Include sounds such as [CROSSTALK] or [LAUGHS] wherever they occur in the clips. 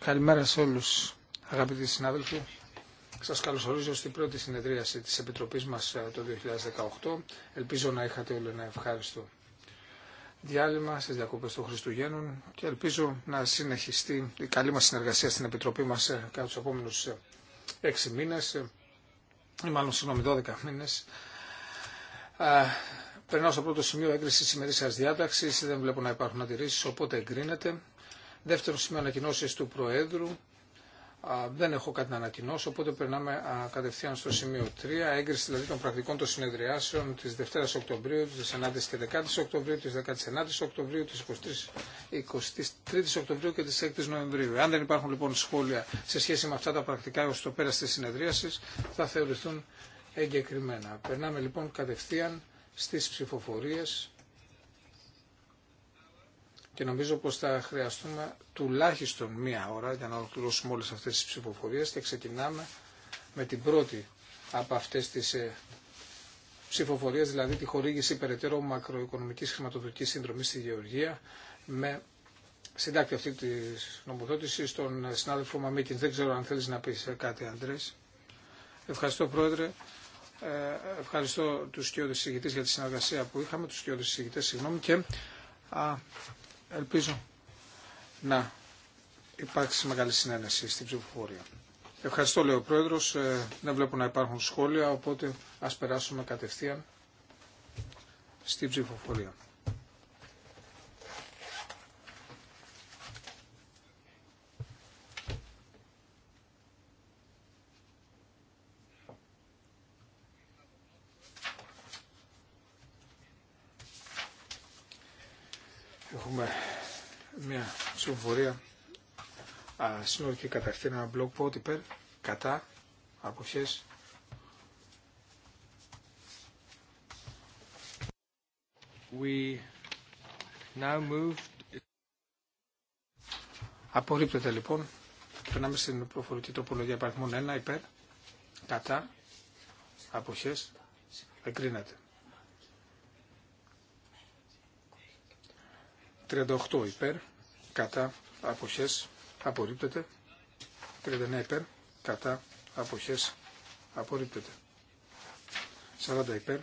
Καλημέρα σε όλους αγαπητοί συνάδελφοι. Σας καλωσορίζω στην πρώτη συνεδρίαση της Επιτροπής μας ε, το 2018. Ελπίζω να είχατε όλοι ένα ευχάριστο διάλειμμα στις διακοπές των Χριστουγέννων και ελπίζω να συνεχιστεί η καλή μας συνεργασία στην Επιτροπή μας ε, κατά τους επόμενους 6 ε, μήνες ή μάλλον συγγνώμη 12 μήνες. Περνάω στο πρώτο σημείο έγκριση τη σα διάταξη. Δεν βλέπω να υπάρχουν αντιρρήσει, οπότε εγκρίνεται. Δεύτερον, σημείο ανακοινώσει του Προέδρου. Δεν έχω κάτι να ανακοινώσω, οπότε περνάμε κατευθείαν στο σημείο 3, έγκριση δηλαδή των πρακτικών των συνεδριάσεων τη Δευτέρα Οκτωβρίου, τη 9η και 10η Οκτωβρίου, τη 19η Οκτωβρίου, τη 23η Οκτωβρίου και τη 6η Νοεμβρίου. Αν δεν υπάρχουν λοιπόν σχόλια σε σχέση με αυτά τα πρακτικά έω το πέρα τη συνεδρίαση, θα θεωρηθούν εγκεκριμένα. Περνάμε λοιπόν κατευθείαν στι ψηφοφορίε και νομίζω πως θα χρειαστούμε τουλάχιστον μία ώρα για να ολοκληρώσουμε όλες αυτές τις ψηφοφορίες και ξεκινάμε με την πρώτη από αυτές τις ε, ψηφοφορίες, δηλαδή τη χορήγηση περαιτέρω μακροοικονομικής χρηματοδοτικής συνδρομής στη Γεωργία με συντάκτη αυτή τη νομοδότηση τον συνάδελφο Μαμίκιν. Δεν ξέρω αν θέλεις να πεις κάτι, Αντρές. Ευχαριστώ, Πρόεδρε. Ε, ευχαριστώ τους κοιόδες συζητητές για τη συνεργασία που είχαμε, τους κοιόδες συζητητές, συγγνώμη, και ελπίζω να υπάρξει μεγάλη συνένεση στην ψηφοφορία. Ευχαριστώ, λέει ο Πρόεδρο. Ε, δεν βλέπω να υπάρχουν σχόλια, οπότε α περάσουμε κατευθείαν στην ψηφοφορία. ψηφοφορία συνολική καταρχήν ένα μπλοκ vote υπέρ, κατά, αποχές. We now move... Απορρίπτεται λοιπόν. Περνάμε στην προφορική τροπολογία παριθμών 1 υπέρ, κατά, αποχές, εγκρίνεται. 38 υπέρ, κατά αποχές απορρίπτεται 39 υπέρ κατά αποχές απορρίπτεται 40 υπέρ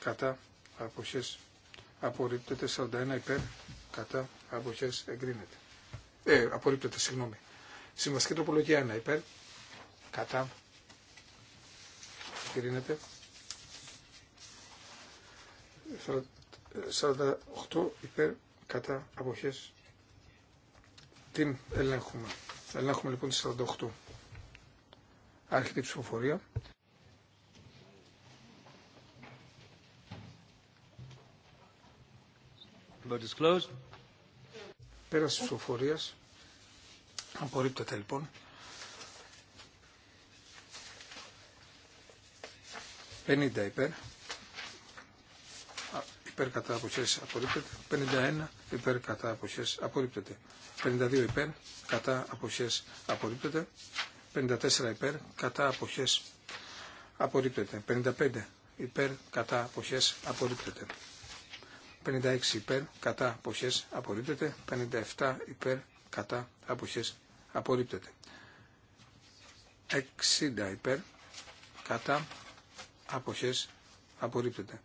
κατά αποχές απορρίπτεται 41 υπέρ κατά αποχές εγκρίνεται ε, απορρίπτεται συγγνώμη συμβαστική τροπολογία 1 υπέρ κατά εγκρίνεται 48 ε, υπέρ κατά αποχές την ελέγχουμε. Ελέγχουμε λοιπόν τη 48. Άρχεται η ψηφοφορία. Πέραση ψηφοφορία. Απορρίπτεται λοιπόν. 50 υπέρ υπέρ κατά αποχές απορρίπτεται. 51 υπέρ κατά αποχές απορρίπτεται. 52 υπέρ κατά αποχές απορρίπτεται. 54 υπέρ κατά αποχές απορρίπτεται. 55 υπέρ κατά αποχές απορρίπτεται. 56 υπέρ κατά αποχές απορρίπτεται. 57 υπέρ κατά αποχές απορρίπτεται. 60 υπέρ κατά αποχές απορρίπτεται.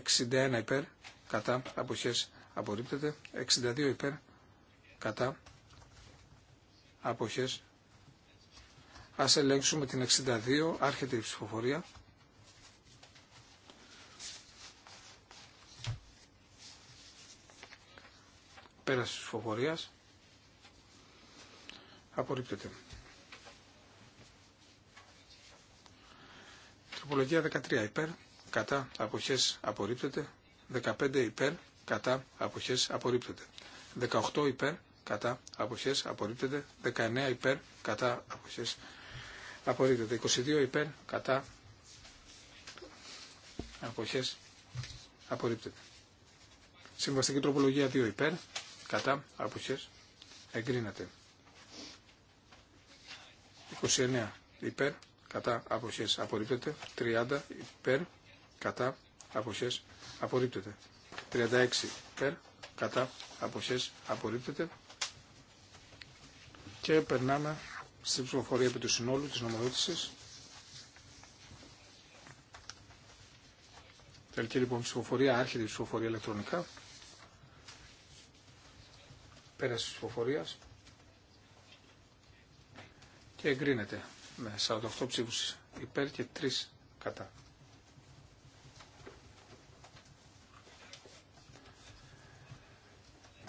61 υπέρ κατά αποχές απορρίπτεται 62 υπέρ κατά αποχές ας ελέγξουμε την 62 άρχεται η ψηφοφορία πέρας της ψηφοφορίας απορρίπτεται τροπολογία 13 υπέρ κατά αποχές απορρίπτεται. 15 υπέρ κατά αποχές απορρίπτεται. 18 υπέρ κατά αποχές απορρίπτεται. 19 υπέρ κατά αποχές απορρίπτεται. 22 υπέρ κατά αποχές απορρίπτεται. Συμβαστική τροπολογία 2 υπέρ κατά αποχές εγκρίνεται. 29 υπέρ κατά αποχές απορρίπτεται. 30 υπέρ κατά αποχές απορρίπτεται. 36 πέρ κατά αποχές απορρίπτεται. Και περνάμε στην ψηφοφορία επί του συνόλου της νομοδότησης. Τελική λοιπόν ψηφοφορία, άρχεται ψηφοφορία ηλεκτρονικά. Πέραση ψηφοφορία ψηφοφορίας. Και εγκρίνεται με 48 ψήφους υπέρ και 3 κατά.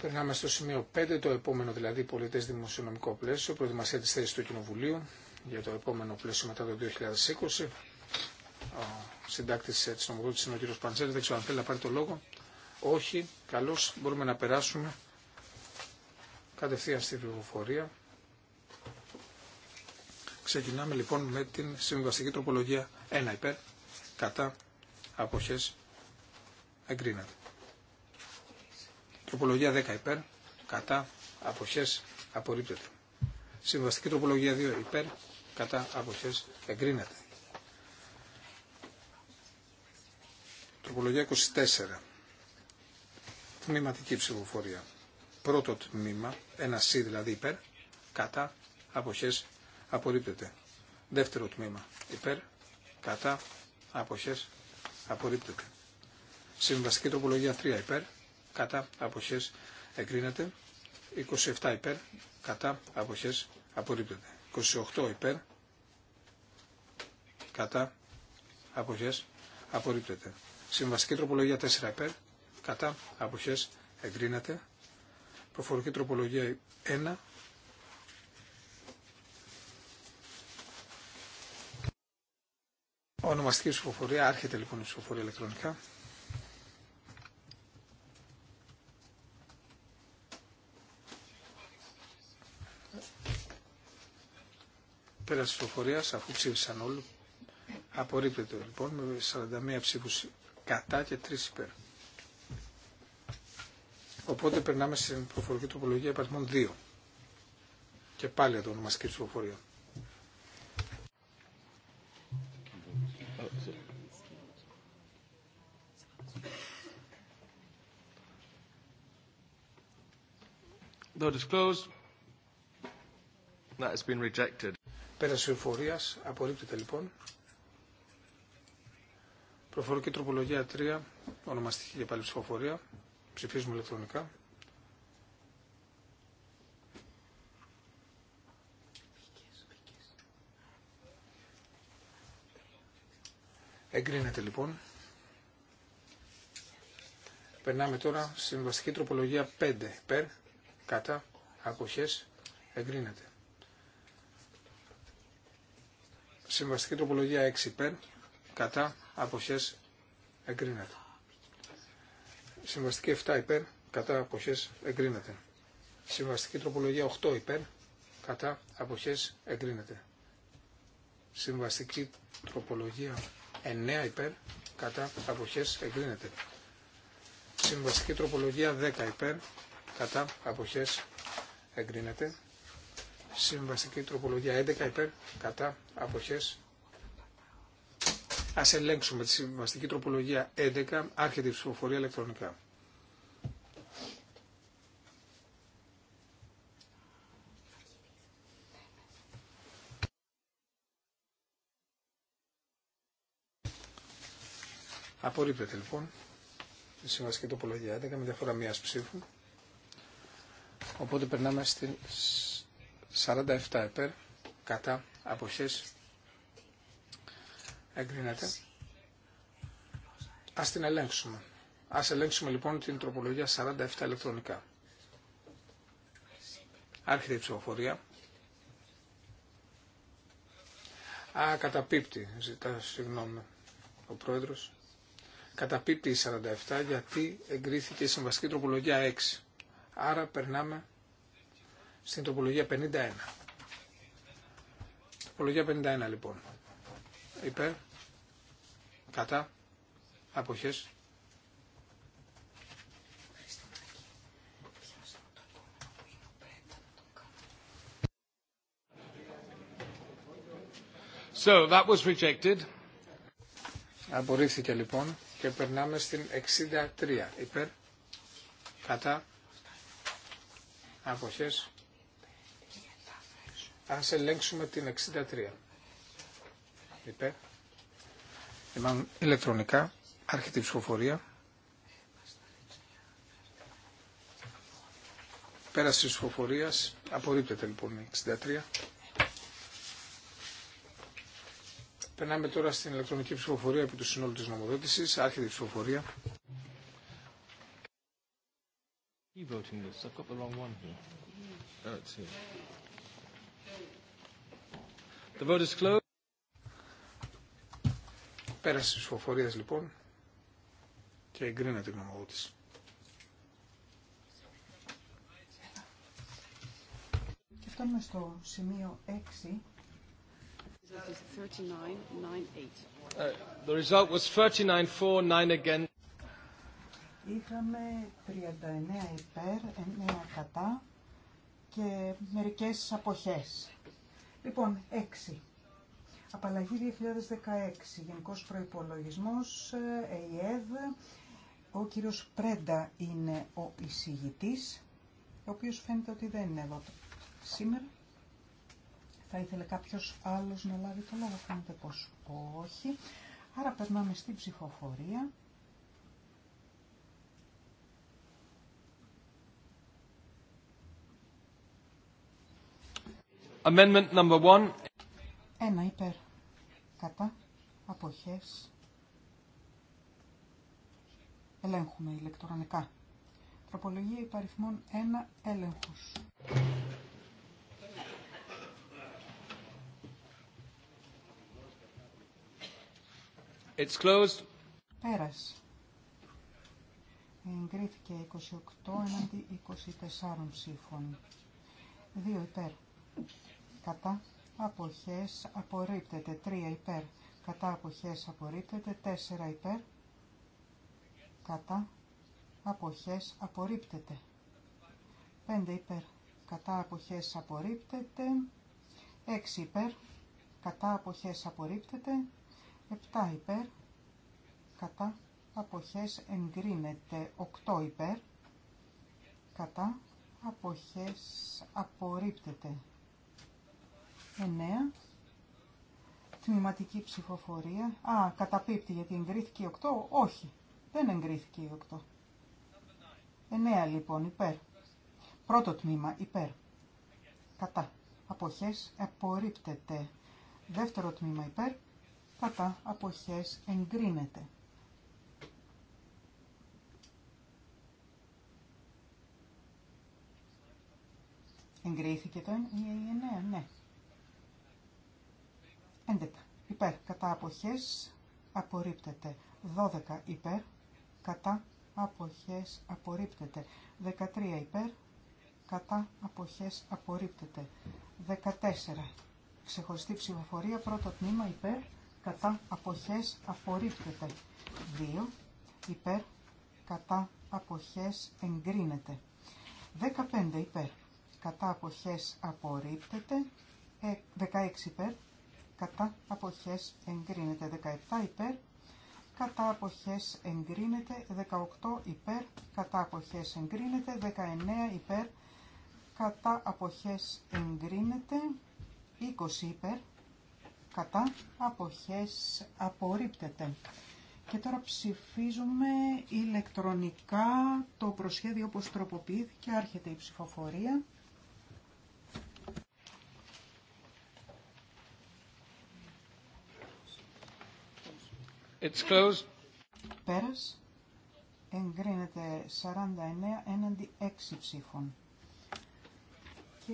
Περνάμε στο σημείο 5, το επόμενο δηλαδή πολιτέ δημοσιονομικό πλαίσιο, προετοιμασία τη θέση του Κοινοβουλίου για το επόμενο πλαίσιο μετά το 2020. Ο συντάκτη ε, τη νομοδότηση είναι ο κ. Παντζέλη, δεν ξέρω αν θέλει να πάρει το λόγο. Όχι, καλώ, μπορούμε να περάσουμε κατευθείαν στη πληροφορία. Ξεκινάμε λοιπόν με την συμβιβαστική τροπολογία 1 υπέρ, κατά, αποχές, εγκρίνεται. Τροπολογία 10 υπέρ, κατά, αποχές, απορρίπτεται. Συμβαστική τροπολογία 2 υπέρ, κατά, αποχές, εγκρίνεται. Τροπολογία 24. Τμήματική ψηφοφορία. Πρώτο τμήμα, ένα C δηλαδή υπέρ, κατά, αποχές, απορρίπτεται. Δεύτερο τμήμα, υπέρ, κατά, αποχές, απορρίπτεται. Συμβαστική τροπολογία 3 υπέρ, κατά αποχές εγκρίνεται 27 υπέρ κατά αποχές απορρίπτεται 28 υπέρ κατά αποχές απορρίπτεται συμβαστική τροπολογία 4 υπέρ κατά αποχές εγκρίνεται προφορική τροπολογία 1 Ονομαστική ψηφοφορία, άρχεται λοιπόν η ψηφοφορία ηλεκτρονικά. Πέρα τη ψηφοφορία, αφού ψήφισαν όλοι, απορρίπτεται λοιπόν με 41 ψήφου κατά και 3 υπέρ. Οπότε περνάμε στην προφορική τροπολογία υπαριθμών 2. Και πάλι εδώ ονομαστική ψηφοφορία. is disclosed, that has been rejected. Πέραση εφορία. Απορρίπτεται λοιπόν. Προφορική τροπολογία 3. Ονομαστική και πάλι ψηφοφορία. Ψηφίζουμε ηλεκτρονικά. Εγκρίνεται λοιπόν. Περνάμε τώρα στην βασική τροπολογία 5. Περ, κατά, αποχές, εγκρίνεται. Συμβαστική τροπολογία 6 υπέρ, κατά, αποχές, εγκρίνεται. Συμβαστική 7 υπέρ, κατά, αποχές, εγκρίνεται. Συμβαστική τροπολογία 8 υπέρ, κατά, αποχές, εγκρίνεται. Συμβαστική τροπολογία 9 υπέρ, κατά, αποχές, εγκρίνεται. Συμβαστική τροπολογία 10 υπέρ, κατά, αποχές, εγκρίνεται. Συμβαστική τροπολογία 11 υπέρ κατά αποχές. Ας ελέγξουμε τη συμβαστική τροπολογία 11, άρχεται η ψηφοφορία ηλεκτρονικά. Απορρίπτεται λοιπόν τη συμβαστική τροπολογία 11 με διαφορά μιας ψήφου. Οπότε περνάμε στην 47 επέρ κατά αποχές εγκρίνεται. Ας την ελέγξουμε. Ας ελέγξουμε λοιπόν την τροπολογία 47 ηλεκτρονικά. Άρχεται η ψηφοφορία. Α, καταπίπτει, ζητά συγγνώμη ο πρόεδρος. Καταπίπτει η 47 γιατί εγκρίθηκε η συμβαστική τροπολογία 6. Άρα περνάμε στην τοπολογία 51. τοπολογία 51 λοιπόν. Υπέρ, κατά, αποχές. So that was rejected. Απορρίφθηκε λοιπόν και περνάμε στην 63. Υπέρ, κατά, αποχές. Ας ελέγξουμε την 63. Είπε, Είμαστε ηλεκτρονικά. Άρχεται η ψηφοφορία. Πέραση τη ψηφοφορίας. Απορρίπτεται λοιπόν η 63. Περνάμε τώρα στην ηλεκτρονική ψηφοφορία επί του συνόλου της νομοδότησης. Άρχεται η ψηφοφορία. The vote is closed. Πέρασε τη ψηφοφορία λοιπόν και εγκρίνεται η γνωμοδότηση. Και φτάνουμε στο σημείο 6. Uh, the result was 39-4-9 again. Είχαμε 39 υπέρ, 9 κατά και μερικές αποχές. Λοιπόν, 6. Απαλλαγή 2016, Γενικός Προϋπολογισμός, ε, ΕΙΕΔ. Ο κύριος Πρέντα είναι ο εισηγητής, ο οποίος φαίνεται ότι δεν είναι εδώ σήμερα. Θα ήθελε κάποιος άλλος να λάβει το λόγο, φαίνεται πως όχι. Άρα περνάμε στην ψηφοφορία. Amendment number one. Ένα υπέρ. Κατά. Αποχές. Ελέγχουμε ηλεκτρονικά. Τροπολογία υπαριθμών 1 έλεγχος. It's closed. Πέρας. Εγκρίθηκε 28 έναντι 24 ψήφων. Δύο υπέρ κατά αποχές απορρίπτεται 3 υπέρ κατά αποχές απορρίπτεται 4 υπέρ κατά αποχές απορρίπτεται 5 υπέρ κατά αποχές απορρίπτεται 6 υπέρ κατά αποχές απορρίπτεται 7 υπέρ κατά αποχές εγκρίνεται 8 υπέρ κατά αποχές απορρίπτεται 9. Τμηματική ψηφοφορία. Α, καταπίπτει γιατί εγκρίθηκε η 8. Όχι, δεν εγκρίθηκε η 8. 9 λοιπόν, υπέρ. Πρώτο τμήμα, υπέρ. Κατά. Αποχές απορρίπτεται. Δεύτερο τμήμα υπέρ. Κατά. Αποχές εγκρίνεται. Εγκρίθηκε το 9, ναι. 11 υπέρ κατά αποχές απορρίπτεται. 12 υπέρ κατά αποχές απορρίπτεται. 13 υπέρ κατά αποχές απορρίπτεται. 14 ξεχωριστή ψηφοφορία πρώτο τμήμα υπέρ κατά αποχές απορρίπτεται. 2 υπέρ κατά αποχές εγκρίνεται. 15 υπέρ κατά αποχές απορρίπτεται. 16 ε, υπέρ κατά αποχές εγκρίνεται 17 υπέρ, κατά αποχές εγκρίνεται 18 υπέρ, κατά αποχές εγκρίνεται 19 υπέρ, κατά αποχές εγκρίνεται 20 υπέρ, κατά αποχές απορρίπτεται. Και τώρα ψηφίζουμε ηλεκτρονικά το προσχέδιο όπως τροποποιήθηκε, άρχεται η ψηφοφορία. It's closed. Πέρας. Εγκρίνεται 49 έναντι 6 ψήφων. Και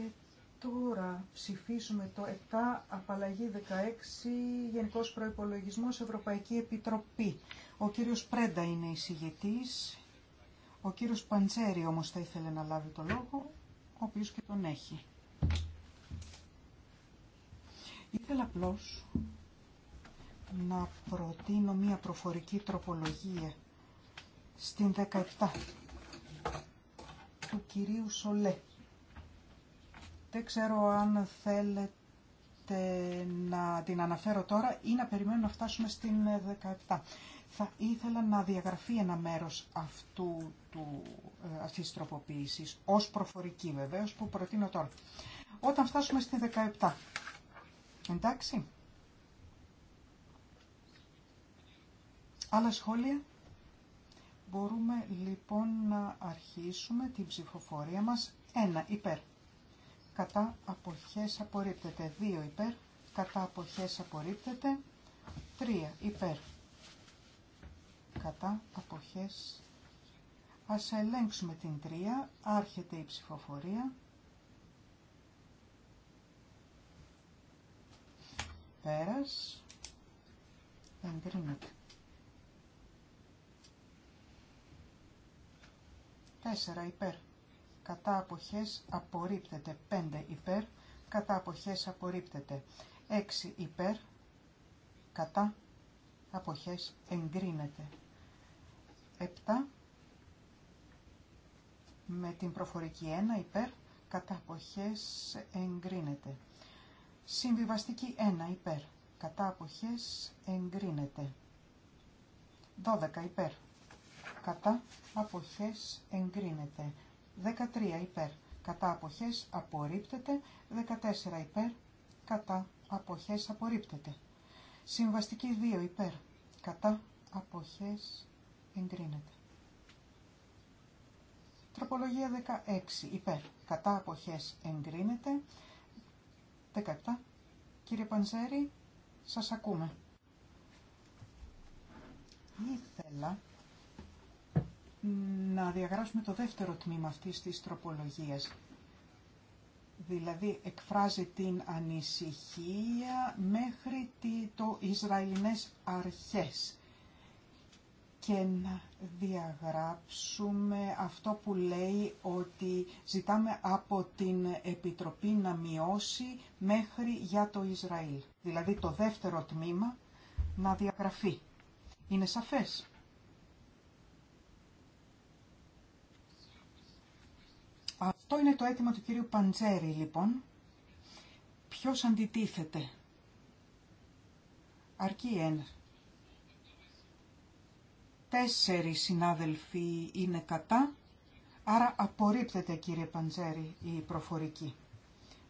τώρα ψηφίσουμε το 7 απαλλαγή 16 Γενικός Προϋπολογισμός Ευρωπαϊκή Επιτροπή. Ο κύριος Πρέντα είναι εισηγητής. Ο κύριος Παντσέρη όμως θα ήθελε να λάβει το λόγο, ο οποίος και τον έχει. Ήθελα απλώς να προτείνω μία προφορική τροπολογία στην 17 του κυρίου Σολέ. Δεν ξέρω αν θέλετε να την αναφέρω τώρα ή να περιμένω να φτάσουμε στην 17. Θα ήθελα να διαγραφεί ένα μέρος αυτού του, ε, αυτής της τροποποίησης, ως προφορική βεβαίως, που προτείνω τώρα. Όταν φτάσουμε στην 17. Εντάξει. Άλλα σχόλια. Μπορούμε λοιπόν να αρχίσουμε την ψηφοφορία μας. 1 υπέρ. Κατά αποχές απορρίπτεται. 2 υπέρ. Κατά αποχές απορρίπτεται. 3 υπέρ. Κατά αποχές. Ας ελέγξουμε την 3. Άρχεται η ψηφοφορία. Πέρας. Εγκρίνεται. 4 υπέρ. Κατά αποχές απορρίπτεται. 5 υπέρ. Κατά αποχές απορρίπτεται. 6 υπέρ. Κατά αποχές εγκρίνεται. 7 με την προφορική 1 υπέρ. Κατά αποχές εγκρίνεται. Συμβιβαστική 1 υπέρ. Κατά αποχές εγκρίνεται. 12 υπέρ κατά αποχές εγκρίνεται. 13 υπέρ κατά αποχές απορρίπτεται. 14 υπέρ κατά αποχές απορρίπτεται. Συμβαστική 2 υπέρ κατά αποχές εγκρίνεται. Τροπολογία 16 υπέρ κατά αποχές εγκρίνεται. 17 Κύριε Πανζέρη, σας ακούμε. Ήθελα να διαγράψουμε το δεύτερο τμήμα αυτής της τροπολογίας. Δηλαδή εκφράζει την ανησυχία μέχρι το Ισραηλινές αρχές και να διαγράψουμε αυτό που λέει ότι ζητάμε από την Επιτροπή να μειώσει μέχρι για το Ισραήλ. Δηλαδή το δεύτερο τμήμα να διαγραφεί. Είναι σαφές. Αυτό είναι το αίτημα του κυρίου Παντζέρη, λοιπόν. Ποιος αντιτίθεται. Αρκεί ένα. Τέσσερις συνάδελφοι είναι κατά, άρα απορρίπτεται κύριε Παντζέρη η προφορική.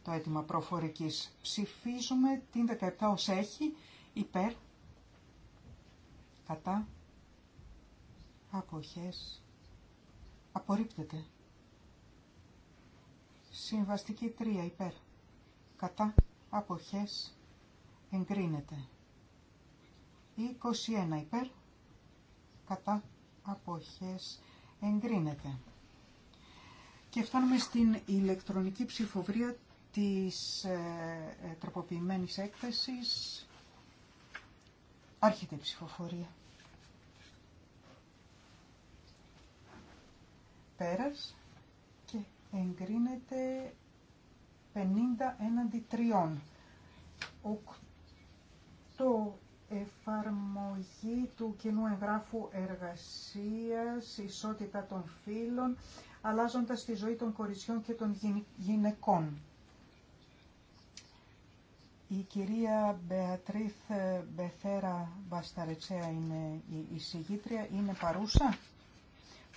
Το αίτημα προφορικής. Ψηφίζουμε την 17 ως έχει, υπέρ, κατά, αποχές, απορρίπτεται. Συμβαστική 3 υπέρ. Κατά αποχές εγκρίνεται. 21 υπέρ. Κατά αποχές εγκρίνεται. Και φτάνουμε στην ηλεκτρονική ψηφοφορία της ε, ε, τροποποιημένης έκθεσης. Άρχεται η ψηφοφορία. Πέρας. Εγκρίνεται 50 έναντι 3. εφαρμογή του κοινού εγγράφου εργασίας, ισότητα των φύλων, αλλάζοντας τη ζωή των κοριτσιών και των γυναικών. Η κυρία Μπεατρίθ Μπεθέρα Μπασταρετσέα είναι η συγγήτρια. είναι παρούσα.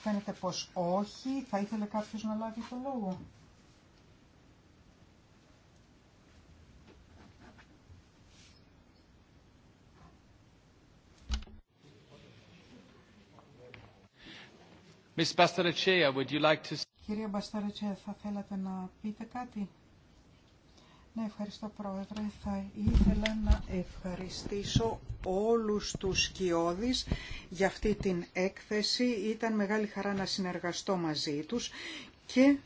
Φαίνεται πως όχι. Θα ήθελε κάποιος να λάβει το λόγο. Miss would you like to... Κυρία Μπασταρετσέα, θα θέλατε να πείτε κάτι. Ναι, ευχαριστώ Πρόεδρε. Θα ήθελα να ευχαριστήσω όλους τους σκιώδεις για αυτή την έκθεση. Ήταν μεγάλη χαρά να συνεργαστώ μαζί τους και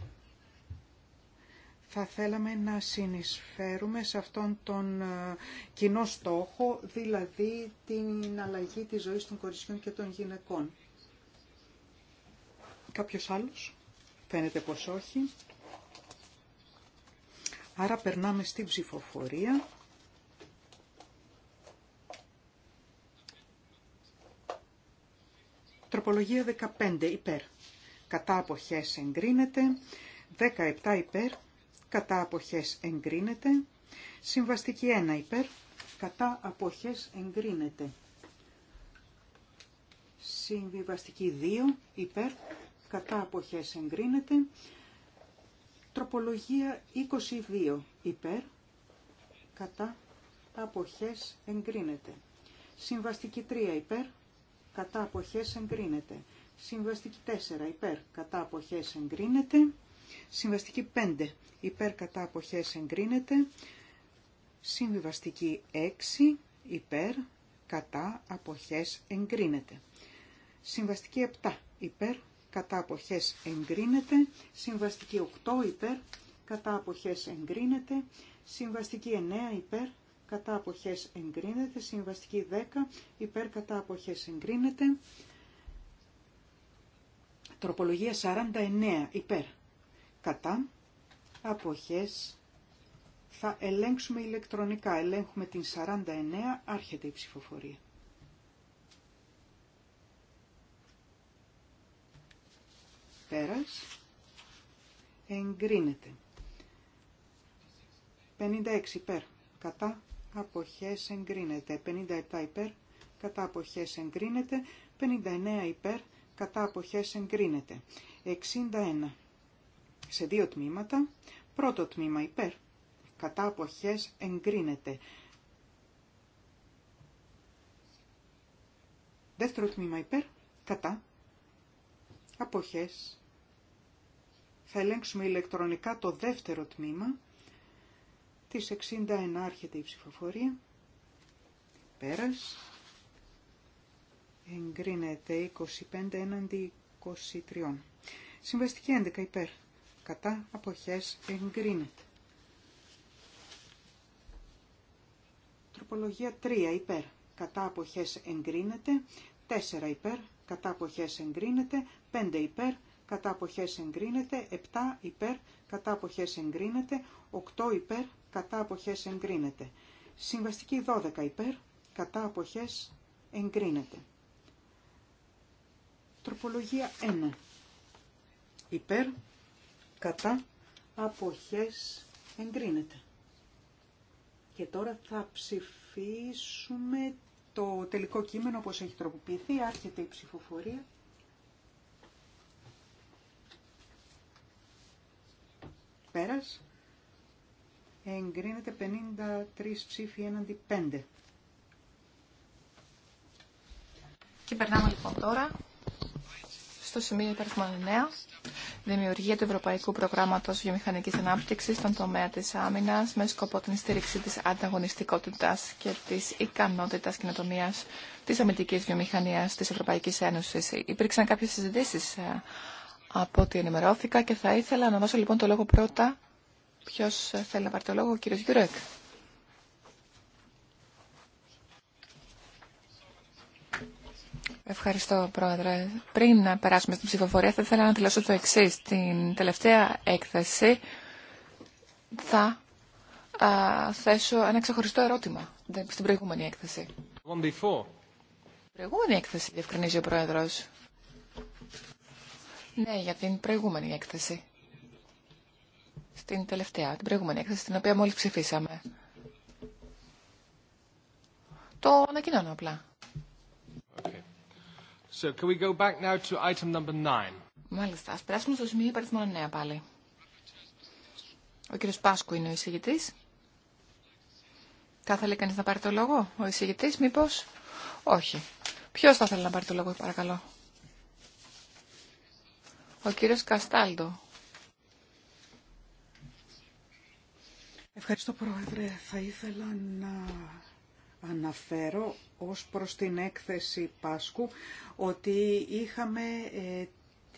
θα θέλαμε να συνεισφέρουμε σε αυτόν τον ε, κοινό στόχο, δηλαδή την αλλαγή της ζωής των κοριτσιών και των γυναικών. Κάποιος άλλος? Φαίνεται πως όχι. Άρα περνάμε στην ψηφοφορία. Τροπολογία 15 υπέρ. Κατά αποχές εγκρίνεται. 17 υπέρ. Κατά αποχές εγκρίνεται. Συμβαστική 1 υπέρ. Κατά αποχές εγκρίνεται. Συμβιβαστική 2 υπέρ. Κατά αποχές εγκρίνεται. Τροπολογία 22 υπέρ, κατά, αποχές εγκρίνεται. Συμβαστική 3 υπέρ, κατά αποχές εγκρίνεται. Συμβαστική 4 υπέρ, κατά αποχές εγκρίνεται. Συμβαστική 5 υπέρ, κατά αποχές εγκρίνεται. Συμβιβαστική 6 υπέρ, κατά αποχές εγκρίνεται. Συμβαστική 7 υπέρ, κατά αποχές εγκρίνεται, συμβαστική 8 υπέρ, κατά αποχές εγκρίνεται, συμβαστική 9 υπέρ, κατά αποχές εγκρίνεται, συμβαστική 10 υπέρ, κατά αποχές εγκρίνεται, τροπολογία 49 υπέρ, κατά αποχές θα ελέγξουμε ηλεκτρονικά, ελέγχουμε την 49, άρχεται η ψηφοφορία. πέρας εγκρίνεται. 56 υπέρ κατά αποχές εγκρίνεται. 57 υπέρ κατά αποχές εγκρίνεται. 59 υπέρ κατά αποχές εγκρίνεται. 61 σε δύο τμήματα. Πρώτο τμήμα υπέρ κατά αποχές εγκρίνεται. Δεύτερο τμήμα υπέρ κατά αποχές. Θα ελέγξουμε ηλεκτρονικά το δεύτερο τμήμα. Της 61 άρχεται η ψηφοφορία. Πέρας. Εγκρίνεται 25 έναντι 23. Συμβαστική 11 υπέρ. Κατά αποχές εγκρίνεται. Τροπολογία 3 υπέρ. Κατά αποχές εγκρίνεται. 4 υπέρ. Κατά αποχές εγκρίνεται. 5 υπέρ, κατά αποχές εγκρίνεται, 7 υπέρ, κατά αποχές εγκρίνεται, 8 υπέρ, κατά αποχές εγκρίνεται. Συμβαστική 12 υπέρ, κατά αποχές εγκρίνεται. Τροπολογία 1 υπέρ, κατά αποχές εγκρίνεται. Και τώρα θα ψηφίσουμε το τελικό κείμενο όπως έχει τροποποιηθεί, άρχεται η ψηφοφορία. Εγκρίνεται 53 ψήφοι έναντι 5. Και περνάμε λοιπόν τώρα στο σημείο υπαριθμών 9, δημιουργία του Ευρωπαϊκού Προγράμματο Βιομηχανική Ανάπτυξη στον τομέα τη άμυνα με σκοπό την στήριξη τη ανταγωνιστικότητα και τη ικανότητα κοινοτομία τη αμυντική βιομηχανία τη Ευρωπαϊκή Ένωση. Υπήρξαν κάποιε συζητήσει ε, από ό,τι ενημερώθηκα και θα ήθελα να δώσω λοιπόν το λόγο πρώτα. ποιο ε, θέλει να πάρει το λόγο, ο κύριος Γιουρέκ. Ευχαριστώ, Πρόεδρε. Πριν να περάσουμε στην ψηφοφορία, θα ήθελα να δηλώσω το εξή. Στην τελευταία έκθεση θα α, θέσω ένα ξεχωριστό ερώτημα στην προηγούμενη έκθεση. Στην προηγούμενη έκθεση, διευκρινίζει ο Πρόεδρος. Ναι, για την προηγούμενη έκθεση. Στην τελευταία, την προηγούμενη έκθεση, την οποία μόλις ψηφίσαμε. Το ανακοινώνω απλά. Okay. So, can we go back now to item number nine? Μάλιστα, ας περάσουμε στο σημείο υπαριθμών 9 πάλι. Ο κύριος Πάσκου είναι ο εισηγητής. Θα θέλει κανείς να πάρει το λόγο, ο εισηγητής μήπως. Όχι. Ποιος θα θέλει να πάρει το λόγο, παρακαλώ. Ο κύριος Καστάλτο. Ευχαριστώ Πρόεδρε. Θα ήθελα να αναφέρω ως προς την έκθεση Πάσκου ότι είχαμε ε,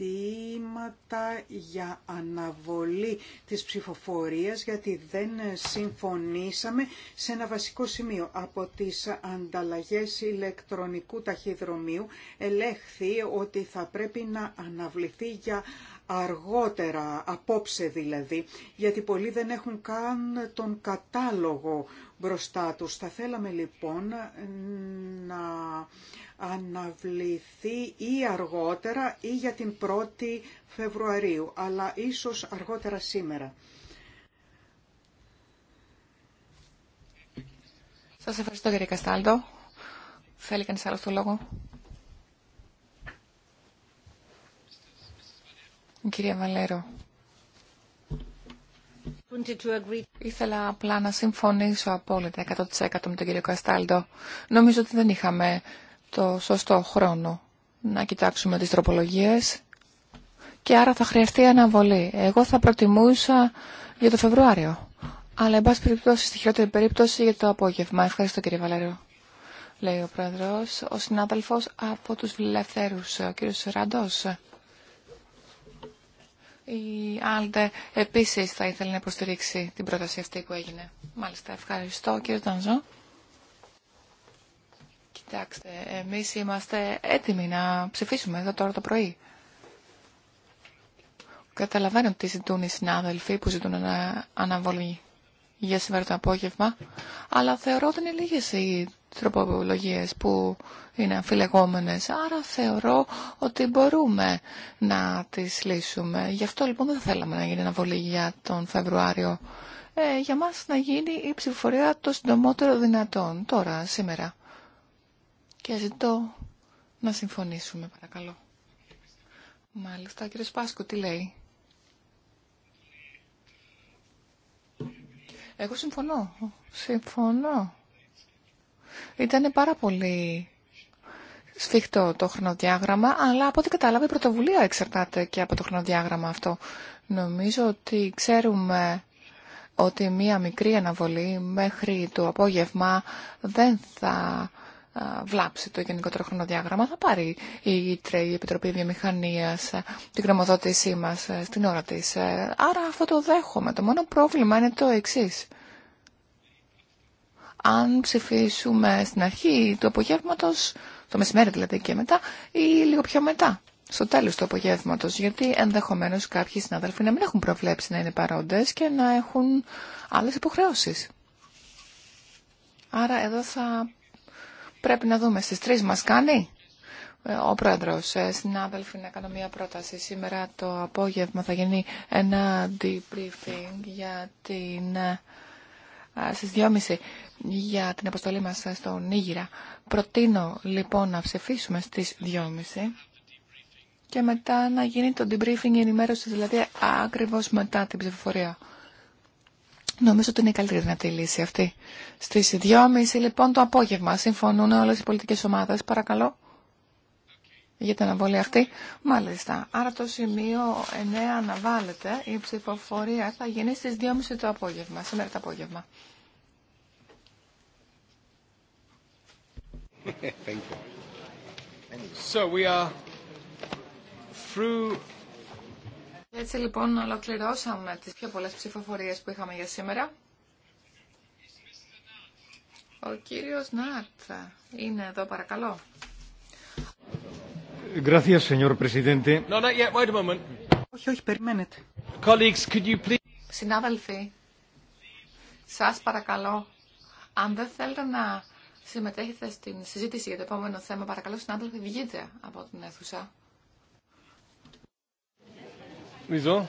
αιτήματα για αναβολή της ψηφοφορίας γιατί δεν συμφωνήσαμε σε ένα βασικό σημείο. Από τις ανταλλαγές ηλεκτρονικού ταχυδρομείου ελέγχθη ότι θα πρέπει να αναβληθεί για αργότερα, απόψε δηλαδή, γιατί πολλοί δεν έχουν καν τον κατάλογο μπροστά τους. Θα θέλαμε λοιπόν να αναβληθεί ή αργότερα ή για την 1η Φεβρουαρίου, αλλά ίσως αργότερα σήμερα. Σας ευχαριστώ κύριε Καστάλτο. Θέλει κανείς άλλο το λόγο. κυρία Βαλέρο. Ήθελα απλά να συμφωνήσω απόλυτα 100% με τον κύριο Καστάλτο. Νομίζω ότι δεν είχαμε το σωστό χρόνο να κοιτάξουμε τις τροπολογίες και άρα θα χρειαστεί αναβολή. Εγώ θα προτιμούσα για το Φεβρουάριο. Αλλά, εν πάση περιπτώσει, στη χειρότερη περίπτωση για το απόγευμα. Ευχαριστώ, κύριε Βαλέρο, Λέει ο πρόεδρος, ο συνάδελφος από τους Βιλελευθέρους, ο κύριος Ραντός. Η Άλντε επίσης θα ήθελε να υποστηρίξει την πρόταση αυτή που έγινε. Μάλιστα, ευχαριστώ κύριε Τανζό. Κοιτάξτε, εμεί είμαστε έτοιμοι να ψηφίσουμε εδώ τώρα το πρωί. Καταλαβαίνω τι ζητούν οι συνάδελφοι που ζητούν αναβολή για σήμερα το απόγευμα, αλλά θεωρώ ότι είναι λίγε οι τροπολογίες που είναι αμφιλεγόμενες. Άρα θεωρώ ότι μπορούμε να τις λύσουμε. Γι' αυτό λοιπόν δεν θέλαμε να γίνει αναβολή για τον Φεβρουάριο. Ε, για μας να γίνει η ψηφοφορία το συντομότερο δυνατόν, τώρα, σήμερα. Και ζητώ να συμφωνήσουμε, παρακαλώ. Μάλιστα, κύριε Σπάσκο, τι λέει. Εγώ συμφωνώ. Συμφωνώ ήταν πάρα πολύ σφιχτό το χρονοδιάγραμμα, αλλά από ό,τι κατάλαβα η πρωτοβουλία εξαρτάται και από το χρονοδιάγραμμα αυτό. Νομίζω ότι ξέρουμε ότι μία μικρή αναβολή μέχρι το απόγευμα δεν θα βλάψει το γενικότερο χρονοδιάγραμμα. Θα πάρει η ΙΤΡΕ, η Επιτροπή Βιομηχανίας, την γραμμοδότησή μας στην ώρα της. Ε, άρα αυτό το δέχομαι. Το μόνο πρόβλημα είναι το εξής αν ψηφίσουμε στην αρχή του απογεύματος, το μεσημέρι δηλαδή και μετά, ή λίγο πιο μετά, στο τέλος του απογεύματος, γιατί ενδεχομένως κάποιοι συνάδελφοι να μην έχουν προβλέψει να είναι παρόντες και να έχουν άλλες υποχρεώσεις. Άρα εδώ θα πρέπει να δούμε στις τρεις μας κάνει ε, ο πρόεδρος. Ε, συνάδελφοι, να κάνω μια πρόταση. Σήμερα το απόγευμα θα γίνει ένα debriefing για την ε, στις 2.30 για την αποστολή μας στο Νίγηρα. Προτείνω λοιπόν να ψηφίσουμε στις 2.30 και μετά να γίνει το debriefing η ενημέρωση, δηλαδή ακριβώς μετά την ψηφοφορία. Νομίζω ότι είναι η καλύτερη δυνατή λύση αυτή. Στις 2.30 λοιπόν το απόγευμα συμφωνούν όλες οι πολιτικές ομάδες. Παρακαλώ για την αναβολή αυτή. Μάλιστα. Άρα το σημείο 9 αναβάλλεται. Η ψηφοφορία θα γίνει στις 2.30 το απόγευμα, σήμερα το απόγευμα. So we are through... Έτσι λοιπόν ολοκληρώσαμε τις πιο πολλές ψηφοφορίες που είχαμε για σήμερα. Ο κύριος Νάρτ είναι εδώ παρακαλώ. Gracias, señor presidente. No, not yet. Wait a moment. Όχι, όχι, περιμένετε. Colleagues, could you please... Συνάδελφοι, σας παρακαλώ, αν δεν θέλετε να συμμετέχετε στην συζήτηση για το επόμενο θέμα, παρακαλώ, συνάδελφοι, βγείτε από την αίθουσα. Wieso?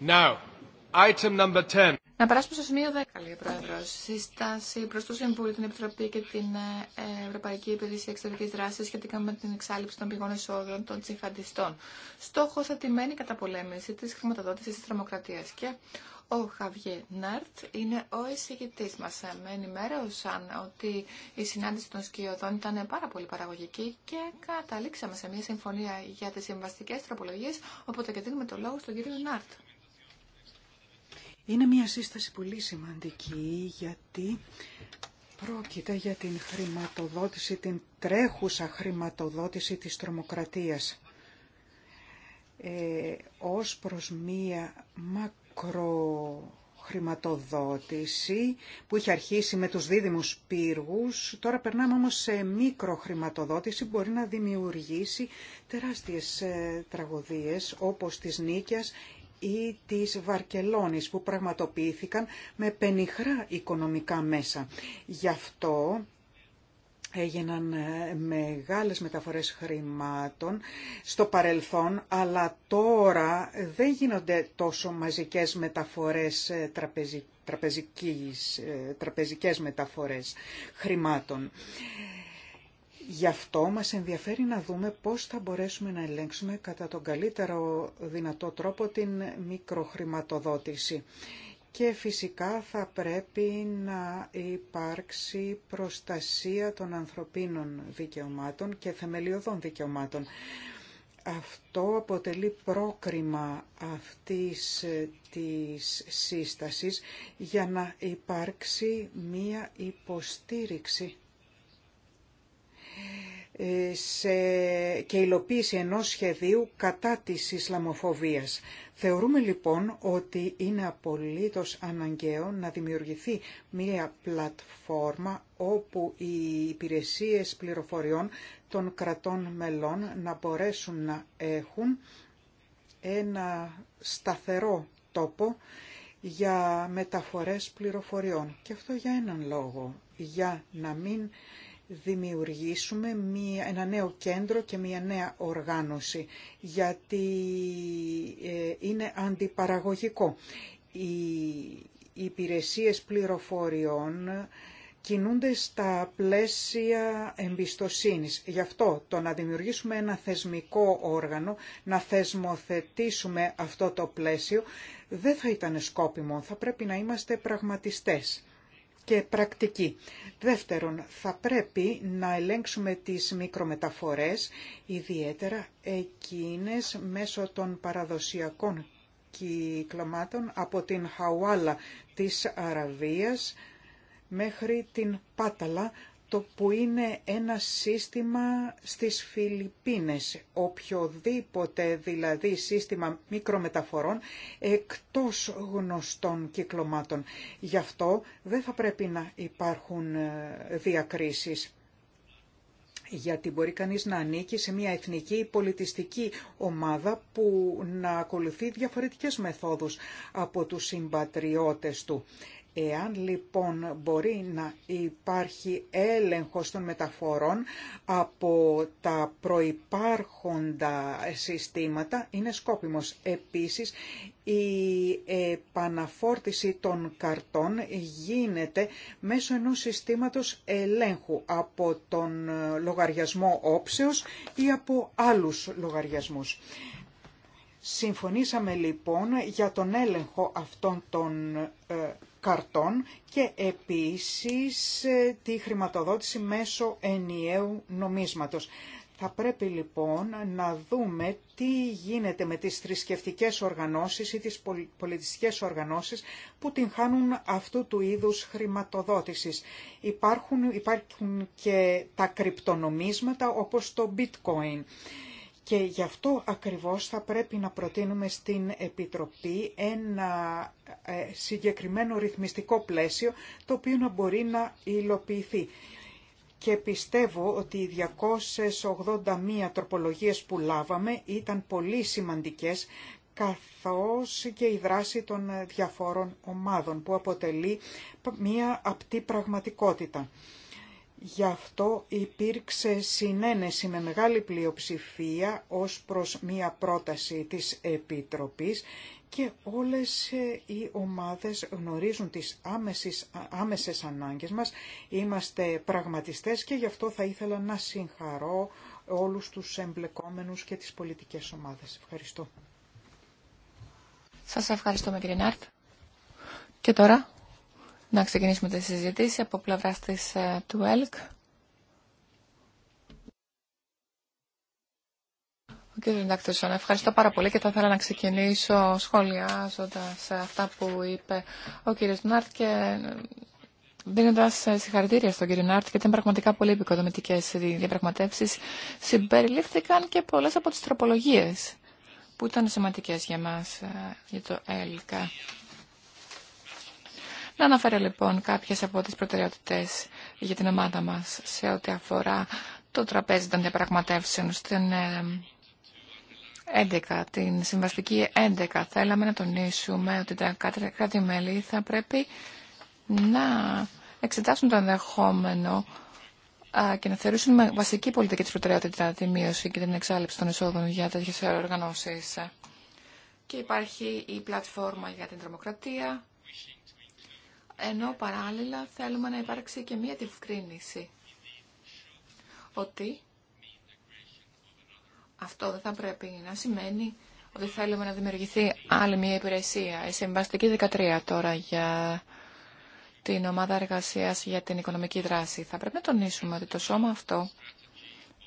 Now, item number 10. Να περάσουμε στο σημείο 10, λέει ο Πρόεδρο. Σύσταση προ το Συμβούλιο, την Επιτροπή και την ε, Ευρωπαϊκή Υπηρεσία Εξωτερική Δράση σχετικά με την εξάλληψη των πηγών εσόδων των τσιχαντιστών. Στόχο θετημένη καταπολέμηση τη χρηματοδότηση τη τρομοκρατία. Και ο Χαβιέ Νάρτ είναι ο εισηγητή μα. Ε, με ενημέρωσαν ότι η συνάντηση των σκιωδών ήταν πάρα πολύ παραγωγική και καταλήξαμε σε μια συμφωνία για τι συμβαστικέ τροπολογίε. Οπότε και δίνουμε το λόγο στον κύριο Νάρτ. Είναι μια σύσταση πολύ σημαντική γιατί πρόκειται για την χρηματοδότηση, την τρέχουσα χρηματοδότηση της τρομοκρατίας. Ε, ως προς μία Χρηματοδότηση που είχε αρχίσει με τους δίδυμους πύργους. Τώρα περνάμε όμως σε μικροχρηματοδότηση που μπορεί να δημιουργήσει τεράστιες ε, τραγωδίες όπως της Νίκιας ή της Βαρκελόνης που πραγματοποιήθηκαν με πενιχρά οικονομικά μέσα. Γι' αυτό έγιναν ε, μεγάλες μεταφορές χρημάτων στο παρελθόν, αλλά τώρα δεν γίνονται τόσο μαζικές μεταφορές ε, τραπεζικής, ε, τραπεζικές μεταφορές χρημάτων. Γι' αυτό μας ενδιαφέρει να δούμε πώς θα μπορέσουμε να ελέγξουμε κατά τον καλύτερο δυνατό τρόπο την μικροχρηματοδότηση και φυσικά θα πρέπει να υπάρξει προστασία των ανθρωπίνων δικαιωμάτων και θεμελιωδών δικαιωμάτων. Αυτό αποτελεί πρόκριμα αυτής ε, της σύστασης για να υπάρξει μία υποστήριξη ε, σε... και υλοποίηση ενός σχεδίου κατά της Ισλαμοφοβίας. Θεωρούμε λοιπόν ότι είναι απολύτως αναγκαίο να δημιουργηθεί μία πλατφόρμα όπου οι υπηρεσίες πληροφοριών των κρατών μελών να μπορέσουν να έχουν ένα σταθερό τόπο για μεταφορές πληροφοριών. Και αυτό για έναν λόγο, για να μην δημιουργήσουμε μία, ένα νέο κέντρο και μία νέα οργάνωση, γιατί ε, είναι αντιπαραγωγικό. Οι υπηρεσίες πληροφοριών κινούνται στα πλαίσια εμπιστοσύνης. Γι' αυτό το να δημιουργήσουμε ένα θεσμικό όργανο, να θεσμοθετήσουμε αυτό το πλαίσιο, δεν θα ήταν σκόπιμο. Θα πρέπει να είμαστε πραγματιστές και πρακτική. Δεύτερον, θα πρέπει να ελέγξουμε τις μικρομεταφορές, ιδιαίτερα εκείνες μέσω των παραδοσιακών κυκλωμάτων από την Χαουάλα της Αραβίας μέχρι την Πάταλα το που είναι ένα σύστημα στις Φιλιππίνες. Οποιοδήποτε δηλαδή σύστημα μικρομεταφορών εκτός γνωστών κυκλωμάτων. Γι' αυτό δεν θα πρέπει να υπάρχουν ε, διακρίσεις γιατί μπορεί κανείς να ανήκει σε μια εθνική πολιτιστική ομάδα που να ακολουθεί διαφορετικές μεθόδους από τους συμπατριώτες του. Εάν λοιπόν μπορεί να υπάρχει έλεγχος των μεταφορών από τα προϋπάρχοντα συστήματα, είναι σκόπιμος. Επίσης, η επαναφόρτιση των καρτών γίνεται μέσω ενός συστήματος ελέγχου από τον λογαριασμό όψεως ή από άλλους λογαριασμούς. Συμφωνήσαμε λοιπόν για τον έλεγχο αυτών των ε, καρτών και επίσης ε, τη χρηματοδότηση μέσω ενιαίου νομίσματος. Θα πρέπει λοιπόν να δούμε τι γίνεται με τις θρησκευτικέ οργανώσεις ή τις πολιτιστικές οργανώσεις που την χάνουν αυτού του είδους χρηματοδότησης. Υπάρχουν, υπάρχουν και τα κρυπτονομίσματα όπως το bitcoin και γι' αυτό ακριβώς θα πρέπει να προτείνουμε στην Επιτροπή ένα ε, συγκεκριμένο ρυθμιστικό πλαίσιο το οποίο να μπορεί να υλοποιηθεί. Και πιστεύω ότι οι 281 τροπολογίες που λάβαμε ήταν πολύ σημαντικές καθώς και η δράση των διαφόρων ομάδων που αποτελεί μία απτή πραγματικότητα. Γι' αυτό υπήρξε συνένεση με μεγάλη πλειοψηφία ως προς μία πρόταση της Επιτροπής και όλες ε, οι ομάδες γνωρίζουν τις άμεσες, άμεσες ανάγκες μας. Είμαστε πραγματιστές και γι' αυτό θα ήθελα να συγχαρώ όλους τους εμπλεκόμενους και τις πολιτικές ομάδες. Ευχαριστώ. Σας ευχαριστούμε κύριε Νάρτ. Και τώρα να ξεκινήσουμε τη συζήτηση από πλευρά της, ε, του ΕΛΚ. Ο κ. Ντάκτουσον, ευχαριστώ πάρα πολύ και θα ήθελα να ξεκινήσω σχολιάζοντας αυτά που είπε ο κύριος Νάρτ και ε, δίνοντα ε, συγχαρητήρια στον κύριο Νάρτ, γιατί ήταν πραγματικά πολύ επικοδομητικέ οι διαπραγματεύσει. Συμπεριλήφθηκαν και πολλέ από τι τροπολογίε που ήταν σημαντικέ για μα, για το ΕΛΚΑ. Να αναφέρω λοιπόν κάποιες από τις προτεραιότητες για την ομάδα μας σε ό,τι αφορά το τραπέζι των διαπραγματεύσεων στην 11, ε, την συμβαστική 11. Θέλαμε να τονίσουμε ότι τα κράτη-μέλη θα πρέπει να εξετάσουν το ενδεχόμενο και να θεωρήσουν με βασική πολιτική της προτεραιότητα τη μείωση και την εξάλληψη των εισόδων για τέτοιες οργανώσεις. Και υπάρχει η πλατφόρμα για την τρομοκρατία, ενώ παράλληλα θέλουμε να υπάρξει και μία διευκρίνηση ότι αυτό δεν θα πρέπει να σημαίνει ότι θέλουμε να δημιουργηθεί άλλη μία υπηρεσία. Η Συμβαστική 13 τώρα για την Ομάδα Εργασίας για την Οικονομική Δράση. Θα πρέπει να τονίσουμε ότι το σώμα αυτό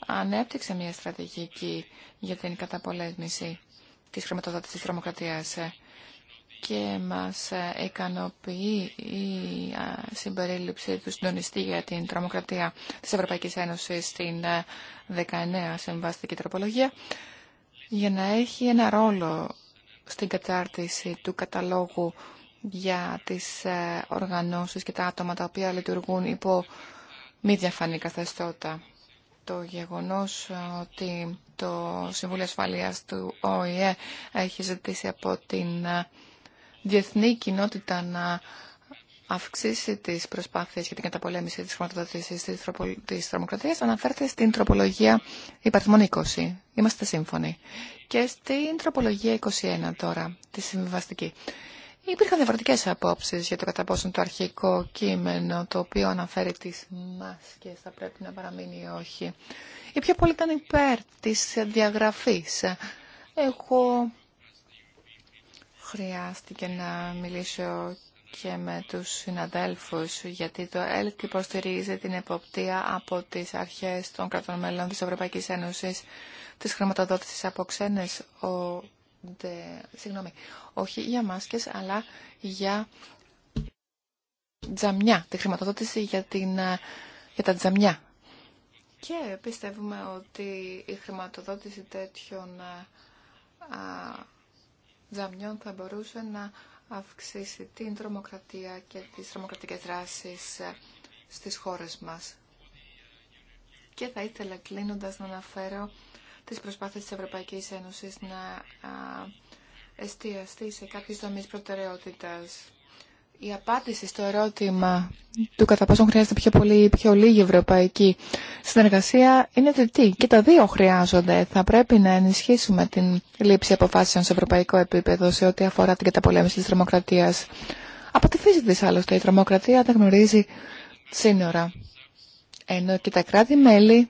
ανέπτυξε μία στρατηγική για την καταπολέμηση της χρηματοδότησης της τρομοκρατίας και μας ικανοποιεί η συμπερίληψη του συντονιστή για την τρομοκρατία της Ευρωπαϊκής Ένωσης στην 19 Συμβαστική Τροπολογία για να έχει ένα ρόλο στην κατάρτιση του καταλόγου για τις οργανώσεις και τα άτομα τα οποία λειτουργούν υπό μη διαφανή καθεστώτα. Το γεγονός ότι το Συμβούλιο Ασφαλείας του ΟΗΕ έχει ζητήσει από την διεθνή κοινότητα να αυξήσει τις προσπάθειες για την καταπολέμηση της χρηματοδότησης τη τρομοκρατία, αναφέρεται στην τροπολογία υπαριθμών 20. Είμαστε σύμφωνοι. Και στην τροπολογία 21 τώρα, τη συμβιβαστική. Υπήρχαν διαφορετικέ απόψει για το κατά πόσον το αρχικό κείμενο το οποίο αναφέρει τι μάσκε θα πρέπει να παραμείνει ή όχι. Η πιο πολλοί ήταν υπέρ τη διαγραφή. Εγώ Χρειάστηκε να μιλήσω και με τους συναδέλφους, γιατί το ΕΛΚ υποστηρίζει την εποπτεία από τις αρχές των κρατών μελών της Ευρωπαϊκής Ένωσης της χρηματοδότησης από ξένες, ο, συγγνώμη, όχι για μάσκες, αλλά για τζαμιά, τη χρηματοδότηση για, την, για τα τζαμιά. Και πιστεύουμε ότι η χρηματοδότηση τέτοιων θα μπορούσε να αυξήσει την τρομοκρατία και τις τρομοκρατικές δράσεις ε, στις χώρες μας. Και θα ήθελα κλείνοντας να αναφέρω τις προσπάθειες της Ευρωπαϊκής Ένωσης να εστιαστεί σε κάποιες δομές προτεραιότητας η απάντηση στο ερώτημα του κατά πόσο χρειάζεται πιο πολύ ή πιο λίγη ευρωπαϊκή συνεργασία είναι τι Και τα δύο χρειάζονται. Θα πρέπει να ενισχύσουμε την λήψη αποφάσεων σε ευρωπαϊκό επίπεδο σε ό,τι αφορά την καταπολέμηση της τρομοκρατίας. Από τη φύση της άλλωστε η τρομοκρατία δεν γνωρίζει σύνορα. Ενώ και τα κράτη-μέλη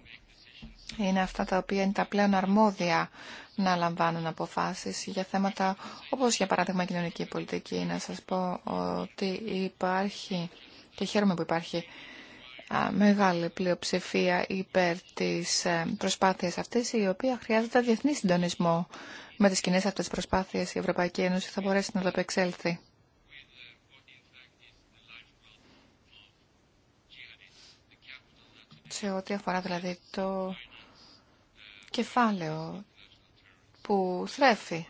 είναι αυτά τα οποία είναι τα πλέον αρμόδια να λαμβάνουν αποφάσεις για θέματα όπως για παράδειγμα κοινωνική πολιτική. Να σας πω ότι υπάρχει και χαίρομαι που υπάρχει μεγάλη πλειοψηφία υπέρ της ε, προσπάθειας αυτής η οποία χρειάζεται διεθνή συντονισμό. Με τις κοινές αυτές προσπάθειες η Ευρωπαϊκή Ένωση θα μπορέσει να το επεξέλθει. σε ό,τι αφορά δηλαδή το κεφάλαιο που θρέφει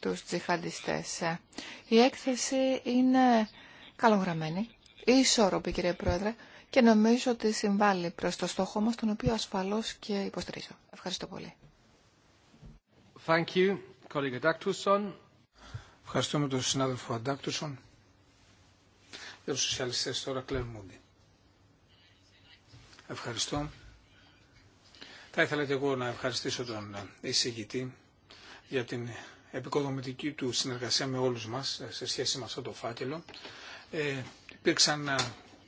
τους τζιχαντιστές. Η έκθεση είναι καλογραμμένη, ισόρροπη κύριε Πρόεδρε και νομίζω ότι συμβάλλει προς το στόχο μας, τον οποίο ασφαλώς και υποστηρίζω. Ευχαριστώ πολύ. Thank you, Ευχαριστούμε τον συνάδελφο Αντάκτουσον. Για σοσιαλιστές τώρα, Κλέρ Ευχαριστώ. Θα ήθελα και εγώ να ευχαριστήσω τον εισηγητή για την επικοδομητική του συνεργασία με όλους μας σε σχέση με αυτό το φάκελο. Ε, υπήρξαν ε,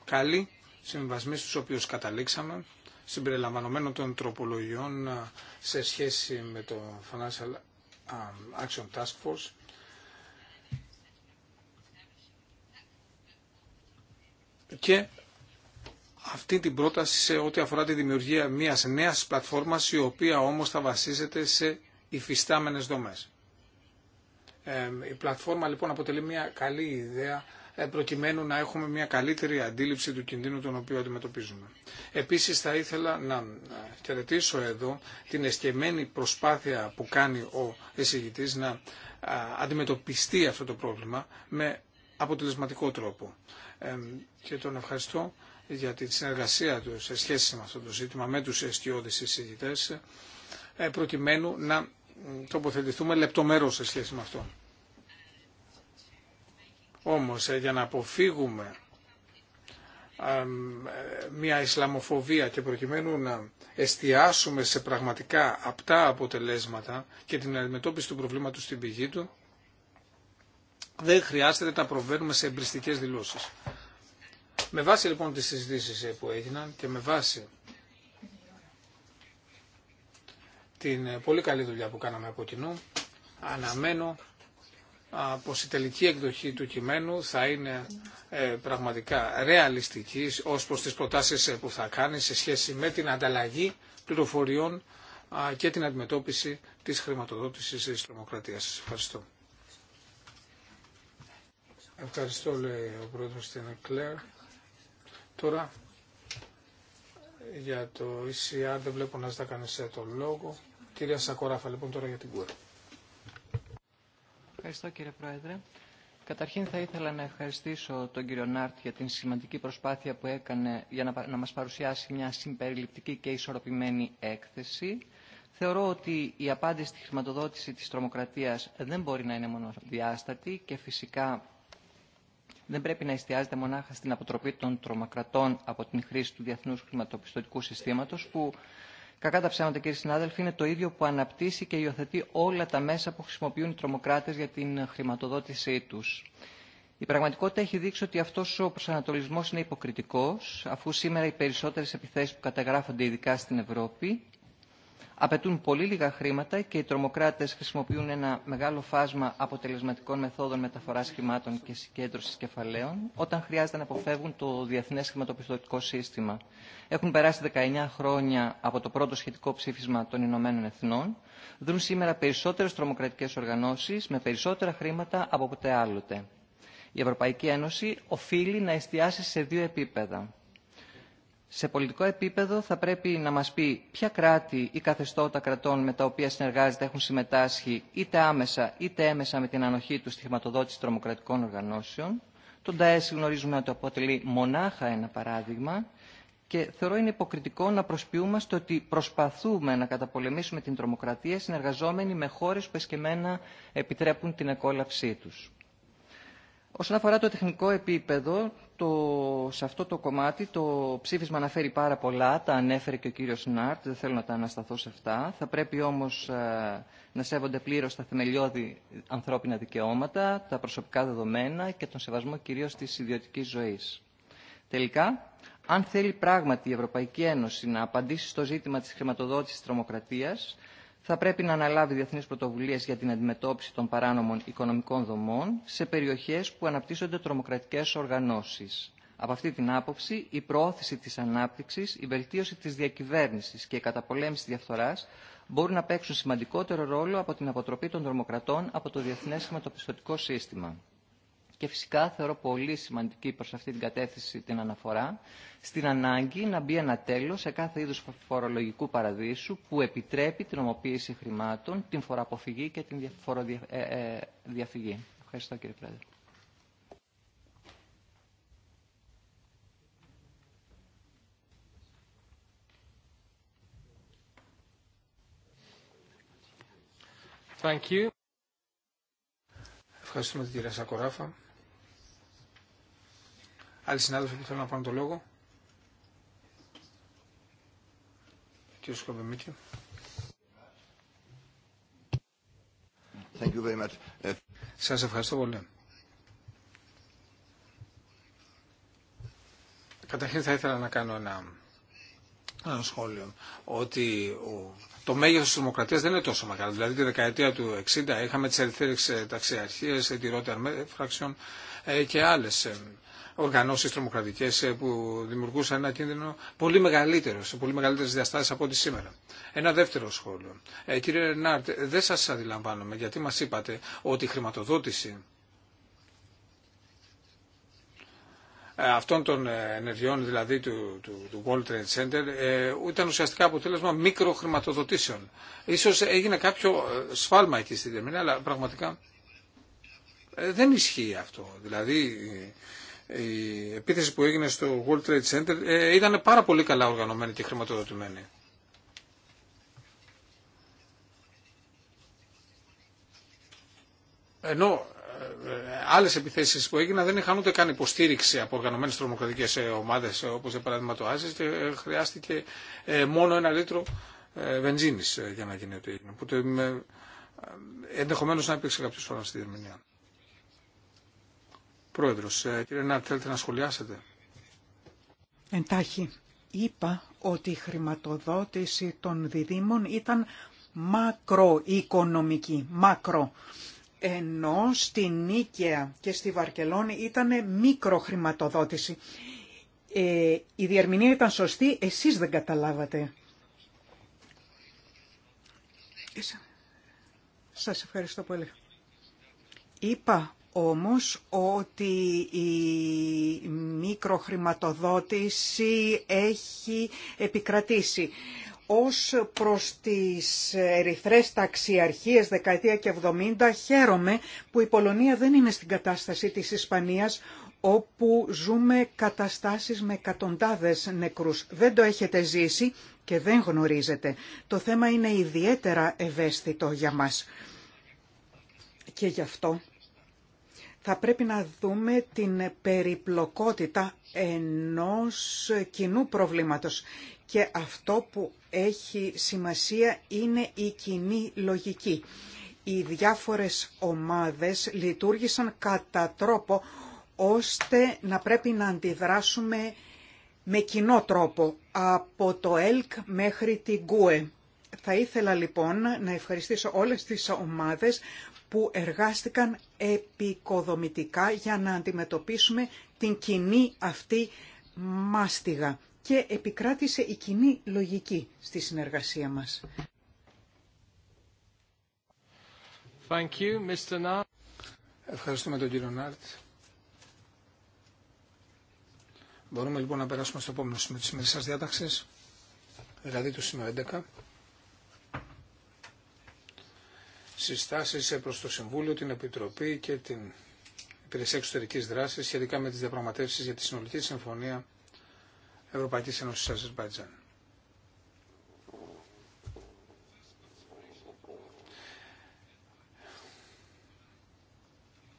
καλοί συμβασμοί στους οποίους καταλήξαμε συμπεριλαμβανομένων των τροπολογιών ε, σε σχέση με το Financial ε, Action Task Force και αυτή την πρόταση σε ό,τι αφορά τη δημιουργία μιας νέας πλατφόρμας η οποία όμως θα βασίζεται σε υφιστάμενες δομές. Ε, η πλατφόρμα λοιπόν αποτελεί μια καλή ιδέα ε, προκειμένου να έχουμε μια καλύτερη αντίληψη του κινδύνου τον οποίο αντιμετωπίζουμε. Επίσης θα ήθελα να ε, χαιρετήσω εδώ την εσκεμμένη προσπάθεια που κάνει ο εισηγητής να αντιμετωπιστεί αυτό το πρόβλημα με αποτελεσματικό τρόπο. Και τον ευχαριστώ για τη συνεργασία του σε σχέση με αυτό το ζήτημα με τους εστιώδεις εισηγητέ, ε, προκειμένου να τοποθετηθούμε λεπτομέρως σε σχέση με αυτό. Όμως ε, για να αποφύγουμε ε, μια Ισλαμοφοβία και προκειμένου να εστιάσουμε σε πραγματικά απτά αποτελέσματα και την αντιμετώπιση του προβλήματος στην πηγή του, δεν χρειάζεται να προβαίνουμε σε εμπριστικές δηλώσεις. Με βάση λοιπόν τις συζητήσεις ε, που έγιναν και με βάση την ε, πολύ καλή δουλειά που κάναμε από κοινού, αναμένω πω η τελική εκδοχή του κειμένου θα είναι ε, πραγματικά ρεαλιστική ω προ τι προτάσει που θα κάνει σε σχέση με την ανταλλαγή πληροφοριών και την αντιμετώπιση της χρηματοδότησης της δημοκρατίας. Ευχαριστώ. Ευχαριστώ, λέει ο πρόεδρος την Τώρα για το ECR δεν βλέπω να ζητά σε το λόγο. Κυρία Σακοράφα λοιπόν τώρα για την κουρ. Ευχαριστώ κύριε Πρόεδρε. Καταρχήν θα ήθελα να ευχαριστήσω τον κύριο Νάρτ για την σημαντική προσπάθεια που έκανε για να μας παρουσιάσει μια συμπεριληπτική και ισορροπημένη έκθεση. Θεωρώ ότι η απάντηση στη χρηματοδότηση της τρομοκρατίας δεν μπορεί να είναι μονοδιάστατη και φυσικά δεν πρέπει να εστιάζεται μονάχα στην αποτροπή των τρομακρατών από την χρήση του διεθνού χρηματοπιστωτικού συστήματο, που κακά τα ψέματα κύριε συνάδελφοι είναι το ίδιο που αναπτύσσει και υιοθετεί όλα τα μέσα που χρησιμοποιούν οι τρομοκράτε για την χρηματοδότησή του. Η πραγματικότητα έχει δείξει ότι αυτό ο προσανατολισμό είναι υποκριτικό, αφού σήμερα οι περισσότερε επιθέσει που καταγράφονται ειδικά στην Ευρώπη απαιτούν πολύ λίγα χρήματα και οι τρομοκράτε χρησιμοποιούν ένα μεγάλο φάσμα αποτελεσματικών μεθόδων μεταφορά χρημάτων και συγκέντρωση κεφαλαίων όταν χρειάζεται να αποφεύγουν το διεθνέ χρηματοπιστωτικό σύστημα. Έχουν περάσει 19 χρόνια από το πρώτο σχετικό ψήφισμα των Ηνωμένων Εθνών. Δρούν σήμερα περισσότερε τρομοκρατικέ οργανώσει με περισσότερα χρήματα από ποτέ άλλοτε. Η Ευρωπαϊκή Ένωση οφείλει να εστιάσει σε δύο επίπεδα σε πολιτικό επίπεδο θα πρέπει να μας πει ποια κράτη ή καθεστώτα κρατών με τα οποία συνεργάζεται έχουν συμμετάσχει είτε άμεσα είτε έμεσα με την ανοχή του στη χρηματοδότηση τρομοκρατικών οργανώσεων. Τον ΤΑΕΣ γνωρίζουμε ότι αποτελεί μονάχα ένα παράδειγμα και θεωρώ είναι υποκριτικό να προσποιούμαστε ότι προσπαθούμε να καταπολεμήσουμε την τρομοκρατία συνεργαζόμενοι με χώρες που εσκεμμένα επιτρέπουν την εκόλαψή τους. Όσον αφορά το τεχνικό επίπεδο, το, σε αυτό το κομμάτι το ψήφισμα αναφέρει πάρα πολλά, τα ανέφερε και ο κύριος Νάρτ, δεν θέλω να τα ανασταθώ σε αυτά. Θα πρέπει όμως ε, να σέβονται πλήρως τα θεμελιώδη ανθρώπινα δικαιώματα, τα προσωπικά δεδομένα και τον σεβασμό κυρίως της ιδιωτικής ζωής. Τελικά, αν θέλει πράγματι η Ευρωπαϊκή Ένωση να απαντήσει στο ζήτημα της χρηματοδότησης της τρομοκρατίας, θα πρέπει να αναλάβει διεθνείς πρωτοβουλίες για την αντιμετώπιση των παράνομων οικονομικών δομών σε περιοχές που αναπτύσσονται τρομοκρατικές οργανώσεις. Από αυτή την άποψη, η προώθηση της ανάπτυξης, η βελτίωση της διακυβέρνησης και η καταπολέμηση της διαφθοράς μπορούν να παίξουν σημαντικότερο ρόλο από την αποτροπή των τρομοκρατών από το διεθνές χρηματοπιστωτικό σύστημα. Και φυσικά θεωρώ πολύ σημαντική προς αυτή την κατεύθυνση την αναφορά στην ανάγκη να μπει ένα τέλος σε κάθε είδους φορολογικού παραδείσου που επιτρέπει την ομοποίηση χρημάτων, την φοροαποφυγή και την φοροδιαφυγή. Ε, ε, Ευχαριστώ κύριε Πρόεδρε. Thank you. Ευχαριστούμε την κυρία Σακοράφα. Άλλοι συνάδελφοι που θέλουν να πάρουν το λόγο. Κύριε much. Σας ευχαριστώ πολύ. Καταρχήν θα ήθελα να κάνω ένα, ένα σχόλιο ότι ο, το μέγεθος της δημοκρατίας δεν είναι τόσο μεγάλο. Δηλαδή τη δεκαετία του 60 είχαμε τις ελευθέρες ε, ταξιαρχίες, ε, τη Rotter ε, και άλλες Οργανώσει τρομοκρατικέ ε, που δημιουργούσαν ένα κίνδυνο πολύ μεγαλύτερο, σε πολύ μεγαλύτερες διαστάσεις από ό,τι σήμερα. Ένα δεύτερο σχόλιο. Ε, κύριε Ρενάρτ, δεν σας αντιλαμβάνομαι γιατί μας είπατε ότι η χρηματοδότηση ε, αυτών των ε, ενεργειών, δηλαδή του, του, του World Trade Center, ήταν ουσιαστικά αποτέλεσμα μικροχρηματοδοτήσεων. Ίσως έγινε κάποιο σφάλμα εκεί στην τερμηνία, αλλά πραγματικά δεν ισχύει αυτό. Δηλαδή η επίθεση που έγινε στο World Trade Center ε, ήταν πάρα πολύ καλά οργανωμένη και χρηματοδοτημένη. Ενώ ε, ε, άλλες επιθέσεις που έγιναν δεν είχαν ούτε καν υποστήριξη από οργανωμένες τρομοκρατικές ομάδες όπως για παράδειγμα το Άζης και χρειάστηκε μόνο ένα λίτρο βενζίνης για να γίνει ότι έγινε. Οπότε ενδεχομένως να υπήρξε κάποιος φορά στη Γερμανία. Πρόεδρος, ε, κύριε θέλετε να σχολιάσετε. Εντάχει, είπα ότι η χρηματοδότηση των διδήμων ήταν μακροοικονομική, μακρο. Ενώ στη Νίκαια και στη Βαρκελόνη ήταν μικροχρηματοδότηση. Ε, η διερμηνία ήταν σωστή, εσείς δεν καταλάβατε. Σας ευχαριστώ πολύ. Είπα όμως ότι η μικροχρηματοδότηση έχει επικρατήσει. Ως προς τις ερυθρές ταξιαρχίες δεκαετία και 70 χαίρομαι που η Πολωνία δεν είναι στην κατάσταση της Ισπανίας όπου ζούμε καταστάσεις με εκατοντάδες νεκρούς. Δεν το έχετε ζήσει και δεν γνωρίζετε. Το θέμα είναι ιδιαίτερα ευαίσθητο για μας. Και γι' αυτό θα πρέπει να δούμε την περιπλοκότητα ενός κοινού προβλήματος. Και αυτό που έχει σημασία είναι η κοινή λογική. Οι διάφορες ομάδες λειτουργήσαν κατά τρόπο ώστε να πρέπει να αντιδράσουμε με κοινό τρόπο από το ΕΛΚ μέχρι την ΚΟΕ. Θα ήθελα λοιπόν να ευχαριστήσω όλες τις ομάδες που εργάστηκαν επικοδομητικά για να αντιμετωπίσουμε την κοινή αυτή μάστιγα και επικράτησε η κοινή λογική στη συνεργασία μας. Thank you, Mr. Nart. Ευχαριστούμε τον κύριο Νάρτ. Μπορούμε λοιπόν να περάσουμε στο επόμενο σημείο της σημερινής σας διάταξης, δηλαδή του σημείο 11. συστάσεις προ το Συμβούλιο, την Επιτροπή και την Υπηρεσία εξωτερική δράση σχετικά με τις διαπραγματεύσει για τη Συνολική Συμφωνία Ευρωπαϊκής Ένωση Αζερβαϊτζάν.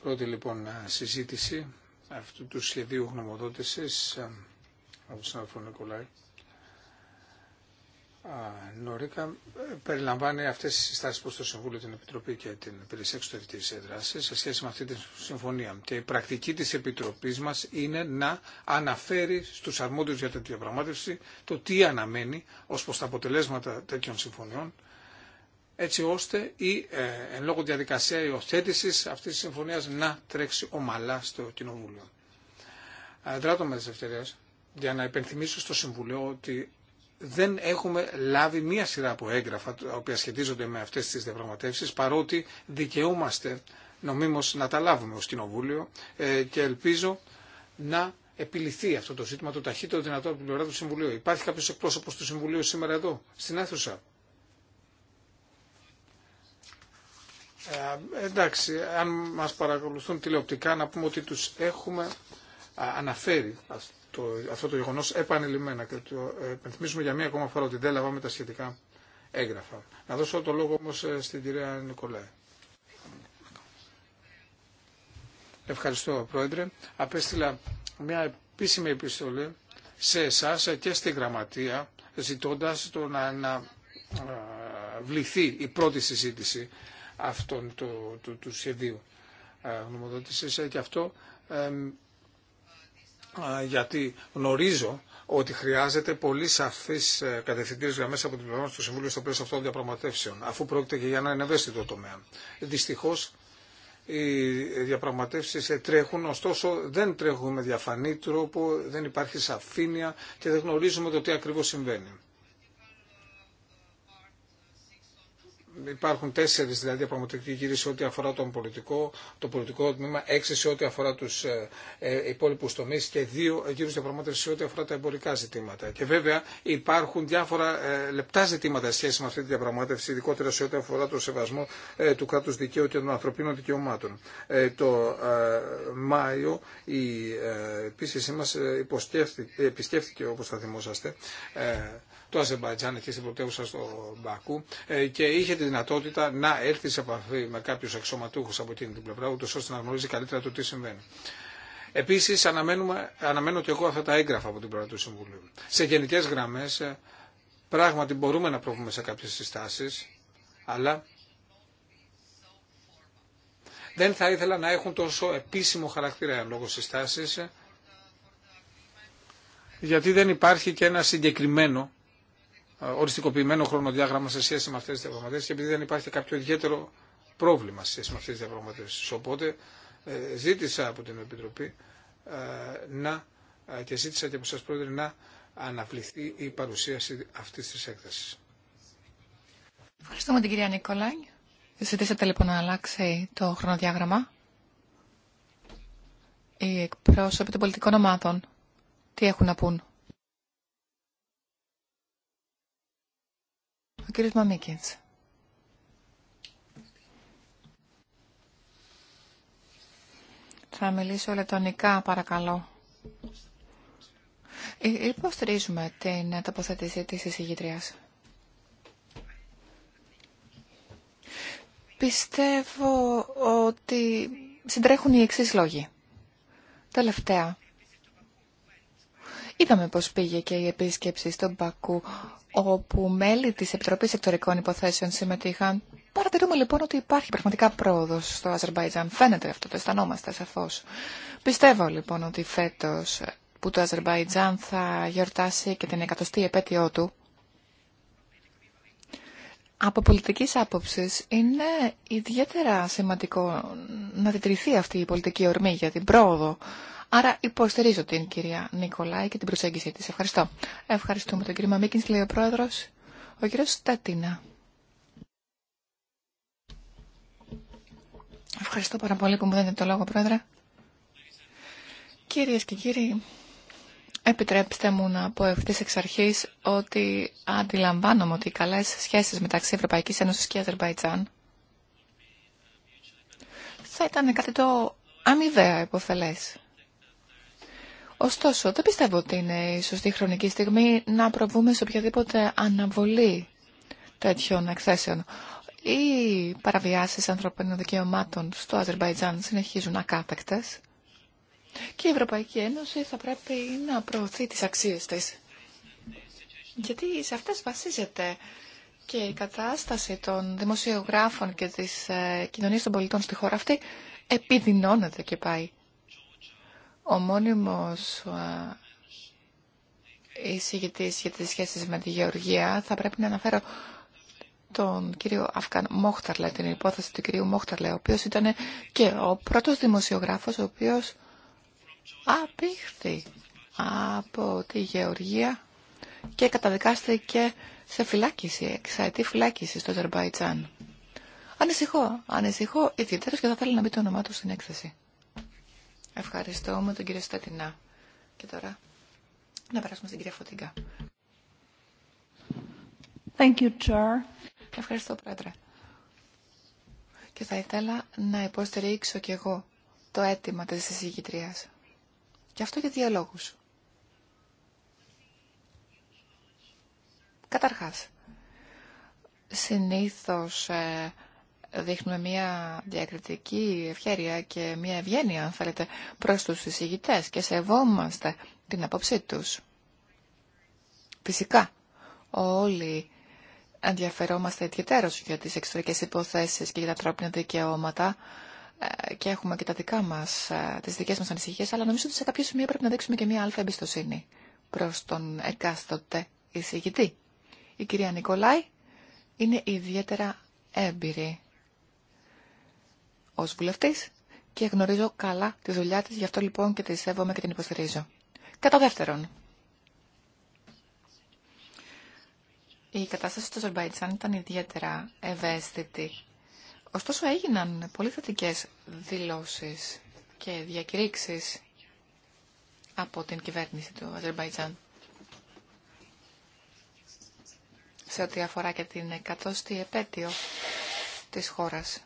Πρώτη λοιπόν συζήτηση αυτού του σχεδίου γνωμοδότησης ε, από τον Σαφρό Νικολάη. Νωρίκα, ε, περιλαμβάνει αυτέ τι συστάσει προ το Συμβούλιο, την Επιτροπή και την Υπηρεσία εξωτερική Έδρασης σε σχέση με αυτή τη συμφωνία. Και η πρακτική τη επιτροπή μα είναι να αναφέρει στου αρμόδιους για την διαπραγμάτευση το τι αναμένει ω προ τα αποτελέσματα τέτοιων συμφωνιών έτσι ώστε η ε, εν λόγω διαδικασία υιοθέτηση αυτή τη συμφωνία να τρέξει ομαλά στο Κοινοβούλιο. Δράτω με τι ευκαιρίε για να υπενθυμίσω στο Συμβουλίο ότι δεν έχουμε λάβει μία σειρά από έγγραφα τα οποία σχετίζονται με αυτές τις διαπραγματεύσεις παρότι δικαιούμαστε νομίμως να τα λάβουμε ως Κοινοβούλιο ε, και ελπίζω να επιληθεί αυτό το ζήτημα το ταχύτερο δυνατό από την πλευρά του Συμβουλίου. Υπάρχει κάποιος εκπρόσωπος του Συμβουλίου σήμερα εδώ, στην αίθουσα. Ε, εντάξει, αν μας παρακολουθούν τηλεοπτικά να πούμε ότι τους έχουμε αναφέρει το, αυτό το γεγονό επανειλημμένα και το επενθυμίζουμε για μία ακόμα φορά ότι δεν λάβαμε τα σχετικά έγγραφα. Να δώσω το λόγο όμω ε, στην κυρία Νικολάη. Ευχαριστώ, Πρόεδρε. Απέστειλα μια επίσημη επιστολή σε εσά και στη Γραμματεία ζητώντα το να, βληθεί η πρώτη συζήτηση αυτών του, του, του σχεδίου γνωμοδότησης και αυτό γιατί γνωρίζω ότι χρειάζεται πολύ σαφεί κατευθυντήρια μέσα από την πλευρά του Συμβούλου στο πλαίσιο αυτών των διαπραγματεύσεων, αφού πρόκειται και για έναν ευαίσθητο τομέα. Δυστυχώ, οι διαπραγματεύσεις ε, τρέχουν, ωστόσο δεν τρέχουν με διαφανή τρόπο, δεν υπάρχει σαφήνεια και δεν γνωρίζουμε το τι ακριβώ συμβαίνει. υπάρχουν τέσσερι δηλαδή διαπραγματευτικοί γύροι σε ό,τι αφορά τον πολιτικό, το πολιτικό τμήμα, έξι σε ό,τι αφορά του ε, ε υπόλοιπου τομεί και δύο γύρου διαπραγμάτευση σε ό,τι αφορά τα εμπορικά ζητήματα. Και βέβαια υπάρχουν διάφορα ε, λεπτά ζητήματα σχέση με αυτή τη διαπραγμάτευση, ειδικότερα σε ό,τι αφορά το σεβασμό ε, του κράτου δικαίου και των ανθρωπίνων δικαιωμάτων. το Μάιο η ε, επίσκεψή μα επισκέφθηκε, όπω θα θυμόσαστε, το Αζεμπαϊτζάν εκεί στην πρωτεύουσα στο Μπακού ε, και είχε τη δυνατότητα να έρθει σε επαφή με κάποιου αξιωματούχου από εκείνη την πλευρά, ούτω ώστε να γνωρίζει καλύτερα το τι συμβαίνει. Επίση, αναμένω και εγώ αυτά τα έγγραφα από την πλευρά του Συμβουλίου. Σε γενικέ γραμμέ, ε, πράγματι μπορούμε να προβούμε σε κάποιε συστάσει, αλλά δεν θα ήθελα να έχουν τόσο επίσημο χαρακτήρα εν λόγω συστάσεις, ε, γιατί δεν υπάρχει και ένα συγκεκριμένο ε, οριστικοποιημένο χρονοδιάγραμμα σε σχέση με αυτέ τι διαπραγματεύσει και επειδή δεν υπάρχει κάποιο ιδιαίτερο πρόβλημα σε σχέση με αυτέ τι διαπραγματεύσει. Οπότε ε, ζήτησα από την Επιτροπή ε, να και ζήτησα και από σα πρόεδρε να αναβληθεί η παρουσίαση αυτή τη έκταση. Ευχαριστούμε την κυρία Νικολάη. Ζητήσατε λοιπόν να αλλάξει το χρονοδιάγραμμα. Οι εκπρόσωποι των πολιτικών ομάδων τι έχουν να πούν. Ο κύριος Θα μιλήσω λετωνικά, παρακαλώ. Ε, υποστηρίζουμε την τοποθέτηση της εισηγήτριας. Πιστεύω ότι συντρέχουν οι εξής λόγοι. Τελευταία. Είδαμε πώς πήγε και η επίσκεψη στον Πακού όπου μέλη της Επιτροπής Εκτορικών Υποθέσεων συμμετείχαν. Παρατηρούμε λοιπόν ότι υπάρχει πραγματικά πρόοδος στο Αζερβαϊτζάν. Φαίνεται αυτό, το αισθανόμαστε σαφώς. Πιστεύω λοιπόν ότι φέτος ε, που το Αζερβαϊτζάν θα γιορτάσει και την εκατοστή επέτειό του, από πολιτική άποψη είναι ιδιαίτερα σημαντικό να διτηρηθεί αυτή η πολιτική ορμή για την πρόοδο Άρα υποστηρίζω την κυρία Νικολάη και την προσέγγιση της. Ευχαριστώ. Ευχαριστούμε τον κύριο Μαμίκινς, λέει ο πρόεδρος, ο κύριος Στατίνα. Ευχαριστώ πάρα πολύ που μου δίνετε το λόγο, πρόεδρε. Κυρίες και κύριοι, επιτρέψτε μου να πω ευθύ εξ αρχή ότι αντιλαμβάνομαι ότι οι καλέ σχέσεις μεταξύ Ευρωπαϊκή Ένωση και Αζερβαϊτζάν θα ήταν κάτι το αμοιβαία υποφελέ Ωστόσο, δεν πιστεύω ότι είναι η σωστή χρονική στιγμή να προβούμε σε οποιαδήποτε αναβολή τέτοιων εκθέσεων. Οι παραβιάσεις ανθρωπίνων δικαιωμάτων στο Αζερβαϊτζάν συνεχίζουν ακάτακτες και η Ευρωπαϊκή Ένωση θα πρέπει να προωθεί τις αξίες της. Γιατί σε αυτές βασίζεται και η κατάσταση των δημοσιογράφων και της ε, κοινωνίας των πολιτών στη χώρα αυτή επιδεινώνεται και πάει ο μόνιμος εισηγητής για τις σχέσεις με τη Γεωργία θα πρέπει να αναφέρω τον κύριο Αφκαν Μόχταρλε, την υπόθεση του κυρίου Μόχταρλε, ο οποίος ήταν και ο πρώτος δημοσιογράφος, ο οποίος απήχθη από τη Γεωργία και καταδικάστηκε σε φυλάκιση, εξαετή φυλάκιση στο Αζερμπαϊτζάν. Ανησυχώ, ανησυχώ ιδιαίτερα και θα θέλω να μπει το όνομά του στην έκθεση. Ευχαριστώ με τον κύριο Στατινά. Και τώρα να περάσουμε στην κυρία Φωτίγκα. Thank you, Chair. Ευχαριστώ, Πρόεδρε. Και θα ήθελα να υποστηρίξω κι εγώ το αίτημα της εισηγητρίας. Και αυτό για δύο Καταρχάς, συνήθως ε, δείχνουμε μια διακριτική ευχέρεια και μια ευγένεια, αν θέλετε, προς τους εισηγητές και σεβόμαστε την απόψή τους. Φυσικά, όλοι ενδιαφερόμαστε ιδιαίτερως για τις εξωτερικές υποθέσεις και για τα ανθρώπινα δικαιώματα ε, και έχουμε και τα δικά μας, ε, τις δικές μας ανησυχίες, αλλά νομίζω ότι σε κάποιο σημείο πρέπει να δείξουμε και μια αλφα εμπιστοσύνη προς τον εκάστοτε εισηγητή. Η κυρία Νικολάη είναι ιδιαίτερα έμπειρη ω βουλευτή και γνωρίζω καλά τη δουλειά τη γι' αυτό λοιπόν και τη σέβομαι και την υποστηρίζω. Κατά δεύτερον, η κατάσταση του Αζερμπαϊτζάν ήταν ιδιαίτερα ευαίσθητη. Ωστόσο έγιναν πολύ θετικέ δηλώσεις και διακηρύξεις από την κυβέρνηση του Αζερμπαϊτζάν. Σε ό,τι αφορά και την εκατόστη επέτειο της χώρας.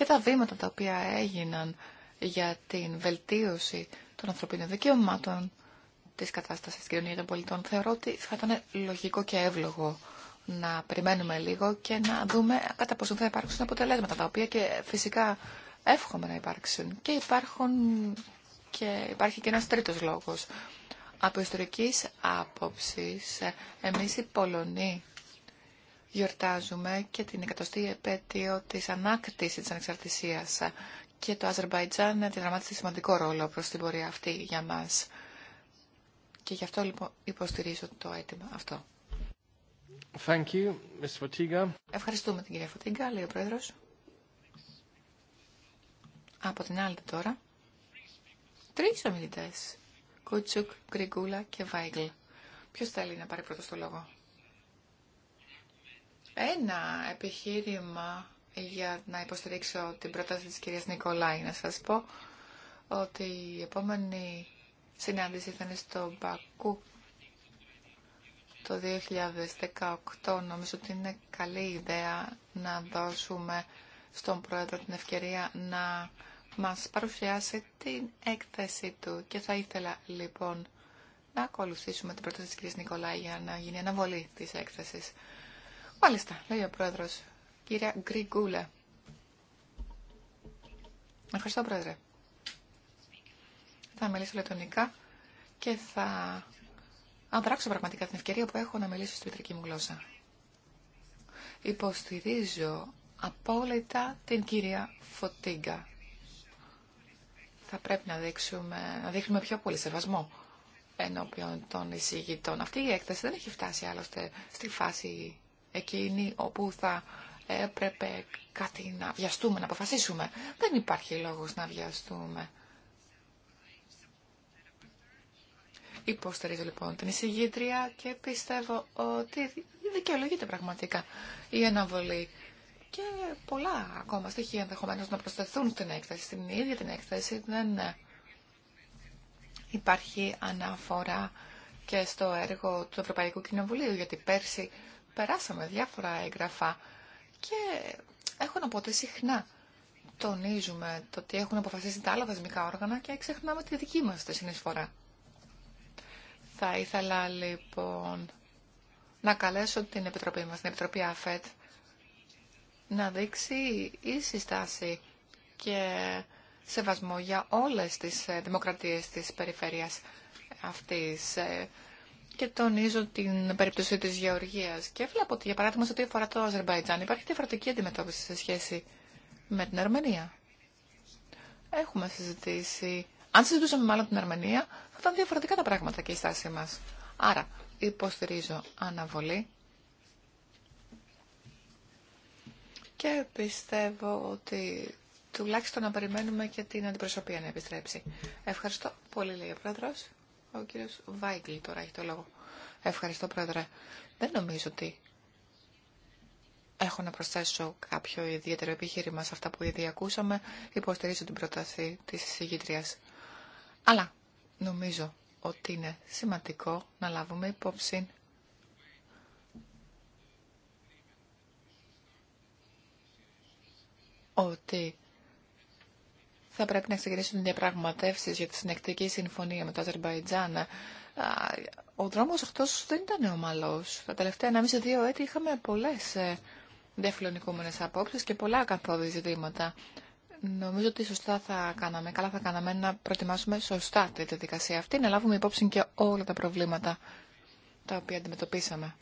και τα βήματα τα οποία έγιναν για την βελτίωση των ανθρωπίνων δικαιωμάτων της κατάστασης της κοινωνία των πολιτών. Θεωρώ ότι θα ήταν λογικό και εύλογο να περιμένουμε λίγο και να δούμε κατά πόσο θα υπάρξουν αποτελέσματα, τα οποία και φυσικά εύχομαι να υπάρξουν. Και υπάρχουν και υπάρχει και ένας τρίτος λόγος. Από ιστορικής άποψης, εμείς οι Πολωνοί γιορτάζουμε και την εκατοστή επέτειο της ανάκτησης της ανεξαρτησίας και το Αζερμπαϊτζάν αντιδραμάτισε σημαντικό ρόλο προς την πορεία αυτή για μας. Και γι' αυτό λοιπόν υποστηρίζω το αίτημα αυτό. Thank you, Ms. Ευχαριστούμε την κυρία Φωτίγκα, λέει ο Πρόεδρος. Από την άλλη τώρα, τρεις ομιλητές. Κούτσουκ, Γκριγκούλα και Βάιγκλ. Ποιος θέλει να πάρει πρώτο το λόγο ένα επιχείρημα για να υποστηρίξω την πρόταση της κυρίας Νικολάη. Να σας πω ότι η επόμενη συνάντηση θα είναι στο Μπακού το 2018. Νομίζω ότι είναι καλή ιδέα να δώσουμε στον Πρόεδρο την ευκαιρία να μας παρουσιάσει την έκθεσή του. Και θα ήθελα λοιπόν να ακολουθήσουμε την πρόταση της κυρίας Νικολάη για να γίνει αναβολή της έκθεσης. Μάλιστα, λέει ο πρόεδρος. Κυρία Γκριγκούλα. Ευχαριστώ, πρόεδρε. Θα μιλήσω λετωνικά και θα αντράξω πραγματικά την ευκαιρία που έχω να μιλήσω στη μητρική μου γλώσσα. Υποστηρίζω απόλυτα την κυρία Φωτίγκα. Θα πρέπει να, δείξουμε, να δείχνουμε πιο πολύ σεβασμό ενώπιον των εισηγητών. Αυτή η έκθεση δεν έχει φτάσει άλλωστε στη φάση εκείνη όπου θα έπρεπε κάτι να βιαστούμε, να αποφασίσουμε. Δεν υπάρχει λόγος να βιαστούμε. Υποστηρίζω λοιπόν την εισηγήτρια και πιστεύω ότι δικαιολογείται πραγματικά η αναβολή και πολλά ακόμα στοιχεία ενδεχομένω να προσθεθούν στην έκθεση, στην ίδια την έκθεση δεν ναι, ναι. υπάρχει αναφορά και στο έργο του Ευρωπαϊκού Κοινοβουλίου γιατί πέρσι περάσαμε διάφορα έγγραφα και έχω να πω ότι συχνά τονίζουμε το ότι έχουν αποφασίσει τα άλλα δεσμικά όργανα και ξεχνάμε τη δική μας τη συνεισφορά. Θα ήθελα λοιπόν να καλέσω την Επιτροπή μας, την Επιτροπή ΑΦΕΤ, να δείξει ίση στάση και σεβασμό για όλες τις ε, δημοκρατίες της περιφέρειας αυτής. Ε, και τονίζω την περίπτωση της Γεωργίας. Και βλέπω ότι, για παράδειγμα, σε ό,τι αφορά το Αζερμπαϊτζάν υπάρχει διαφορετική αντιμετώπιση σε σχέση με την Αρμενία. Έχουμε συζητήσει. Αν συζητούσαμε μάλλον την Αρμενία, θα ήταν διαφορετικά τα πράγματα και η στάση μας. Άρα, υποστηρίζω αναβολή. Και πιστεύω ότι τουλάχιστον να περιμένουμε και την αντιπροσωπεία να επιστρέψει. Ευχαριστώ πολύ, λέει ο Πρόεδρος. Ο κύριο Βάιγκλη τώρα έχει το λόγο. Ευχαριστώ, Πρόεδρε. Δεν νομίζω ότι έχω να προσθέσω κάποιο ιδιαίτερο επιχείρημα σε αυτά που ήδη ακούσαμε. Υποστηρίζω την πρόταση της εισηγήτριας. Αλλά νομίζω ότι είναι σημαντικό να λάβουμε υπόψη ότι θα πρέπει να ξεκινήσουν διαπραγματεύσει για τη συνεκτική συμφωνία με το Αζερμπαϊτζάν. Ο δρόμο αυτό δεν ήταν ομαλό. Τα τελευταία 1,5-2 έτη είχαμε πολλέ ε, διαφιλονικούμενε απόψει και πολλά καθόδη ζητήματα. Νομίζω ότι σωστά θα κάναμε, καλά θα κάναμε να προετοιμάσουμε σωστά τη διαδικασία αυτή, να λάβουμε υπόψη και όλα τα προβλήματα τα οποία αντιμετωπίσαμε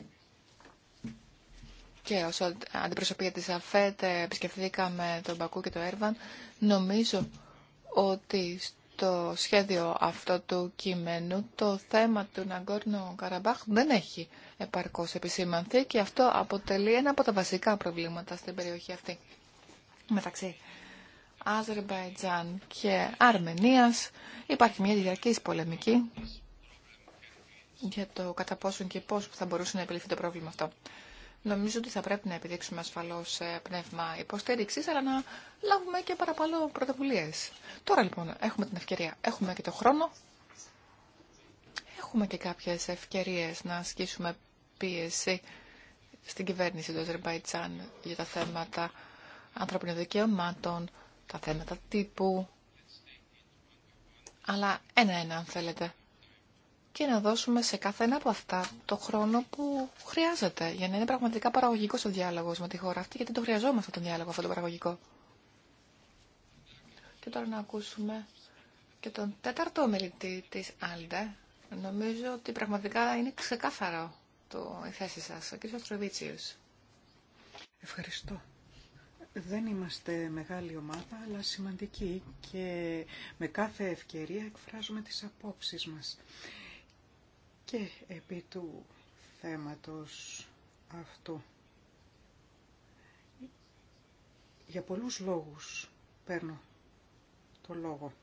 και ως αντιπροσωπεία της ΑΦΕΤ ε, επισκεφθήκαμε τον Μπακού και το Έρβαν. Νομίζω ότι στο σχέδιο αυτό του κειμένου το θέμα του Ναγκόρνο Καραμπάχ δεν έχει επαρκώς επισήμανθει και αυτό αποτελεί ένα από τα βασικά προβλήματα στην περιοχή αυτή. Μεταξύ Αζερμπαϊτζάν και Αρμενίας υπάρχει μια διαρκής πολεμική για το κατά πόσον και πώς θα μπορούσε να επιληφθεί το πρόβλημα αυτό. Νομίζω ότι θα πρέπει να επιδείξουμε ασφαλώς ε, πνεύμα υποστήριξης, αλλά να λάβουμε και παραπάνω πρωτοβουλίες. Τώρα λοιπόν έχουμε την ευκαιρία, έχουμε και το χρόνο, έχουμε και κάποιες ευκαιρίες να ασκήσουμε πίεση στην κυβέρνηση του Αζερμπαϊτζάν για τα θέματα ανθρωπινών δικαιωμάτων, τα θέματα τύπου, αλλά ένα-ένα αν θέλετε και να δώσουμε σε κάθε ένα από αυτά το χρόνο που χρειάζεται για να είναι πραγματικά παραγωγικό ο διάλογο με τη χώρα αυτή, γιατί το χρειαζόμαστε τον διάλογο αυτό το παραγωγικό. Και τώρα να ακούσουμε και τον τέταρτο ομιλητή τη Άλντε. Νομίζω ότι πραγματικά είναι ξεκάθαρο το, η θέση σα. ο κ. Αστροβίτσιος. Ευχαριστώ. Δεν είμαστε μεγάλη ομάδα, αλλά σημαντική και με κάθε ευκαιρία εκφράζουμε τις απόψεις μας και επί του θέματος αυτού. Για πολλούς λόγους παίρνω το λόγο.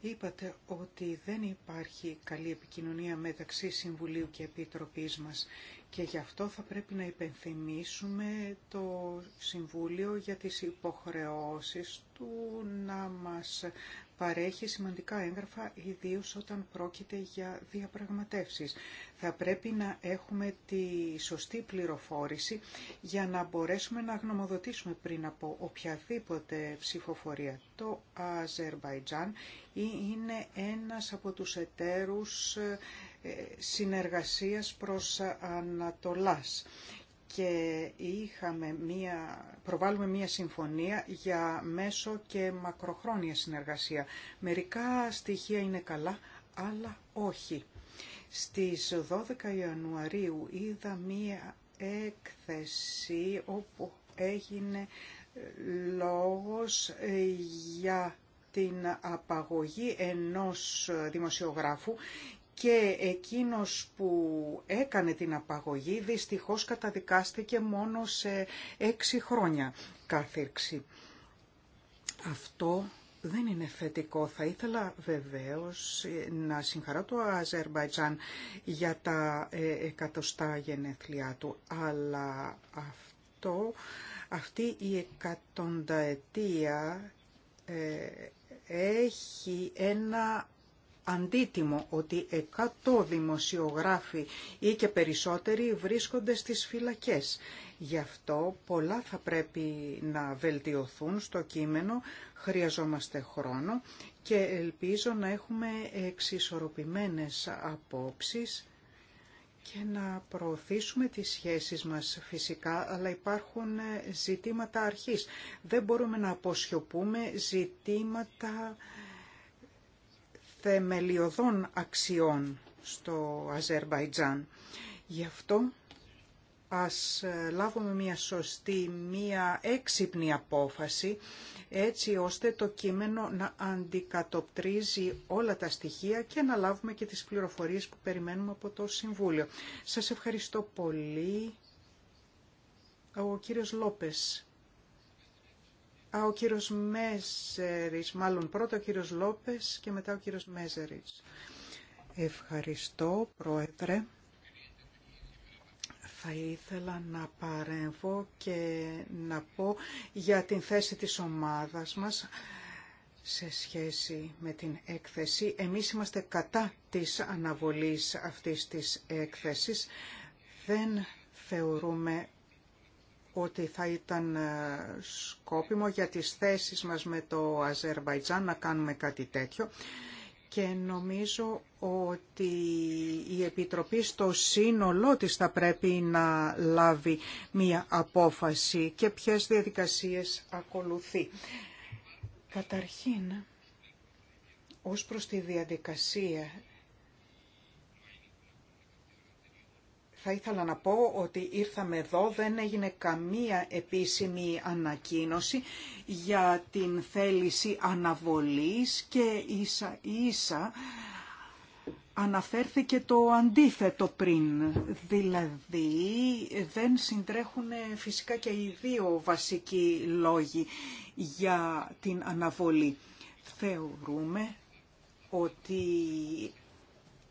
Είπατε ότι δεν υπάρχει καλή επικοινωνία μεταξύ Συμβουλίου και Επιτροπής μας και γι' αυτό θα πρέπει να υπενθυμίσουμε το Συμβούλιο για τις υποχρεώσεις του να μας παρέχει σημαντικά έγγραφα, ιδίως όταν πρόκειται για διαπραγματεύσεις. Θα πρέπει να έχουμε τη σωστή πληροφόρηση για να μπορέσουμε να γνωμοδοτήσουμε πριν από οποιαδήποτε ψηφοφορία. Το Αζερβαϊτζάν είναι ένας από τους εταίρους ε, ε, συνεργασίας προς Ανατολάς και είχαμε μία, προβάλλουμε μία συμφωνία για μέσο και μακροχρόνια συνεργασία. Μερικά στοιχεία είναι καλά, άλλα όχι. Στις 12 Ιανουαρίου είδα μία έκθεση όπου έγινε λόγος ε, για την απαγωγή ενός δημοσιογράφου και εκείνος που έκανε την απαγωγή δυστυχώς καταδικάστηκε μόνο σε έξι χρόνια κάθερξη. Αυτό δεν είναι θετικό. Θα ήθελα βεβαίως ε, να συγχαρώ το Αζερμπαϊτζάν για τα ε, εκατοστά γενέθλιά του, αλλά αυτό, αυτή η εκατονταετία ε, έχει ένα αντίτιμο ότι 100 δημοσιογράφοι ή και περισσότεροι βρίσκονται στις φυλακές. Γι' αυτό πολλά θα πρέπει να βελτιωθούν στο κείμενο, χρειαζόμαστε χρόνο και ελπίζω να έχουμε εξισορροπημένες απόψεις και να προωθήσουμε τις σχέσεις μας φυσικά, αλλά υπάρχουν ζητήματα αρχής. Δεν μπορούμε να αποσιωπούμε ζητήματα θεμελιωδών αξιών στο Αζερβαϊτζάν. Γι' αυτό ας ε, λάβουμε μια σωστή, μια έξυπνη απόφαση, έτσι ώστε το κείμενο να αντικατοπτρίζει όλα τα στοιχεία και να λάβουμε και τις πληροφορίες που περιμένουμε από το Συμβούλιο. Σας ευχαριστώ πολύ. Ο κύριος Λόπες Α, ο κύριος Μέζερης, μάλλον πρώτα ο κύριος Λόπες και μετά ο κύριος Μέζερης. Ευχαριστώ, Πρόεδρε. Θα ήθελα να παρέμβω και να πω για την θέση της ομάδας μας σε σχέση με την έκθεση. Εμείς είμαστε κατά της αναβολής αυτής της έκθεσης. Δεν θεωρούμε ότι θα ήταν ε, σκόπιμο για τις θέσεις μας με το Αζερβαϊτζάν να κάνουμε κάτι τέτοιο και νομίζω ότι η Επιτροπή στο σύνολό της θα πρέπει να λάβει μία απόφαση και ποιες διαδικασίες ακολουθεί. Καταρχήν, ως προς τη διαδικασία θα ήθελα να πω ότι ήρθαμε εδώ, δεν έγινε καμία επίσημη ανακοίνωση για την θέληση αναβολής και ίσα ίσα αναφέρθηκε το αντίθετο πριν, δηλαδή δεν συντρέχουν φυσικά και οι δύο βασικοί λόγοι για την αναβολή. Θεωρούμε ότι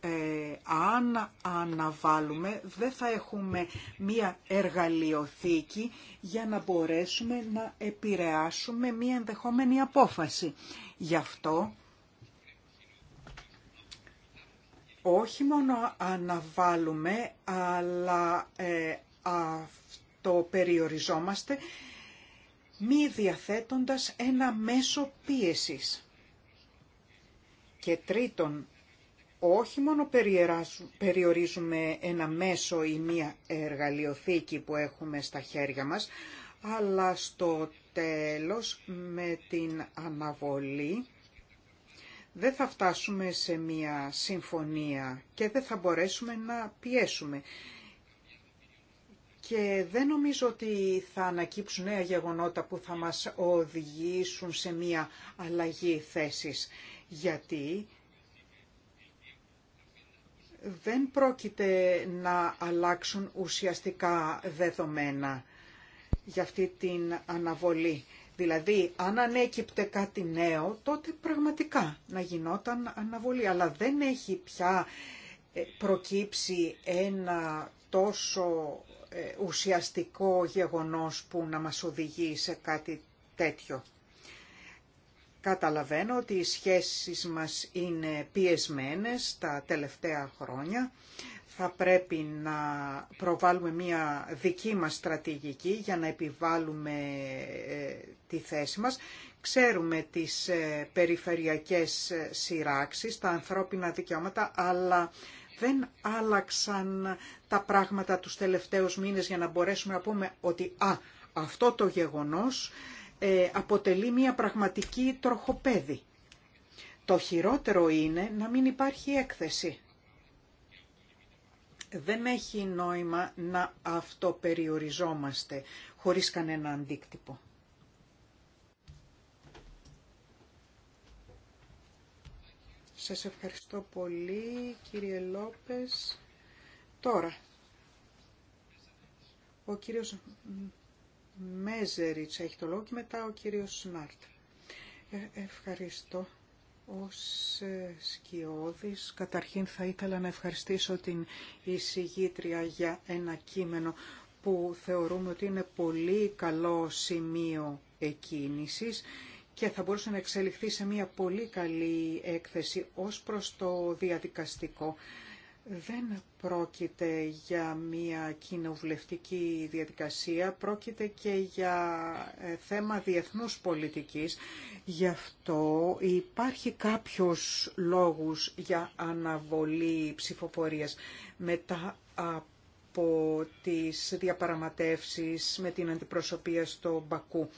ε, αν αναβάλουμε δεν θα έχουμε μία εργαλειοθήκη για να μπορέσουμε να επηρεάσουμε μία ενδεχόμενη απόφαση. Γι' αυτό όχι μόνο αναβάλουμε, αλλά ε, αυτό περιοριζόμαστε μη διαθέτοντας ένα μέσο πίεσης. Και τρίτον, όχι μόνο περιορίζουμε ένα μέσο ή μία εργαλειοθήκη που έχουμε στα χέρια μας, αλλά στο τέλος με την αναβολή δεν θα φτάσουμε σε μία συμφωνία και δεν θα μπορέσουμε να πιέσουμε. Και δεν νομίζω ότι θα ανακύψουν νέα γεγονότα που θα μας οδηγήσουν σε μία αλλαγή θέσης. Γιατί δεν πρόκειται να αλλάξουν ουσιαστικά δεδομένα για αυτή την αναβολή. Δηλαδή, αν ανέκυπτε κάτι νέο, τότε πραγματικά να γινόταν αναβολή. Αλλά δεν έχει πια ε, προκύψει ένα τόσο ε, ουσιαστικό γεγονός που να μας οδηγεί σε κάτι τέτοιο. Καταλαβαίνω ότι οι σχέσεις μας είναι πιεσμένες τα τελευταία χρόνια. Θα πρέπει να προβάλλουμε μία δική μας στρατηγική για να επιβάλλουμε ε, τη θέση μας. Ξέρουμε τις ε, περιφερειακές ε, σειράξεις, τα ανθρώπινα δικαιώματα, αλλά δεν άλλαξαν τα πράγματα τους τελευταίους μήνες για να μπορέσουμε να πούμε ότι «Α, αυτό το γεγονός ε, αποτελεί μια πραγματική τροχοπέδη. Το χειρότερο είναι να μην υπάρχει έκθεση. Δεν έχει νόημα να αυτοπεριοριζόμαστε χωρίς κανένα αντίκτυπο. Σας ευχαριστώ πολύ κύριε Λόπες. Τώρα, ο κύριος Μέζεριτς έχει το λόγο και μετά ο κύριος Σνάρτ. Ε, ευχαριστώ. Ως ε, σκιώδης, καταρχήν θα ήθελα να ευχαριστήσω την εισηγήτρια για ένα κείμενο που θεωρούμε ότι είναι πολύ καλό σημείο εκκίνησης και θα μπορούσε να εξελιχθεί σε μια πολύ καλή έκθεση ως προς το διαδικαστικό. Δεν πρόκειται για μια κοινοβουλευτική διαδικασία, πρόκειται και για ε, θέμα διεθνούς πολιτικής. Γι' αυτό υπάρχει κάποιος λόγους για αναβολή ψηφοφορίας μετά από τις διαπαραματεύσεις με την αντιπροσωπεία στο Μπακού.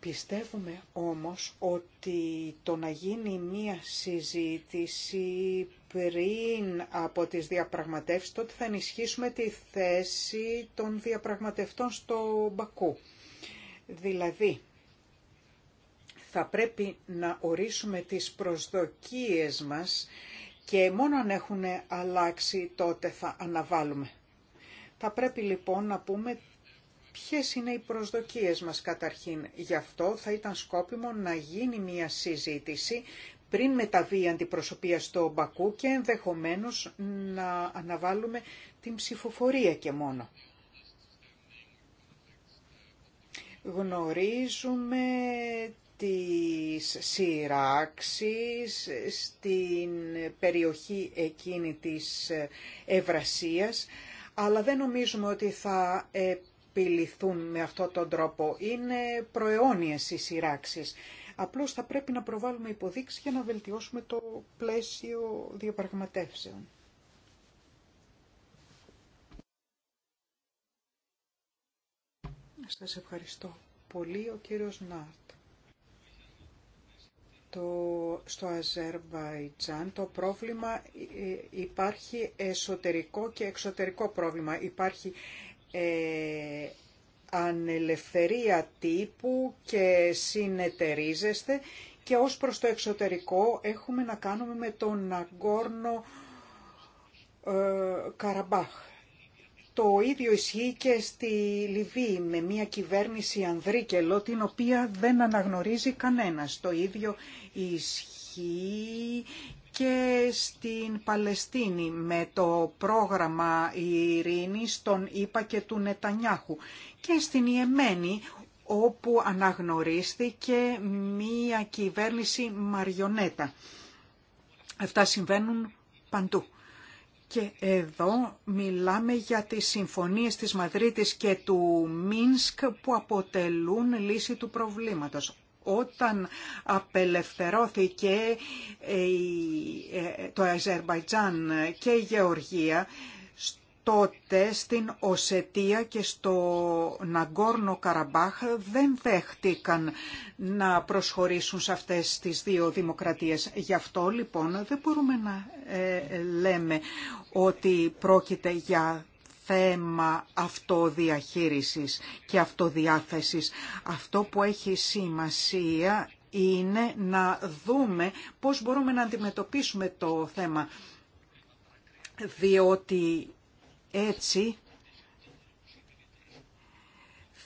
Πιστεύουμε όμως ότι το να γίνει μία συζήτηση πριν από τις διαπραγματεύσεις, τότε θα ενισχύσουμε τη θέση των διαπραγματευτών στο Μπακού. Δηλαδή, θα πρέπει να ορίσουμε τις προσδοκίες μας και μόνο αν έχουν αλλάξει τότε θα αναβάλουμε. Θα πρέπει λοιπόν να πούμε ποιες είναι οι προσδοκίες μας καταρχήν. Γι' αυτό θα ήταν σκόπιμο να γίνει μια συζήτηση πριν μεταβεί η αντιπροσωπεία στο Μπακού και ενδεχομένως να αναβάλουμε την ψηφοφορία και μόνο. Γνωρίζουμε τις σειράξεις στην περιοχή εκείνη της Ευρασίας, αλλά δεν νομίζουμε ότι θα επιληθούν με αυτόν τον τρόπο. Είναι προαιώνιες οι σειράξεις Απλώς θα πρέπει να προβάλλουμε υποδείξεις για να βελτιώσουμε το πλαίσιο διαπραγματεύσεων. Σας ευχαριστώ πολύ ο κύριος Νάρτ. Το, στο Αζερβαϊτζάν το πρόβλημα ε, υπάρχει εσωτερικό και εξωτερικό πρόβλημα. Υπάρχει ε, ανελευθερία τύπου και συνεταιρίζεστε και ως προς το εξωτερικό έχουμε να κάνουμε με τον Αγκόρνο ε, Καραμπάχ. Το ίδιο ισχύει και στη Λιβύη με μια κυβέρνηση ανδρίκελο την οποία δεν αναγνωρίζει κανένας. Το ίδιο ισχύει και στην Παλαιστίνη με το πρόγραμμα ειρήνης των ΙΠΑ και του Νετανιάχου και στην Ιεμένη όπου αναγνωρίστηκε μία κυβέρνηση μαριονέτα. Αυτά συμβαίνουν παντού. Και εδώ μιλάμε για τις συμφωνίες της Μαδρίτης και του Μίνσκ που αποτελούν λύση του προβλήματος. Όταν απελευθερώθηκε ε, ε, το Αζερβαϊτζάν και η Γεωργία, τότε στην Οσετία και στο Ναγκόρνο Καραμπάχ δεν δέχτηκαν να προσχωρήσουν σε αυτές τις δύο δημοκρατίες. Γι' αυτό λοιπόν δεν μπορούμε να ε, λέμε ότι πρόκειται για θέμα αυτοδιαχείρισης και αυτοδιάθεσης. Αυτό που έχει σημασία είναι να δούμε πώς μπορούμε να αντιμετωπίσουμε το θέμα, διότι έτσι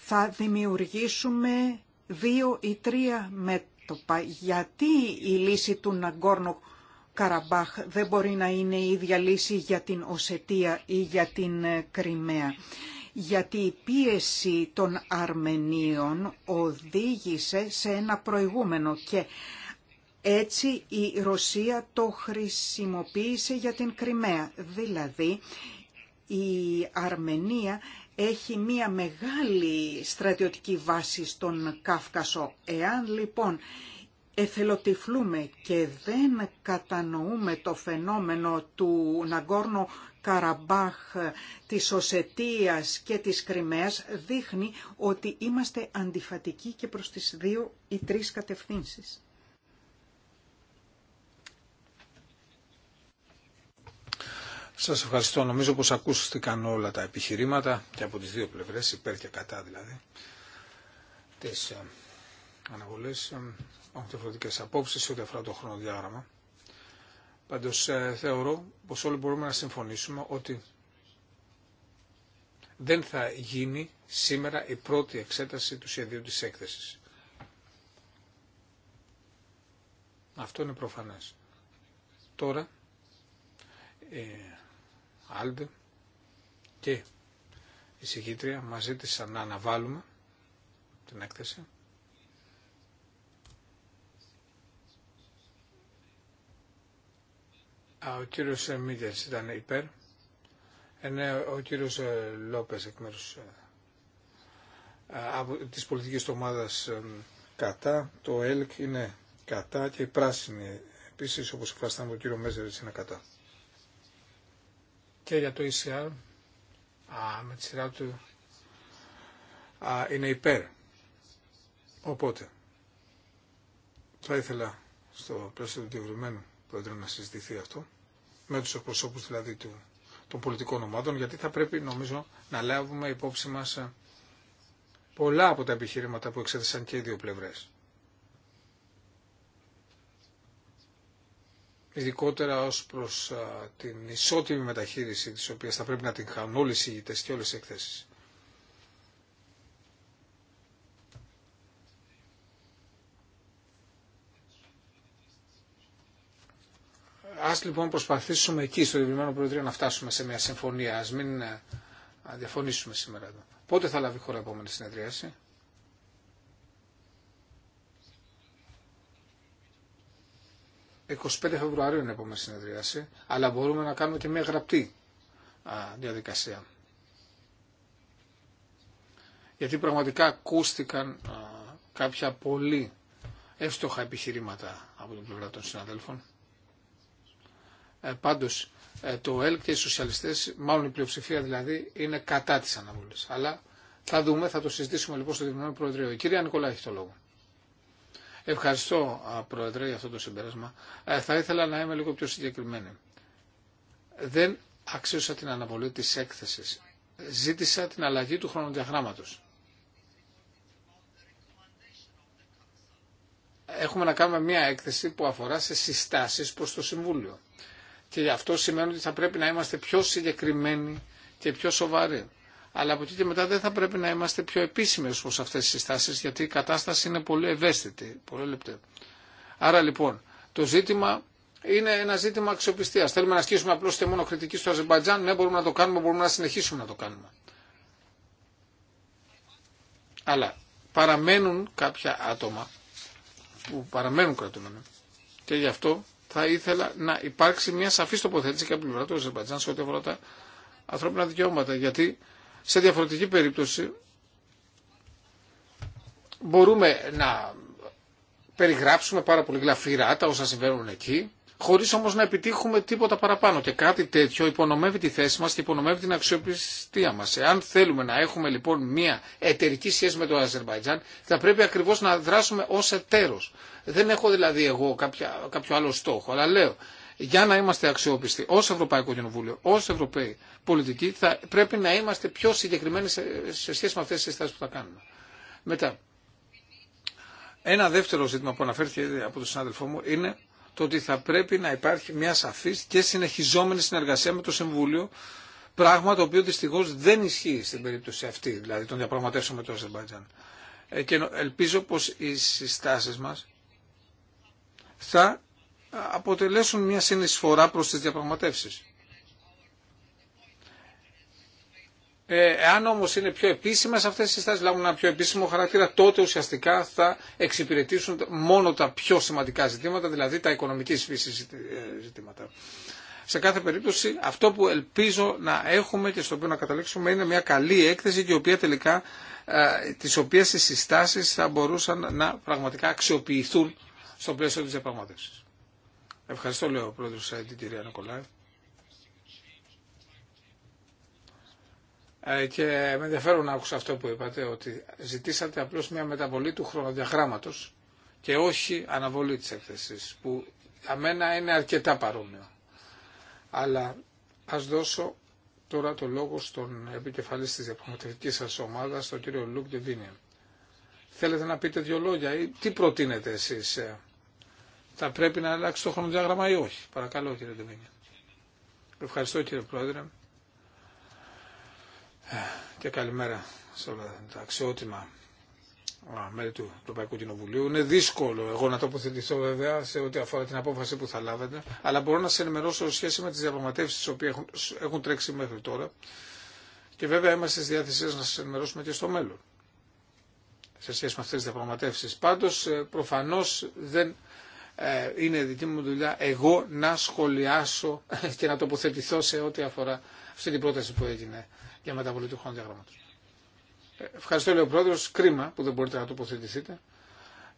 θα δημιουργήσουμε δύο ή τρία μέτωπα. Γιατί η λύση του Ναγκόρνο Καραμπάχ δεν μπορεί να είναι η ίδια λύση για την Οσετία ή για την ε, Κρυμαία. Γιατί η πίεση των Αρμενίων οδήγησε σε ένα προηγούμενο και έτσι η Ρωσία το χρησιμοποίησε για την Κρυμαία. Δηλαδή η Αρμενία έχει μία μεγάλη στρατιωτική βάση στον Κάφκασο. Εάν λοιπόν εθελοτυφλούμε και δεν κατανοούμε το φαινόμενο του Ναγκόρνο Καραμπάχ, της Οσετίας και της Κρυμαίας δείχνει ότι είμαστε αντιφατικοί και προς τις δύο ή τρεις κατευθύνσεις. Σας ευχαριστώ. Νομίζω πως ακούστηκαν όλα τα επιχειρήματα και από τις δύο πλευρές, υπέρ και κατά δηλαδή, τις ε, αναβολές. Ε, διαφορετικέ απόψει ό,τι αφορά το χρονοδιάγραμμα. Πάντως ε, θεωρώ πως όλοι μπορούμε να συμφωνήσουμε ότι δεν θα γίνει σήμερα η πρώτη εξέταση του σχεδίου της έκθεσης. Αυτό είναι προφανές. Τώρα, ε, Άλντε και η συγκήτρια μας ζήτησαν να αναβάλουμε την έκθεση ο κύριος ε, Μίτερς ήταν υπέρ. Ε, ναι, ο κύριος ε, Λόπες εκ μέρους της πολιτικής ομάδας κατά, το ΕΛΚ είναι κατά και η πράσινη επίσης όπως εκφράσαμε ο κύριο Μέζερης είναι κατά. Και για το ECR, α, με τη σειρά του, α, είναι υπέρ. Οπότε, θα ήθελα στο πλαίσιο του διευρυμένου Πρέπει να συζητηθεί αυτό με τους εκπροσώπους δηλαδή του, των πολιτικών ομάδων γιατί θα πρέπει νομίζω να λάβουμε υπόψη μας ε, πολλά από τα επιχείρηματα που εξέθεσαν και οι δύο πλευρές. ειδικότερα ως προς ε, την ισότιμη μεταχείριση της οποίας θα πρέπει να την χάνουν όλοι οι συγητές και όλες οι εκθέσεις. ας λοιπόν προσπαθήσουμε εκεί στο Διευρυμένο Προεδρείο να φτάσουμε σε μια συμφωνία. α μην ε, διαφωνήσουμε σήμερα εδώ. Πότε θα λάβει η χώρα επόμενη συνεδρίαση. «25 Φεβρουαρίου είναι η επόμενη συνεδρίαση, αλλά μπορούμε να κάνουμε και μια γραπτή διαδικασία. Γιατί πραγματικά ακούστηκαν κάποια πολύ εύστοχα επιχειρήματα από την πλευρά των συναδέλφων. Ε, πάντως ε, το Έλκ και οι σοσιαλιστέ, μάλλον η πλειοψηφία δηλαδή, είναι κατά τη αναβολή. Αλλά θα δούμε, θα το συζητήσουμε λοιπόν στο Δημοτικό Προεδρείο. Η κυρία Νικολά έχει το λόγο. Ευχαριστώ, Πρόεδρε, για αυτό το συμπέρασμα. Ε, θα ήθελα να είμαι λίγο πιο συγκεκριμένη. Δεν αξίωσα την αναβολή τη έκθεση. Ζήτησα την αλλαγή του χρονοδιαγράμματος. Έχουμε να κάνουμε μια έκθεση που αφορά σε συστάσεις προς το Συμβούλιο. Και αυτό σημαίνει ότι θα πρέπει να είμαστε πιο συγκεκριμένοι και πιο σοβαροί. Αλλά από εκεί και μετά δεν θα πρέπει να είμαστε πιο επίσημες ως αυτές τις συστάσεις, γιατί η κατάσταση είναι πολύ ευαίσθητη, πολύ λεπτή. Άρα λοιπόν, το ζήτημα είναι ένα ζήτημα αξιοπιστία. Θέλουμε να ασκήσουμε απλώ και μόνο κριτική στο Αζερμπαϊτζάν. Ναι, μπορούμε να το κάνουμε, μπορούμε να συνεχίσουμε να το κάνουμε. Αλλά παραμένουν κάποια άτομα που παραμένουν κρατούμενοι Και γι' αυτό θα ήθελα να υπάρξει μια σαφή τοποθέτηση και από την πλευρά του Αζερβαϊτζάν σε ό,τι αφορά τα ανθρώπινα δικαιώματα. Γιατί σε διαφορετική περίπτωση μπορούμε να περιγράψουμε πάρα πολύ γλαφυρά τα όσα συμβαίνουν εκεί, χωρί όμω να επιτύχουμε τίποτα παραπάνω. Και κάτι τέτοιο υπονομεύει τη θέση μα και υπονομεύει την αξιοπιστία μα. Εάν θέλουμε να έχουμε λοιπόν μια εταιρική σχέση με το Αζερβαϊτζάν, θα πρέπει ακριβώ να δράσουμε ω εταίρο. Δεν έχω δηλαδή εγώ κάποια, κάποιο άλλο στόχο, αλλά λέω για να είμαστε αξιόπιστοι ως Ευρωπαϊκό Κοινοβούλιο, ως Ευρωπαίοι πολιτικοί, θα πρέπει να είμαστε πιο συγκεκριμένοι σε, σε σχέση με αυτές τις συστάσεις που θα κάνουμε. Μετά, ένα δεύτερο ζήτημα που αναφέρθηκε από τον συνάδελφό μου είναι το ότι θα πρέπει να υπάρχει μια σαφής και συνεχιζόμενη συνεργασία με το Συμβούλιο, πράγμα το οποίο δυστυχώς δεν ισχύει στην περίπτωση αυτή, δηλαδή των διαπραγματεύσεων με το Αζερμπαϊτζάν. Ε, και ελπίζω πω οι συστάσεις μα θα αποτελέσουν μια συνεισφορά προς τις διαπραγματεύσεις. Ε, όμως όμω είναι πιο επίσημε αυτέ οι συστάσει, λάβουν ένα πιο επίσημο χαρακτήρα, τότε ουσιαστικά θα εξυπηρετήσουν μόνο τα πιο σημαντικά ζητήματα, δηλαδή τα οικονομική φύση ε, ζητήματα. Σε κάθε περίπτωση, αυτό που ελπίζω να έχουμε και στο οποίο να καταλήξουμε είναι μια καλή έκθεση η οποία τελικά, ε, τις οποίες οι συστάσεις θα μπορούσαν να πραγματικά αξιοποιηθούν στο πλαίσιο της διαπραγμάτευσης. Ευχαριστώ, λέω ο πρόεδρος ε, την κυρία Νικολάη. Ε, και με ενδιαφέρον άκουσα αυτό που είπατε, ότι ζητήσατε απλώς μια μεταβολή του χρονοδιαγράμματος και όχι αναβολή της έκθεσης, που για μένα είναι αρκετά παρόμοιο. Αλλά ας δώσω τώρα το λόγο στον επικεφαλής της διαπραγματευτικής σας ομάδας, τον κύριο Λουκ Ντεβίνιεν. Θέλετε να πείτε δύο λόγια ή τι προτείνετε εσείς ε, θα πρέπει να αλλάξει το χρονοδιάγραμμα ή όχι. Παρακαλώ κύριε Ντεβίνια. Ευχαριστώ κύριε Πρόεδρε. Και καλημέρα σε όλα τα αξιότιμα μέλη του Ευρωπαϊκού Κοινοβουλίου. Είναι δύσκολο εγώ να τοποθετηθώ βέβαια σε ό,τι αφορά την απόφαση που θα λάβετε, αλλά μπορώ να σε ενημερώσω σε σχέση με τις διαπραγματεύσεις που έχουν, έχουν τρέξει μέχρι τώρα και βέβαια είμαστε στι διάθεσή να σας ενημερώσουμε και στο μέλλον σε σχέση με αυτές τις διαπραγματεύσεις. Πάντως ε, προφανώς δεν ε, είναι δική μου δουλειά εγώ να σχολιάσω [LAUGHS] και να τοποθετηθώ σε ό,τι αφορά αυτή την πρόταση που έγινε για μεταβολή του χρόνου διαγράμματο. Ε, ευχαριστώ, λέει ο πρόεδρο. Κρίμα που δεν μπορείτε να τοποθετηθείτε.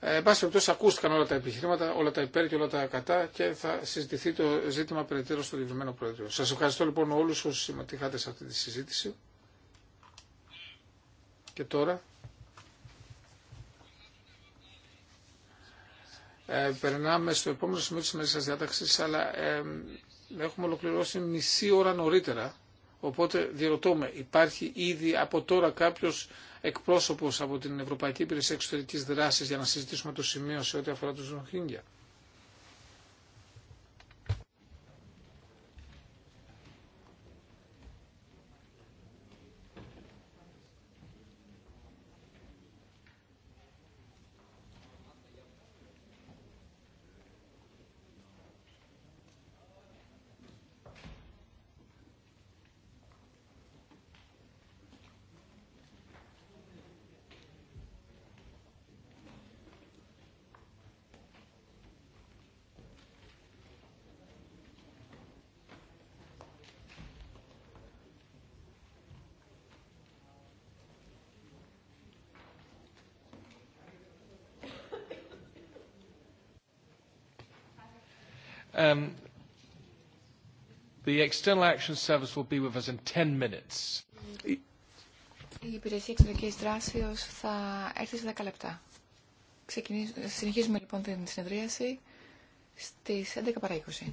Ε, εν ακούστηκαν όλα τα επιχειρήματα, όλα τα υπέρ και όλα τα κατά και θα συζητηθεί το ζήτημα περαιτέρω στο διευρυμένο πρόεδρο. Σα ευχαριστώ λοιπόν όλου όσου συμμετείχατε σε αυτή τη συζήτηση. Και τώρα Ε, περνάμε στο επόμενο σημείο της μέσης διάταξης, αλλά έχουμε ολοκληρώσει μισή ώρα νωρίτερα. Οπότε διερωτώ υπάρχει ήδη από τώρα κάποιος εκπρόσωπος από την Ευρωπαϊκή Υπηρεσία Εξωτερικής Δράσης για να συζητήσουμε το σημείο σε ό,τι αφορά τους Ροχίνγκια. Um, the External Action Service will be with us in 10 minutes. Η υπηρεσία εξωτερική δράσεως θα έρθει σε 10 λεπτά. Ξεκινήσουμε, συνεχίζουμε λοιπόν την συνεδρίαση στις 11 παρα 20.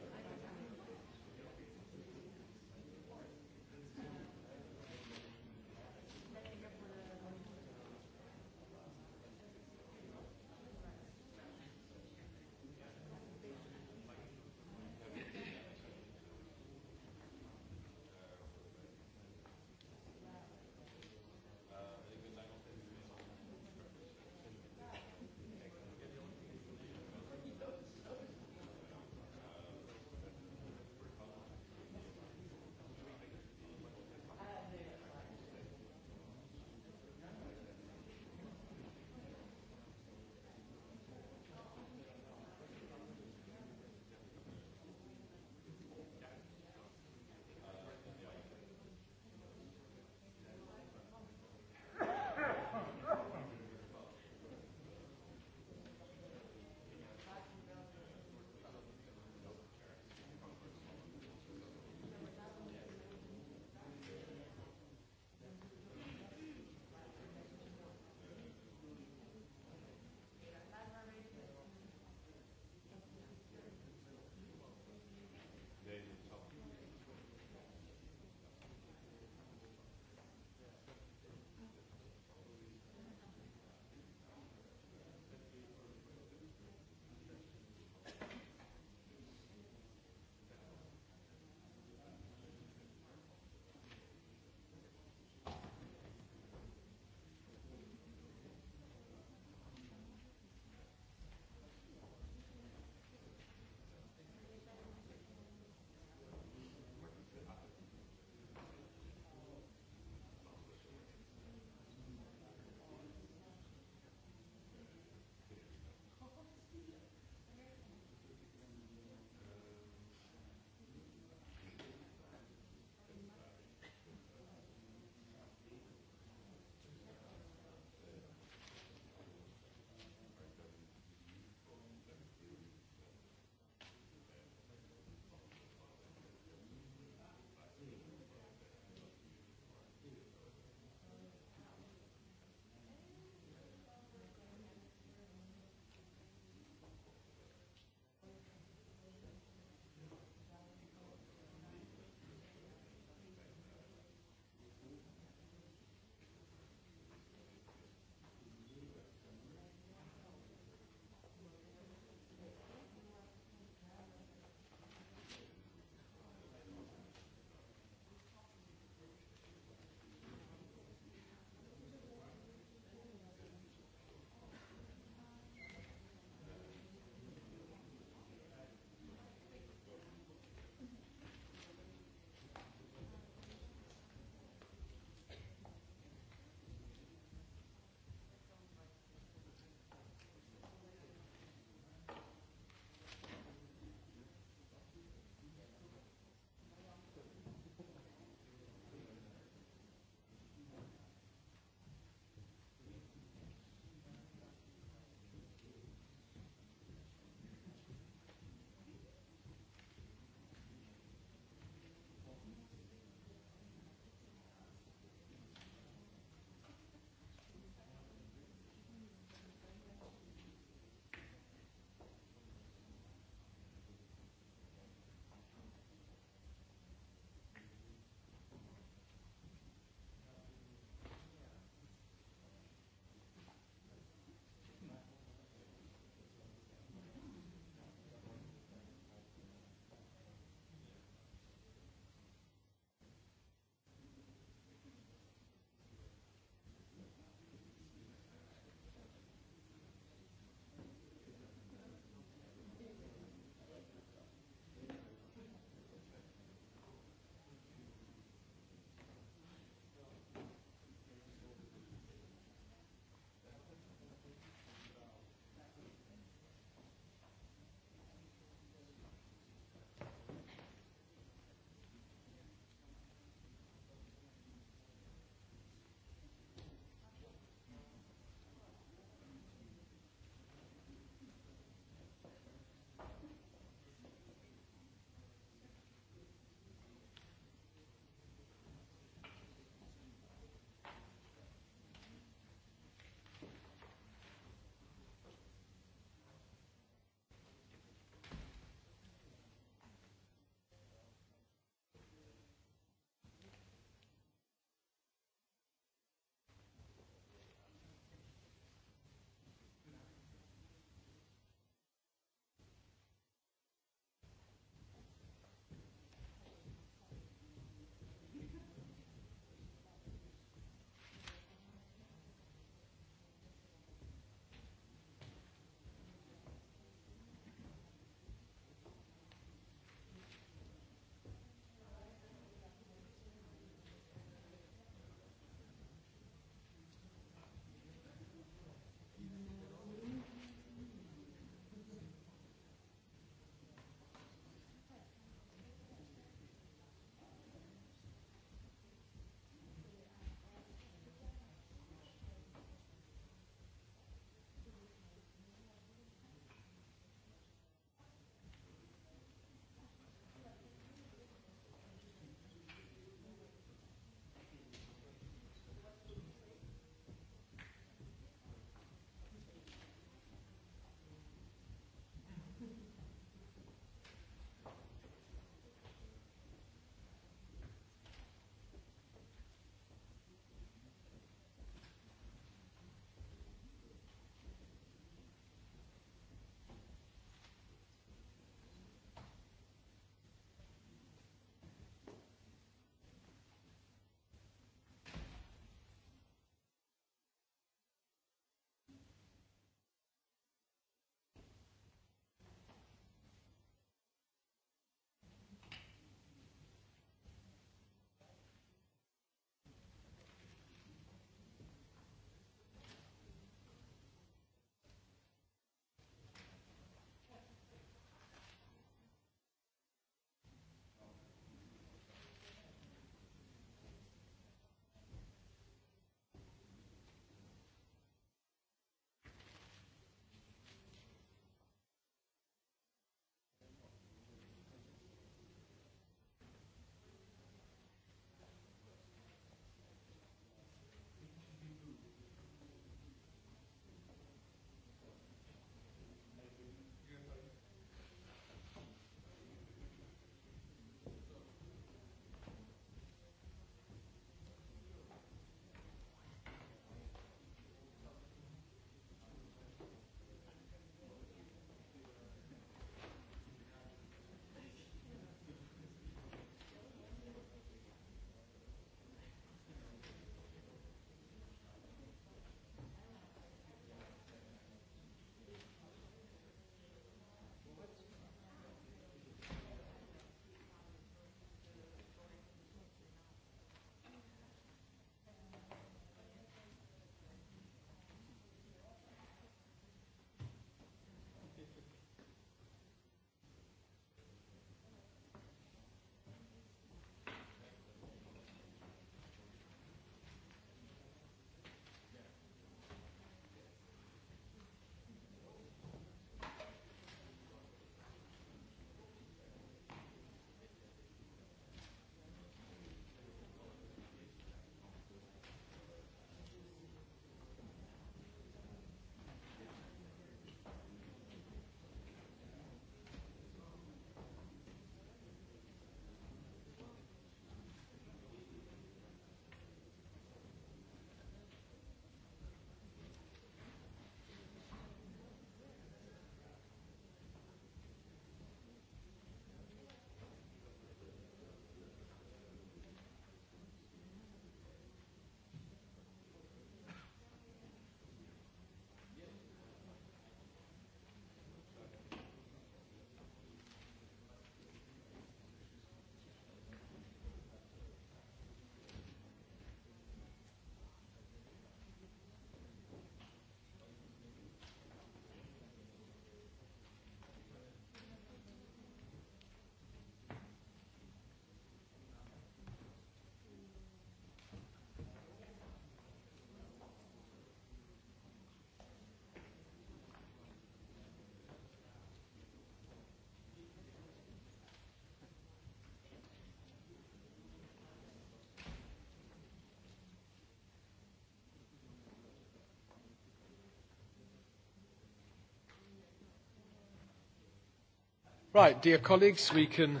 Right, dear colleagues, we can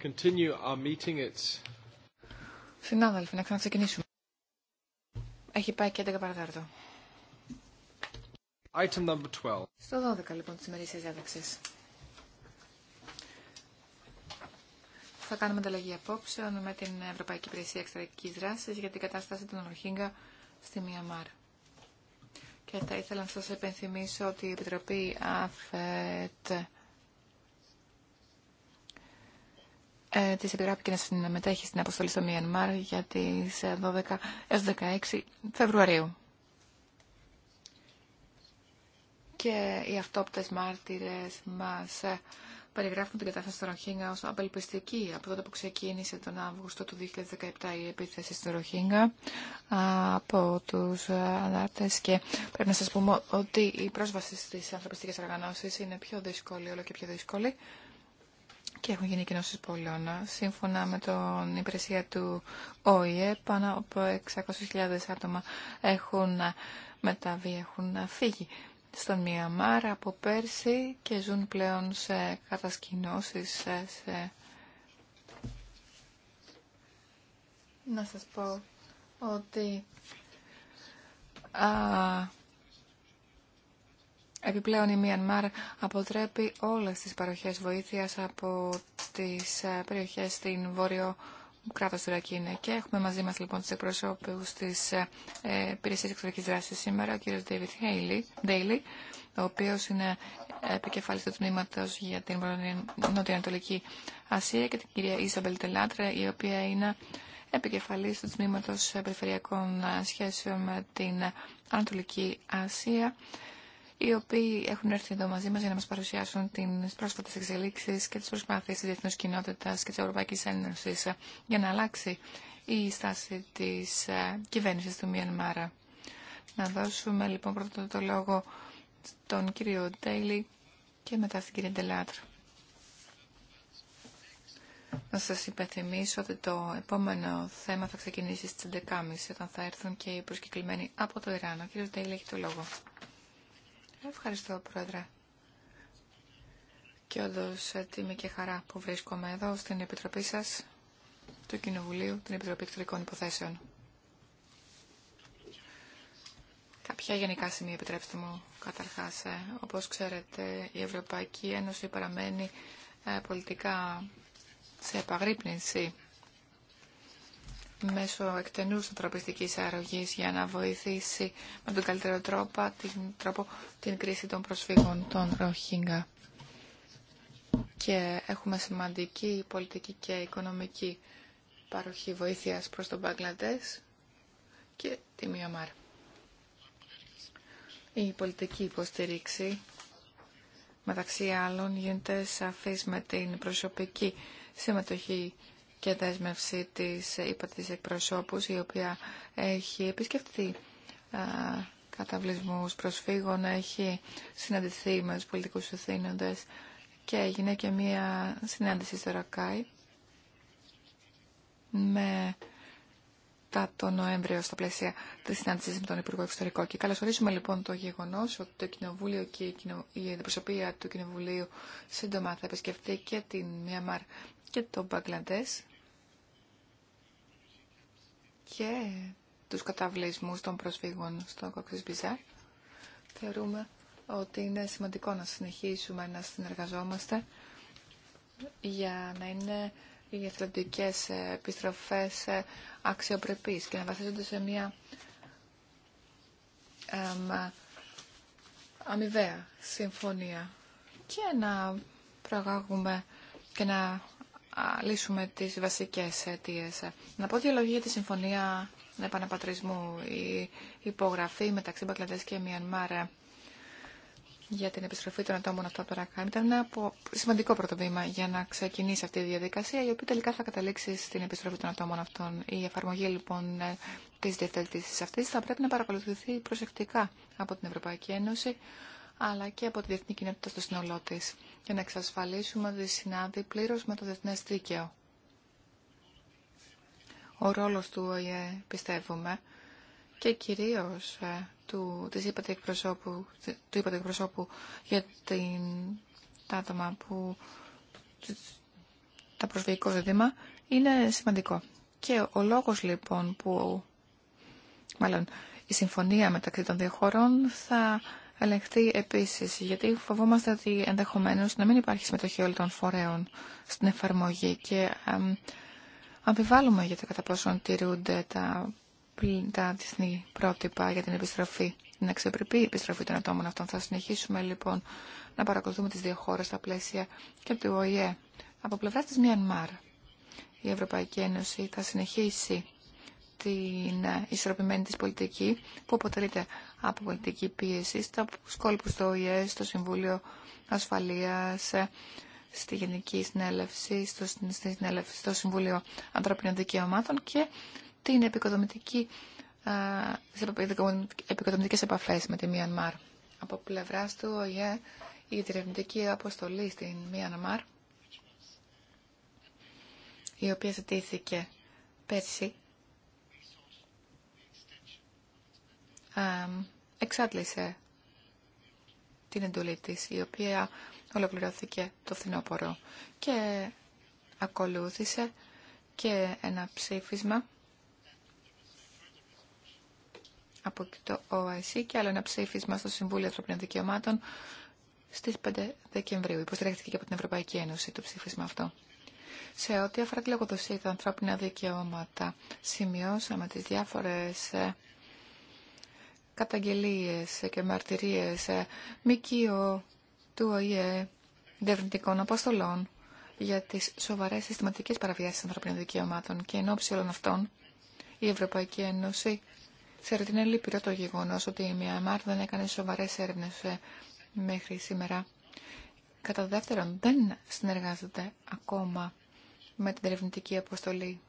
continue our meeting. It's... Συνάδελφοι, να ξαναξεκινήσουμε. Έχει πάει και 11 παρατάρτο. Item number 12. Στο 12 λοιπόν της ημερήσιας διάταξης. Θα κάνουμε ανταλλαγή απόψεων με την Ευρωπαϊκή Υπηρεσία Εξωτερικής Δράσης για την κατάσταση των Ροχίνγκα στη Μιαμάρ. Και θα ήθελα να σας επενθυμίσω ότι η Επιτροπή ΑΦΕΤ ε, της και να συμμετέχει στην αποστολή στο Μιανμάρ για τις 12 ε, έως 16 Φεβρουαρίου. Και οι αυτόπτες μάρτυρες μας ε, περιγράφουν την κατάσταση στο Ροχίνγκα ως απελπιστική από τότε που ξεκίνησε τον Αύγουστο του 2017 η επίθεση στο Ροχίνγκα από τους ε, ανάρτες και πρέπει να σας πούμε ότι η πρόσβαση στις ανθρωπιστικές οργανώσεις είναι πιο δύσκολη, όλο και πιο δύσκολη και έχουν γίνει κοινώσεις πολλών. Σύμφωνα με τον υπηρεσία του ΟΗΕ, πάνω από 600.000 άτομα έχουν μεταβεί, έχουν φύγει στον Μιαμάρ από πέρσι και ζουν πλέον σε κατασκηνώσεις, σε... Να σας πω ότι α, Επιπλέον η Μιανμάρ αποτρέπει όλες τις παροχές βοήθειας από τις ε, περιοχές στην Βόρειο κράτος του Ρακίνε. Και έχουμε μαζί μας λοιπόν τους εκπροσώπους της ε, ε, Υπηρεσίας Εξωτερικής Δράσης σήμερα, ο κύριος David Haley, Daly, ο οποίος είναι επικεφαλής του τμήματος για την Νοτιοανατολική Ασία και την κυρία Ισαμπελ Τελάτρε, η οποία είναι επικεφαλής του τμήματος περιφερειακών σχέσεων με την Ανατολική Ασία οι οποίοι έχουν έρθει εδώ μαζί μα για να μα παρουσιάσουν τι πρόσφατε εξελίξει και τι προσπάθειε τη διεθνού κοινότητα και τη Ευρωπαϊκή Ένωση για να αλλάξει η στάση τη ε, κυβέρνηση του Μιανμάρα. Να δώσουμε λοιπόν πρώτα το λόγο στον κύριο Ντέιλι και μετά στην κυρία Ντελάτρ. Να σας υπενθυμίσω ότι το επόμενο θέμα θα ξεκινήσει στις 11.30 όταν θα έρθουν και οι προσκεκλημένοι από το Ιράν. Ο κύριος Ντέιλι έχει το λόγο. Ευχαριστώ, Πρόεδρε. Και όντω ε, τιμή και χαρά που βρίσκομαι εδώ στην Επιτροπή σα του Κοινοβουλίου, την Επιτροπή Εκτρικών Υποθέσεων. Κάποια γενικά σημεία, επιτρέψτε μου, καταρχά. Ε, όπως ξέρετε, η Ευρωπαϊκή Ένωση παραμένει ε, πολιτικά σε επαγρύπνηση μέσω εκτενούς ανθρωπιστικής αρρωγής για να βοηθήσει με τον καλύτερο τρόπο την, τρόπο, την κρίση των προσφύγων των Ροχίνγκα. Και έχουμε σημαντική πολιτική και οικονομική παροχή βοήθειας προς τον Μπαγκλαντές και τη Μιαμάρ. Η πολιτική υποστήριξη μεταξύ άλλων γίνεται σαφής με την προσωπική συμμετοχή και δέσμευση της ε, είπα της εκπροσώπους η οποία έχει επισκεφτεί α, ε, καταβλισμούς προσφύγων, έχει συναντηθεί με τους πολιτικούς ευθύνοντες και έγινε και μία συνάντηση στο Ρακάι με τα το Νοέμβριο στα πλαίσια τη συνάντηση με τον Υπουργό Εξωτερικό. Και καλωσορίζουμε λοιπόν το γεγονό ότι το Κοινοβούλιο και η αντιπροσωπεία του Κοινοβουλίου σύντομα θα επισκεφτεί και την Μιαμάρ και τον Μπαγκλαντέ και τους καταβλισμούς των προσφύγων στο Κοξής Μπιζάρ. Θεωρούμε ότι είναι σημαντικό να συνεχίσουμε να συνεργαζόμαστε για να είναι οι εθελοντικές επιστροφές αξιοπρεπείς και να βασίζονται σε μια αμοιβαία συμφωνία και να προαγάγουμε και να λύσουμε τις βασικές αιτίες. Να πω δύο λόγια για τη συμφωνία επαναπατρισμού, η υπογραφή μεταξύ Μπαγκλαντές και Μιανμάρ για την επιστροφή των ατόμων αυτό από το Ρακάν ήταν ένα σημαντικό πρώτο βήμα για να ξεκινήσει αυτή η διαδικασία, η οποία τελικά θα καταλήξει στην επιστροφή των ατόμων αυτών. Η εφαρμογή λοιπόν τη διευθέτηση αυτή θα πρέπει να παρακολουθηθεί προσεκτικά από την Ευρωπαϊκή Ένωση αλλά και από τη διεθνή κοινότητα στο σύνολό τη, για να εξασφαλίσουμε ότι συνάδει πλήρω με το διεθνέ δίκαιο. Ο ρόλο του ΟΗΕ, πιστεύουμε, και κυρίω ε, του, της είπατε του είπατε εκπροσώπου για την, τα άτομα που τα προσφυγικό ζήτημα είναι σημαντικό. Και ο λόγος λοιπόν που μάλλον η συμφωνία μεταξύ των δύο χωρών θα ελεγχθεί επίσης, γιατί φοβόμαστε ότι ενδεχομένω να μην υπάρχει συμμετοχή όλων των φορέων στην εφαρμογή και αμφιβάλλουμε για το κατά πόσον τηρούνται τα, τα διεθνή πρότυπα για την επιστροφή, την αξιοπρεπή επιστροφή των ατόμων αυτών. Θα συνεχίσουμε λοιπόν να παρακολουθούμε τις δύο χώρε, στα πλαίσια και του ΟΗΕ. Από πλευρά της Μιανμάρ, η Ευρωπαϊκή Ένωση θα συνεχίσει την ισορροπημένη της πολιτική που αποτελείται από πολιτική πίεση στα σκόλπου στο ΟΗΕ, στο Συμβούλιο Ασφαλείας, στη Γενική Συνέλευση, στο, στη συνέλευση, στο Συμβούλιο Ανθρώπινων Δικαιωμάτων και την επικοδομητική, ε, επικοδομητικές επαφές με τη Μιανμάρ. Από πλευρά του ΟΗΕ η διερευνητική αποστολή στην Μιανμάρ η οποία ζητήθηκε πέρσι εξάντλησε την εντολή της, η οποία ολοκληρώθηκε το φθινόπωρο και ακολούθησε και ένα ψήφισμα από το OIC και άλλο ένα ψήφισμα στο Συμβούλιο Ανθρωπίνων Δικαιωμάτων στις 5 Δεκεμβρίου. Υποστηρίχθηκε και από την Ευρωπαϊκή Ένωση το ψήφισμα αυτό. Σε ό,τι αφορά τη λογοδοσία τα ανθρώπινα δικαιώματα, σημειώσαμε τις διάφορες ε, καταγγελίες και μαρτυρίες ε, μικείο του ΟΗΕ διευρυντικών αποστολών για τις σοβαρές συστηματικές παραβιάσεις ανθρωπίνων δικαιωμάτων και εν ώψη όλων αυτών η Ευρωπαϊκή Ένωση θεωρεί ότι είναι λυπηρό το γεγονός ότι η Μιαμάρ δεν έκανε σοβαρές έρευνες ε, μέχρι σήμερα. Κατά δεύτερον, δεν συνεργάζεται ακόμα με την ερευνητική αποστολή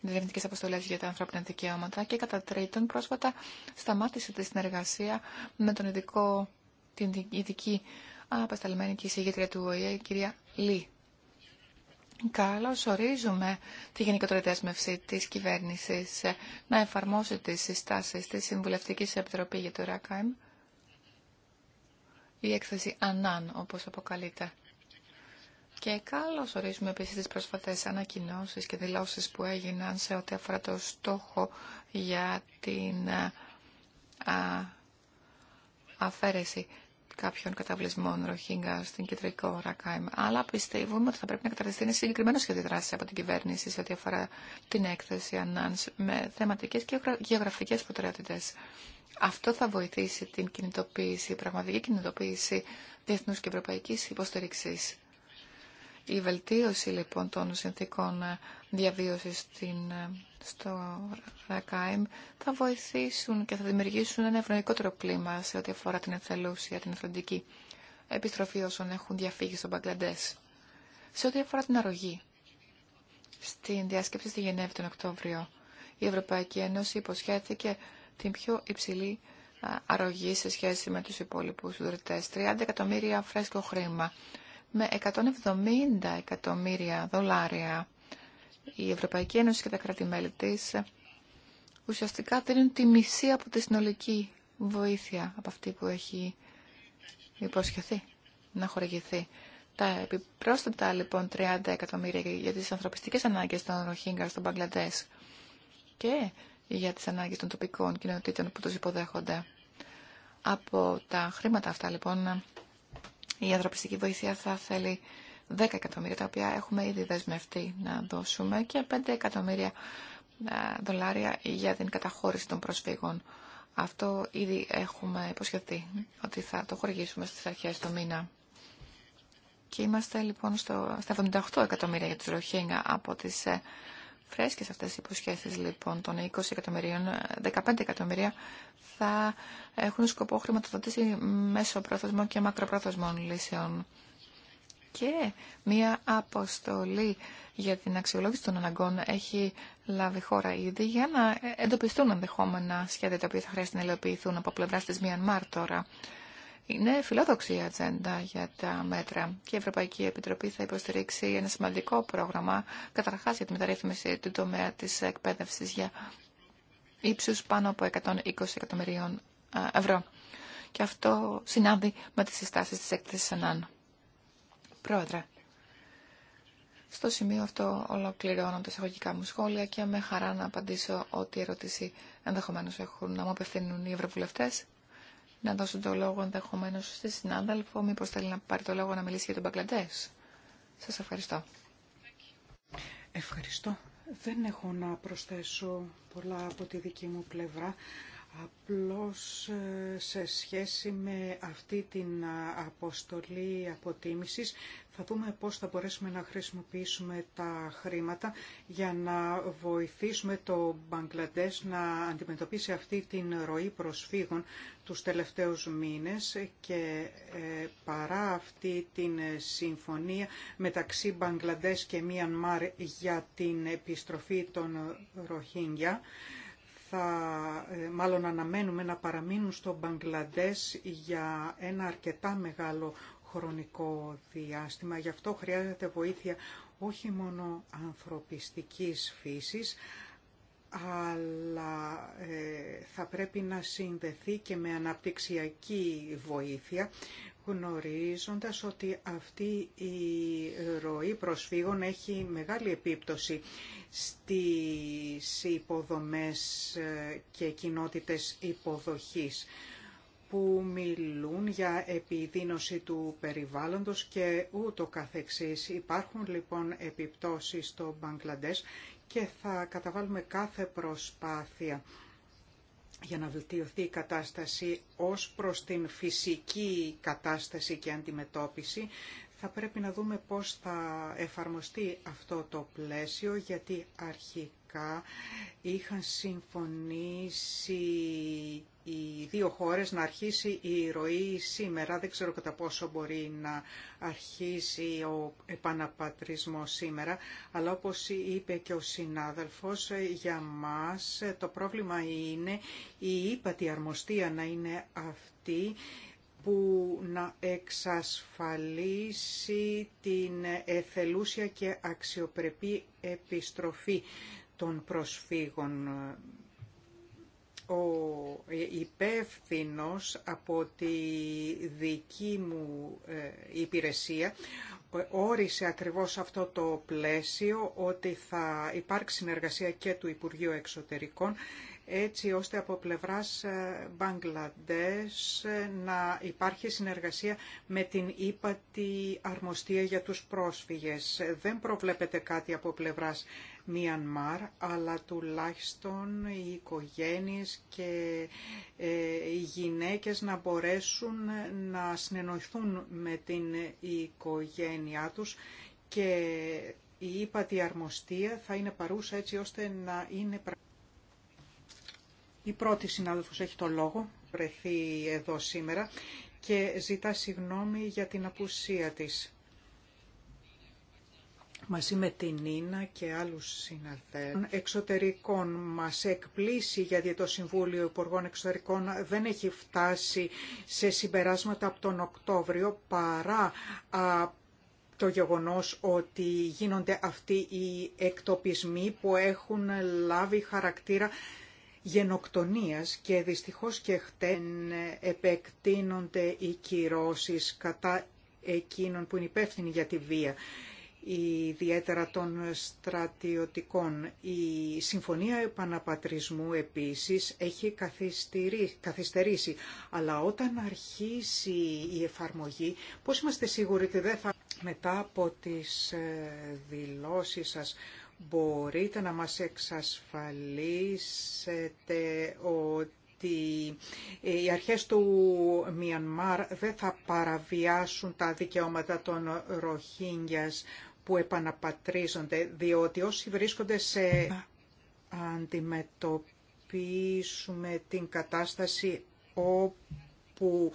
διερευνητικές αποστολές για τα ανθρώπινα δικαιώματα και κατά τρίτον πρόσφατα σταμάτησε τη συνεργασία με τον ειδικό, την ειδική απεσταλμένη και εισηγήτρια του ΟΗΕ, η κυρία Λί. Καλώς ορίζουμε τη γενικότερη δέσμευση της κυβέρνησης να εφαρμόσει τις συστάσεις της Συμβουλευτικής Επιτροπής για το ΡΑΚΑΙΜ, η έκθεση ΑΝΑΝ όπως αποκαλείται. Και καλώ ορίζουμε επίση τι πρόσφατες ανακοινώσει και δηλώσει που έγιναν σε ό,τι αφορά το στόχο για την ε, αφαίρεση κάποιων καταβλισμών Ροχίνγκα στην κεντρικό Ρακάιμ. Αλλά πιστεύουμε ότι θα πρέπει να καταρριστεί ένα συγκεκριμένο σχέδιο δράση από την κυβέρνηση σε ό,τι αφορά την έκθεση Ανάνς με θεματικέ και γεωγραφικέ προτεραιότητε. Αυτό θα βοηθήσει την κινητοποίηση, πραγματική κινητοποίηση διεθνού και ευρωπαϊκή υποστήριξη. Η βελτίωση λοιπόν των συνθήκων ε, διαβίωσης στην, ε, στο ΡΑΚΑΕΜ θα βοηθήσουν και θα δημιουργήσουν ένα ευρωικότερο κλίμα σε ό,τι αφορά την εθελούσια, την εθελοντική επιστροφή όσων έχουν διαφύγει στον Μπαγκλαντές. Σε ό,τι αφορά την αρρωγή, στην διάσκεψη στη Γενέβη τον Οκτώβριο, η Ευρωπαϊκή Ένωση υποσχέθηκε την πιο υψηλή ε, αρρωγή σε σχέση με τους υπόλοιπους δουλειτές. 30 εκατομμύρια φρέσκο χρήμα με 170 εκατομμύρια δολάρια. Η Ευρωπαϊκή Ένωση και τα κράτη-μέλη της ουσιαστικά δίνουν τη μισή από τη συνολική βοήθεια από αυτή που έχει υποσχεθεί να χορηγηθεί. Τα επιπρόσθετα λοιπόν 30 εκατομμύρια για τις ανθρωπιστικές ανάγκες των Ροχίγκα στο Μπαγκλαντές και για τις ανάγκες των τοπικών κοινοτήτων που τους υποδέχονται. Από τα χρήματα αυτά λοιπόν η ανθρωπιστική βοήθεια θα θέλει 10 εκατομμύρια, τα οποία έχουμε ήδη δεσμευτεί να δώσουμε, και 5 εκατομμύρια ε, δολάρια για την καταχώρηση των προσφύγων. Αυτό ήδη έχουμε υποσχεθεί ότι θα το χορηγήσουμε στις αρχές του μήνα. Και είμαστε λοιπόν στο, στα 78 εκατομμύρια για τους Ροχίνγκα από τις ε, Φρέσκες αυτές οι υποσχέσεις λοιπόν των 20 εκατομμυρίων, 15 εκατομμυρία θα έχουν σκοπό χρηματοδότηση μέσω πρόθεσμων και μακροπρόθεσμων λύσεων. Και μία αποστολή για την αξιολόγηση των αναγκών έχει λάβει χώρα ήδη για να εντοπιστούν ενδεχόμενα σχέδια τα οποία θα χρειάζεται να υλοποιηθούν από πλευρά τη Μιανμάρ τώρα. Είναι φιλόδοξη η ατζέντα για τα μέτρα και η Ευρωπαϊκή Επιτροπή θα υποστηρίξει ένα σημαντικό πρόγραμμα καταρχάς για τη μεταρρύθμιση του τομέα της εκπαίδευσης για ύψους πάνω από 120 εκατομμυρίων ευρώ. Και αυτό συνάδει με τις συστάσεις της έκθεσης ΕΝΑΝ. Πρόεδρε, στο σημείο αυτό ολοκληρώνω τα εισαγωγικά μου σχόλια και με χαρά να απαντήσω ό,τι ερωτήσει ενδεχομένως έχουν να μου απευθύνουν οι ευρωβουλευτές να δώσω το λόγο ενδεχομένω στη συνάδελφο, μήπω θέλει να πάρει το λόγο να μιλήσει για τον Μπαγκλαντέ. Σα ευχαριστώ. Ευχαριστώ. Δεν έχω να προσθέσω πολλά από τη δική μου πλευρά. Απλώς ε, σε σχέση με αυτή την ε, αποστολή αποτίμησης θα δούμε πώς θα μπορέσουμε να χρησιμοποιήσουμε τα χρήματα για να βοηθήσουμε το Μπαγκλαντές να αντιμετωπίσει αυτή την ροή προσφύγων τους τελευταίους μήνες και ε, παρά αυτή την συμφωνία μεταξύ Μπαγκλαντές και Μιανμάρ για την επιστροφή των Ροχίνγκια θα ε, μάλλον αναμένουμε να παραμείνουν στο Μπαγκλαντές για ένα αρκετά μεγάλο χρονικό διάστημα. Γι' αυτό χρειάζεται βοήθεια όχι μόνο ανθρωπιστικής φύσης, αλλά ε, θα πρέπει να συνδεθεί και με αναπτυξιακή βοήθεια γνωρίζοντας ότι αυτή η ροή προσφύγων έχει μεγάλη επίπτωση στις υποδομές ε, και κοινότητες υποδοχής που μιλούν για επιδίνωση του περιβάλλοντος και ούτω καθεξής. Υπάρχουν λοιπόν επιπτώσεις στο Μπαγκλαντές και θα καταβάλουμε κάθε προσπάθεια για να βελτιωθεί η κατάσταση ως προς την φυσική κατάσταση και αντιμετώπιση, θα πρέπει να δούμε πώς θα εφαρμοστεί αυτό το πλαίσιο, γιατί αρχικά είχαν συμφωνήσει οι δύο χώρες να αρχίσει η ροή σήμερα. Δεν ξέρω κατά πόσο μπορεί να αρχίσει ο επαναπατρισμός σήμερα, αλλά όπως είπε και ο συνάδελφος, για μας το πρόβλημα είναι η ύπατη αρμοστία να είναι αυτή που να εξασφαλίσει την εθελούσια και αξιοπρεπή επιστροφή των προσφύγων ο υπεύθυνο από τη δική μου ε, υπηρεσία ε, όρισε ακριβώς αυτό το πλαίσιο ότι θα υπάρξει συνεργασία και του Υπουργείου Εξωτερικών έτσι ώστε από πλευράς ε, Μπαγκλαντές να υπάρχει συνεργασία με την ύπατη αρμοστία για τους πρόσφυγες. Δεν προβλέπεται κάτι από πλευράς Μιανμάρ, αλλά τουλάχιστον οι οικογένειες και ε, οι γυναίκες να μπορέσουν να συνενοηθούν με την οικογένειά τους και η ύπατη αρμοστία θα είναι παρούσα έτσι ώστε να είναι Η πρώτη συνάδελφος έχει το λόγο, βρεθεί εδώ σήμερα και ζητά συγνώμη για την απουσία της μαζί με την Νίνα και άλλους συναδέλφους εξωτερικών μας εκπλήσει γιατί το Συμβούλιο Υπουργών Εξωτερικών δεν έχει φτάσει σε συμπεράσματα από τον Οκτώβριο παρά το γεγονός ότι γίνονται αυτοί οι εκτοπισμοί που έχουν λάβει χαρακτήρα γενοκτονίας και δυστυχώς και χτεν επεκτείνονται οι κυρώσεις κατά εκείνων που είναι υπεύθυνοι για τη βία ιδιαίτερα των στρατιωτικών. Η Συμφωνία Επαναπατρισμού επίσης έχει καθυστερήσει, αλλά όταν αρχίσει η εφαρμογή, πώς είμαστε σίγουροι ότι δεν θα... Μετά από τις ε, δηλώσεις σας, μπορείτε να μας εξασφαλίσετε ότι ότι ε, οι αρχές του Μιανμάρ δεν θα παραβιάσουν τα δικαιώματα των Ροχίνγκιας που επαναπατρίζονται, διότι όσοι βρίσκονται σε αντιμετωπίσουμε την κατάσταση όπου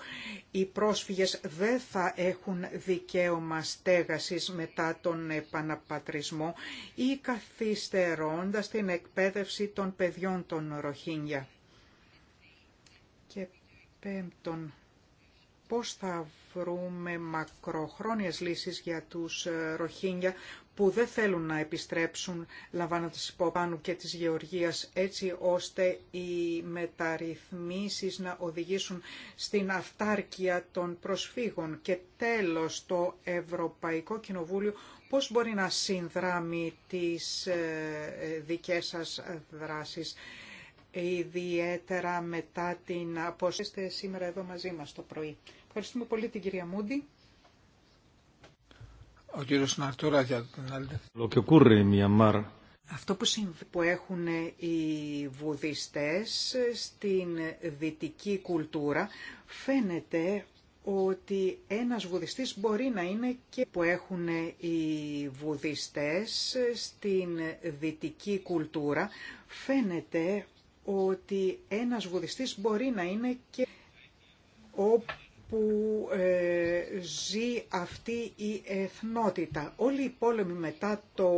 οι πρόσφυγες δεν θα έχουν δικαίωμα στέγασης μετά τον επαναπατρισμό ή καθυστερώντας την εκπαίδευση των παιδιών των Ροχίνια. Και πέμπτον, πώς θα βρούμε μακροχρόνιες λύσεις για τους ε, Ροχίνια που δεν θέλουν να επιστρέψουν λαμβάνοντας υπόπανου και της γεωργίας έτσι ώστε οι μεταρρυθμίσεις να οδηγήσουν στην αυτάρκεια των προσφύγων και τέλος το Ευρωπαϊκό Κοινοβούλιο πώς μπορεί να συνδράμει τις ε, ε, δικές σας δράσεις ιδιαίτερα μετά την Είστε σήμερα εδώ μαζί μας το πρωί. Ευχαριστούμε πολύ την κυρία Μούντι. Ο κύριος Ναρτούρα για Αυτό που, που έχουν οι βουδιστές στην δυτική κουλτούρα φαίνεται ότι ένας βουδιστής μπορεί να είναι και που έχουν οι βουδιστές στην δυτική κουλτούρα φαίνεται ότι ένας βουδιστής μπορεί να είναι και όπου ε, ζει αυτή η εθνότητα. Όλοι οι πόλεμοι μετά το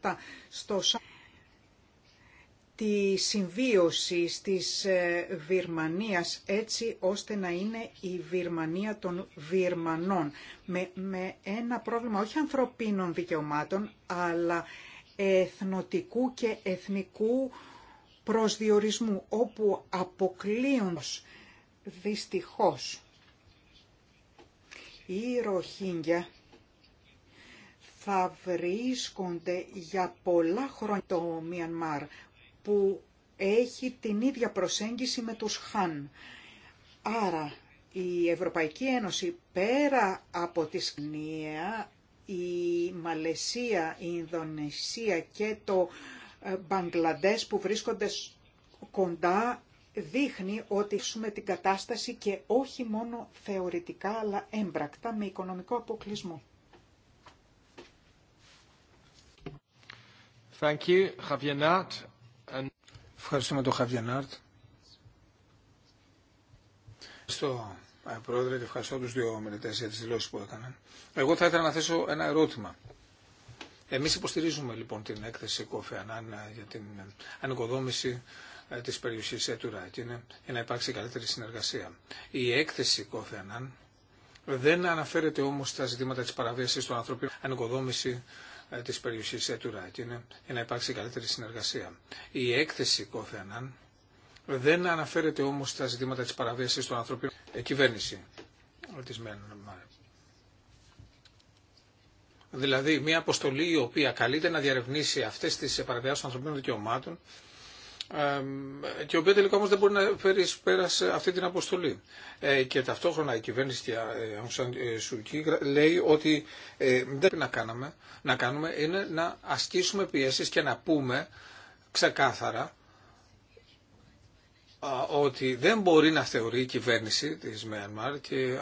47 στο τη συμβίωση της ε, Βυρμανίας έτσι ώστε να είναι η Βιρμανία των Βιρμανών με, με ένα πρόβλημα όχι ανθρωπίνων δικαιωμάτων αλλά εθνοτικού και εθνικού προσδιορισμού όπου αποκλείονται δυστυχώς οι Ροχίνγκια θα βρίσκονται για πολλά χρόνια το Μιανμάρ που έχει την ίδια προσέγγιση με τους Χαν. Άρα η Ευρωπαϊκή Ένωση πέρα από τη Σκνία, η Μαλαισία, η Ινδονησία και το ε, Μπαγκλαντές που βρίσκονται κοντά δείχνει ότι έχουμε την κατάσταση και όχι μόνο θεωρητικά αλλά έμπρακτα με οικονομικό αποκλεισμό. Thank you, And... Ευχαριστούμε τον Χαβιενάρτ. Ευχαριστώ, ε, Πρόεδρε, και ευχαριστώ τους δύο μελετές για τις δηλώσεις που έκαναν. Εγώ θα ήθελα να θέσω ένα ερώτημα. Εμείς υποστηρίζουμε λοιπόν την έκθεση Κοφεανάν ε, για την ανοικοδόμηση ε, της περιοχής Ετουράκ για να υπάρξει καλύτερη συνεργασία. Η έκθεση Ανάν δεν αναφέρεται όμως στα ζητήματα της παραβίασης των ανθρωπίνων ανοικοδόμηση ε, της περιοχής Ετουράκ για να υπάρξει καλύτερη συνεργασία. Η έκθεση Ανάν δεν αναφέρεται όμως στα ζητήματα της παραβίασης των ανθρώπων κυβέρνηση Δηλαδή μια αποστολή η οποία καλείται να διαρευνήσει αυτές τις παραβιάσεις των ανθρωπίνων δικαιωμάτων και η οποία τελικά όμως δεν μπορεί να φέρει πέρα σε αυτή την αποστολή. Ε, και ταυτόχρονα η κυβέρνηση και η ε, Σουρκή λέει ότι ε, δεν πρέπει να, κάνουμε να κάνουμε είναι να ασκήσουμε πιέσεις και να πούμε ξεκάθαρα ότι δεν μπορεί να θεωρεί η κυβέρνηση της Μέρμαρ και η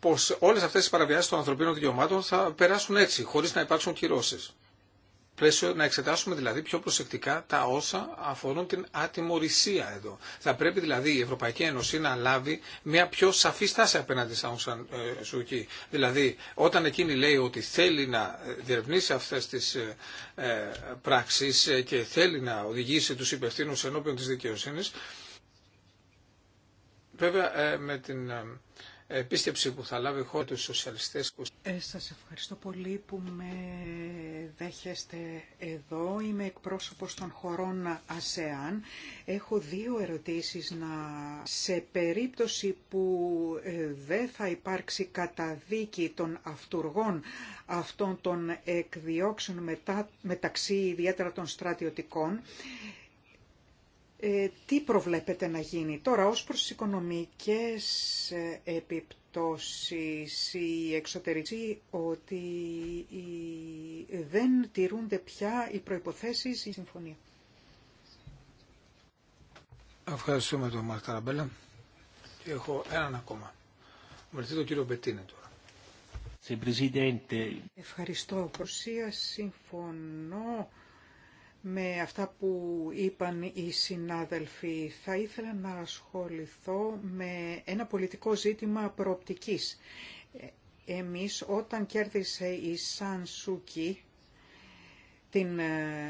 πως όλες αυτές οι παραβιάσεις των ανθρωπίνων δικαιωμάτων θα περάσουν έτσι, χωρίς να υπάρξουν κυρώσεις. Πλαίσιο, να εξετάσουμε δηλαδή πιο προσεκτικά τα όσα αφορούν την ατιμορρησία εδώ. Θα πρέπει δηλαδή η Ευρωπαϊκή Ένωση να λάβει μια πιο σαφή στάση απέναντι σαν ε, Δηλαδή όταν εκείνη λέει ότι θέλει να διερευνήσει αυτές τις ε, ε και θέλει να οδηγήσει τους υπευθύνους ενώπιον της δικαιοσύνης, Βέβαια ε, με την ε, επίσκεψη που θα λάβει η χώρα του σοσιαλιστές. Ε, σας ευχαριστώ πολύ που με δέχεστε εδώ. Είμαι εκπρόσωπος των χωρών ΑΣΕΑΝ. Έχω δύο ερωτήσεις να... Σε περίπτωση που ε, δεν θα υπάρξει καταδίκη των αυτούργων αυτών των εκδιώξεων μεταξύ ιδιαίτερα των στρατιωτικών, ε, τι προβλέπετε να γίνει. Τώρα, ως προς τις οικονομικές ε, επιπτώσεις, η εξωτερική ότι δεν τηρούνται πια οι προϋποθέσεις η συμφωνία. Ευχαριστούμε τον Μαρκ Καραμπέλα. Και έχω έναν ακόμα. Μερθεί τον κύριο Μπετίνε τώρα. Ευχαριστώ. Προσία συμφωνώ με αυτά που είπαν οι συνάδελφοι. Θα ήθελα να ασχοληθώ με ένα πολιτικό ζήτημα προοπτικής. Εμείς όταν κέρδισε η Σαν την ε,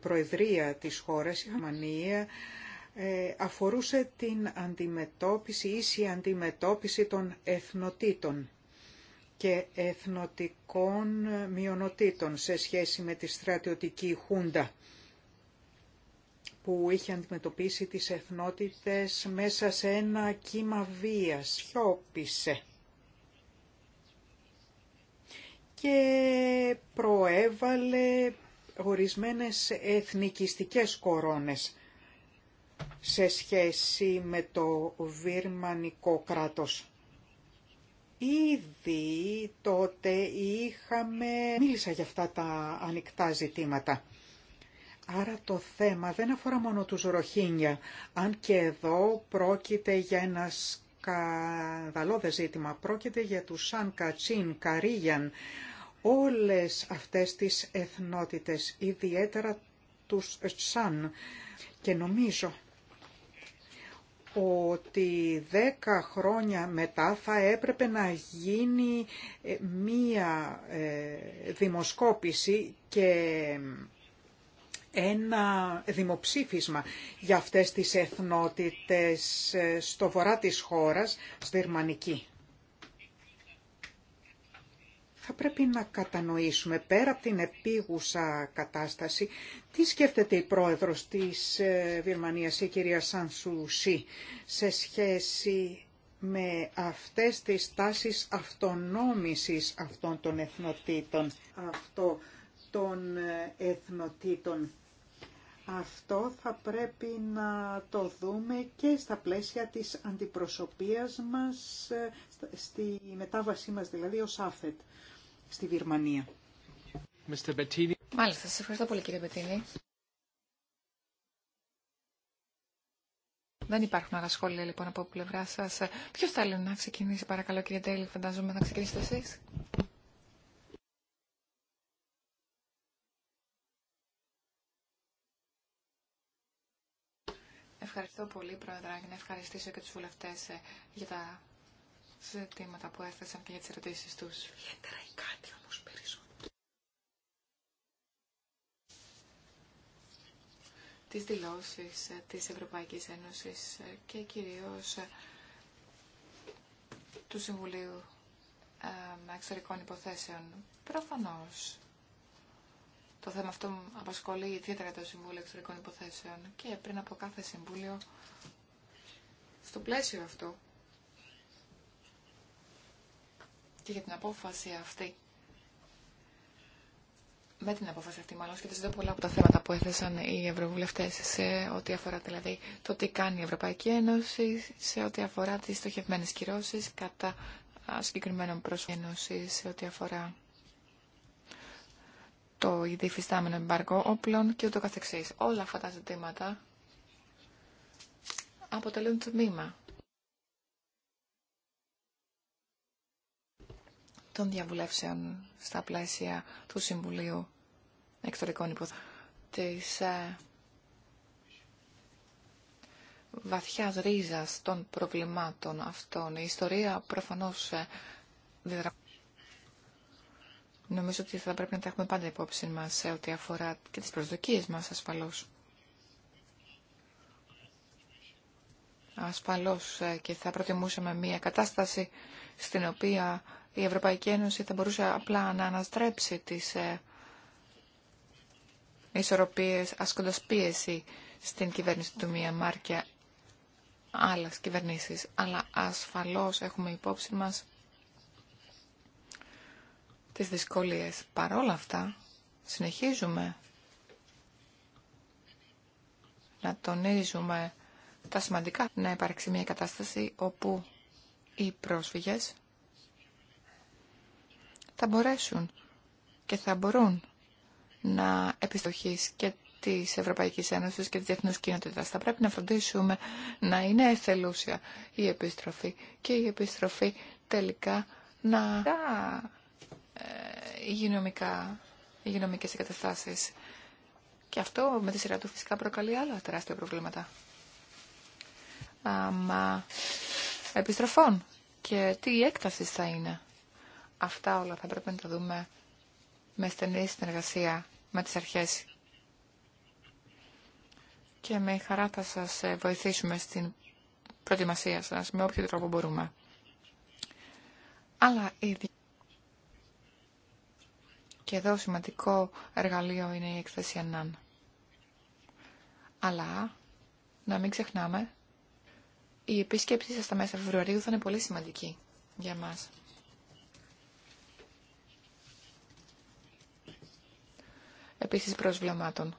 προεδρία της χώρας, η Γερμανία, ε, αφορούσε την αντιμετώπιση, ίση αντιμετώπιση των εθνοτήτων και εθνοτικών μειονοτήτων σε σχέση με τη στρατιωτική χούντα που είχε αντιμετωπίσει τις εθνότητες μέσα σε ένα κύμα βίας, σιώπησε. Και προέβαλε ορισμένες εθνικιστικές κορώνες σε σχέση με το βιρμανικό κράτος. Ήδη τότε είχαμε... Μίλησα για αυτά τα ανοιχτά ζητήματα. Άρα το θέμα δεν αφορά μόνο τους Ροχίνια, αν και εδώ πρόκειται για ένα σκανδαλώδες ζήτημα, πρόκειται για τους Σαν Κατσίν, Καρίγιαν, όλες αυτές τις εθνότητες, ιδιαίτερα τους Σαν. Και νομίζω ότι δέκα χρόνια μετά θα έπρεπε να γίνει ε, μία ε, δημοσκόπηση και ένα δημοψήφισμα για αυτές τις εθνότητες ε, στο βορρά της χώρας, στη Γερμανική θα πρέπει να κατανοήσουμε πέρα από την επίγουσα κατάσταση τι σκέφτεται η πρόεδρος της ε, Βυρμανίας, η κυρία Σανσουσί, σε σχέση με αυτές τις τάσεις αυτονόμησης αυτών των εθνοτήτων. Αυτό των ε, εθνοτήτων. Αυτό θα πρέπει να το δούμε και στα πλαίσια της αντιπροσωπείας μας, ε, στη μετάβασή μας δηλαδή ως άφετ στη Βυρμανία. Μάλιστα, σας ευχαριστώ πολύ κύριε Μπετίνη. Δεν υπάρχουν άλλα σχόλια λοιπόν από πλευρά σα. Ποιο θέλει να ξεκινήσει, παρακαλώ, κύριε Τέιλι, φαντάζομαι να ξεκινήσετε εσεί. Ευχαριστώ πολύ, Πρόεδρα, να ευχαριστήσω και του βουλευτέ ε, για τα ζητήματα που έθεσαν και για τι ερωτήσει του. Ιδιαίτερα ή κάτι όμως περισσότερο. Τις δηλώσεις της Ευρωπαϊκής Ένωσης και κυρίω ε, του Συμβουλίου ε, Εξωτερικών Υποθέσεων. Προφανώ. το θέμα αυτό απασχολεί ιδιαίτερα το Συμβούλιο Εξωτερικών Υποθέσεων και πριν από κάθε Συμβούλιο στο πλαίσιο αυτού και για την απόφαση αυτή. Με την απόφαση αυτή, μάλλον σχετίζονται πολλά από τα θέματα που έθεσαν οι Ευρωβουλευτέ σε ό,τι αφορά δηλαδή το τι κάνει η Ευρωπαϊκή Ένωση, σε ό,τι αφορά τι στοχευμένε κυρώσει κατά συγκεκριμένων προσώπων σε ό,τι αφορά το ήδη φυστάμενο όπλων και ούτω καθεξής. Όλα αυτά τα ζητήματα αποτελούν τμήμα των διαβουλεύσεων στα πλαίσια του Συμβουλίου Εκτορικών Υποθέσεων της ε, βαθιάς ρίζας των προβλημάτων αυτών. Η ιστορία προφανώς ε, διδρα... Νομίζω ότι θα πρέπει να τα έχουμε πάντα υπόψη μας σε ό,τι αφορά και τις προσδοκίες μας ασφαλώς. Ασφαλώς ε, και θα προτιμούσαμε μια κατάσταση στην οποία η Ευρωπαϊκή Ένωση θα μπορούσε απλά να αναστρέψει τις ε, ισορροπίες ασκώντας πίεση στην κυβέρνηση του Μιαμάρ και άλλες κυβερνήσεις. Αλλά ασφαλώς έχουμε υπόψη μας τις δυσκολίες. Παρόλα αυτά, συνεχίζουμε να τονίζουμε τα σημαντικά να υπάρξει μια κατάσταση όπου οι πρόσφυγες θα μπορέσουν και θα μπορούν να επιστοχείς και τη Ευρωπαϊκή Ένωση και τη διεθνούς κοινότητας. Θα πρέπει να φροντίσουμε να είναι εθελούσια η επιστροφή και η επιστροφή τελικά να τα ε, υγειονομικά, υγειονομικές Και αυτό με τη σειρά του φυσικά προκαλεί άλλα τεράστια προβλήματα. Αμα επιστροφών και τι έκταση θα είναι. Αυτά όλα θα πρέπει να τα δούμε με στενή συνεργασία με τις αρχές. Και με χαρά θα σας ε, βοηθήσουμε στην προετοιμασία σας με όποιο τρόπο μπορούμε. Αλλά ήδη και εδώ σημαντικό εργαλείο είναι η εκθέση ΑΝΑΝ. Αλλά να μην ξεχνάμε, η επίσκεψή σας στα μέσα Φεβρουαρίου θα είναι πολύ σημαντική για μας. επίσης προσβλημάτων.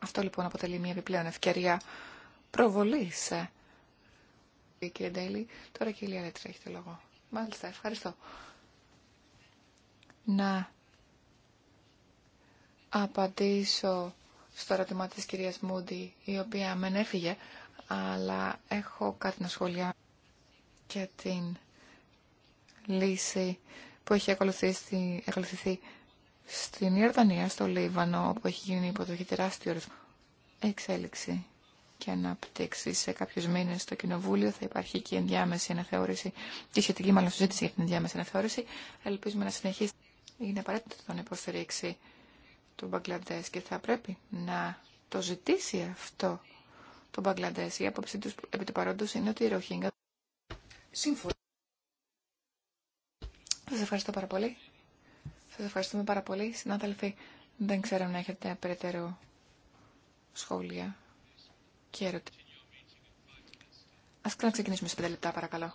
Αυτό λοιπόν αποτελεί μια επιπλέον ευκαιρία προβολής. Ε. Η κυρία Ντέιλι, τώρα και η Λία Ρέτσα έχει το λόγο. Μάλιστα, ευχαριστώ. Να απαντήσω στο ερώτημα της κυρίας Μούντι, η οποία μεν έφυγε, αλλά έχω κάτι να σχολιάσω και την λύση που έχει ακολουθηθεί, στην Ιορδανία, στο Λίβανο, όπου έχει γίνει υποδοχή τεράστιο εξέλιξη και αναπτύξη σε κάποιου μήνε στο Κοινοβούλιο. Θα υπάρχει και ενδιάμεση αναθεώρηση, και σχετική μάλλον συζήτηση για την ενδιάμεση αναθεώρηση. Ελπίζουμε να συνεχίσει. Είναι απαραίτητο να υποστηρίξει τον Μπαγκλαντέ και θα πρέπει να το ζητήσει αυτό τον Μπαγκλαντέ. Η άποψή του επί του παρόντο είναι ότι η Ροχίνγκα. Σύμφωνα. Σας ευχαριστώ πάρα πολύ. Σας ευχαριστούμε πάρα πολύ. Συνάδελφοι, δεν ξέρω αν έχετε περαιτέρω σχόλια και ερωτήματα. Ας ξεκινήσουμε σε 5 λεπτά παρακαλώ.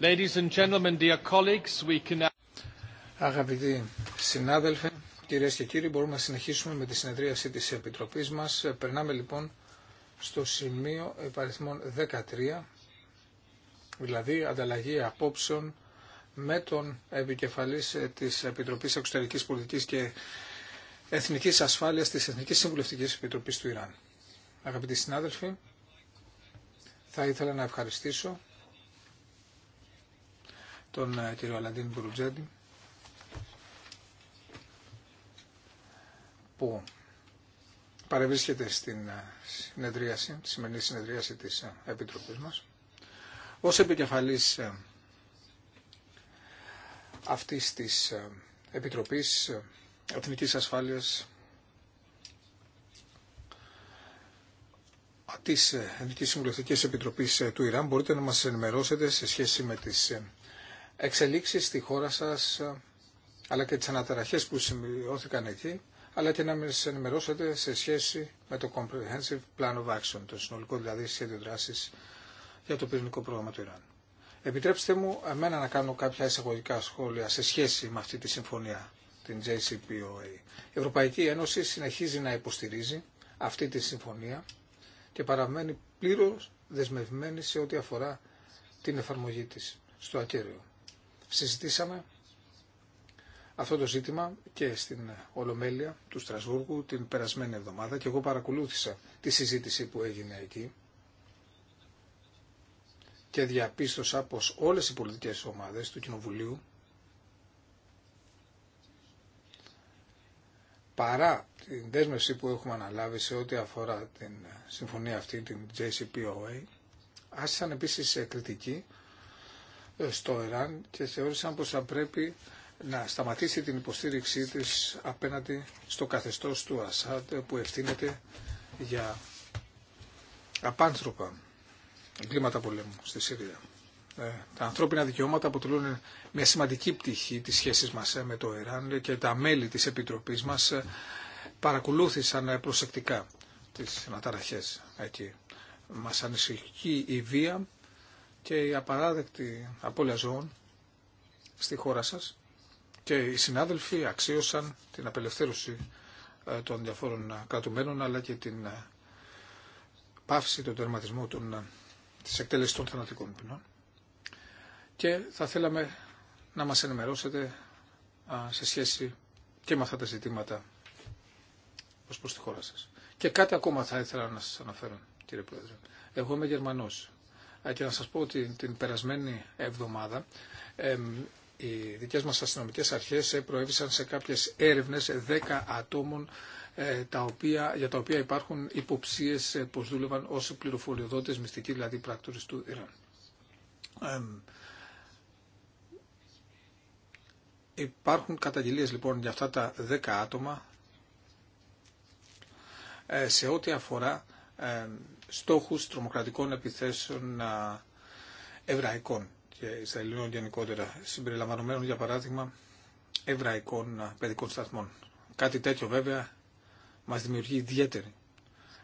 Ladies Αγαπητοί συνάδελφοι, κυρίες και κύριοι, μπορούμε να συνεχίσουμε με τη συνεδρίαση της Επιτροπής μας. Περνάμε λοιπόν στο σημείο υπαριθμών 13, δηλαδή ανταλλαγή απόψεων με τον επικεφαλής της Επιτροπής Εξωτερικής Πολιτικής και Εθνική ασφάλεια τη Εθνική Συμβουλευτική Επιτροπή του Ιράν. Αγαπητοί συνάδελφοι, θα ήθελα να ευχαριστήσω τον ε, κύριο Αλαντίν Μπουρουτζέντη που παρευρίσκεται στην ε, συνεδρίαση, τη σημερινή συνεδρίαση της ε, Επιτροπής μας. Ως επικεφαλής αυτής της Επιτροπής εθνικής ασφάλειας της Εθνικής Συμβουλευτικής Επιτροπής ε, του Ιράν. Μπορείτε να μας ενημερώσετε σε σχέση με τις ε, εξελίξεις στη χώρα σας, ε, αλλά και τις αναταραχές που σημειώθηκαν εκεί, αλλά και να μας ενημερώσετε σε σχέση με το Comprehensive Plan of Action, το συνολικό δηλαδή σχέδιο δράσης για το πυρηνικό πρόγραμμα του Ιράν. Επιτρέψτε μου εμένα να κάνω κάποια εισαγωγικά σχόλια σε σχέση με αυτή τη συμφωνία την JCPOA. Η Ευρωπαϊκή Ένωση συνεχίζει να υποστηρίζει αυτή τη συμφωνία και παραμένει πλήρως δεσμευμένη σε ό,τι αφορά την εφαρμογή της στο ακέραιο. Συζητήσαμε αυτό το ζήτημα και στην Ολομέλεια του Στρασβούργου την περασμένη εβδομάδα και εγώ παρακολούθησα τη συζήτηση που έγινε εκεί και διαπίστωσα πως όλες οι πολιτικές ομάδες του Κοινοβουλίου παρά την δέσμευση που έχουμε αναλάβει σε ό,τι αφορά την συμφωνία αυτή, την JCPOA, άσχησαν επίσης κριτική ε, στο Ιράν και θεώρησαν πως θα πρέπει να σταματήσει την υποστήριξή της απέναντι στο καθεστώς του Ασάντ που ευθύνεται για απάνθρωπα εγκλήματα πολέμου στη Συρία. Ε, τα ανθρώπινα δικαιώματα αποτελούν μια σημαντική πτυχή της σχέσης μας ε, με το Ιράν και τα μέλη της Επιτροπής μας ε, παρακολούθησαν προσεκτικά τις αναταραχές εκεί. Μας ανησυχεί η βία και η απαράδεκτη απώλεια ζώων στη χώρα σας και οι συνάδελφοι αξίωσαν την απελευθέρωση των διαφόρων κρατουμένων αλλά και την πάυση, τον τερματισμό των, της εκτέλεσης των θανατικών ποινών και θα θέλαμε να μας ενημερώσετε σε σχέση και με αυτά τα ζητήματα ως προς τη χώρα σας. Και κάτι ακόμα θα ήθελα να σας αναφέρω, κύριε Πρόεδρε. Εγώ είμαι Γερμανός και να σας πω ότι την περασμένη εβδομάδα οι δικές μας αστυνομικές αρχές προέβησαν σε κάποιες έρευνες 10 ατόμων ε, τα οποία, για τα οποία υπάρχουν υποψίες ε, πως δούλευαν ως πληροφοριοδότες μυστικοί δηλαδή πράκτορες του Ιράν. Υπάρχουν καταγγελίες λοιπόν για αυτά τα 10 άτομα ε, σε ό,τι αφορά ε, στόχους τρομοκρατικών επιθέσεων ε, εβραϊκών και Ισραηλινών γενικότερα, συμπεριλαμβανομένων για παράδειγμα εβραϊκών παιδικών σταθμών. Κάτι τέτοιο βέβαια μας δημιουργεί ιδιαίτερη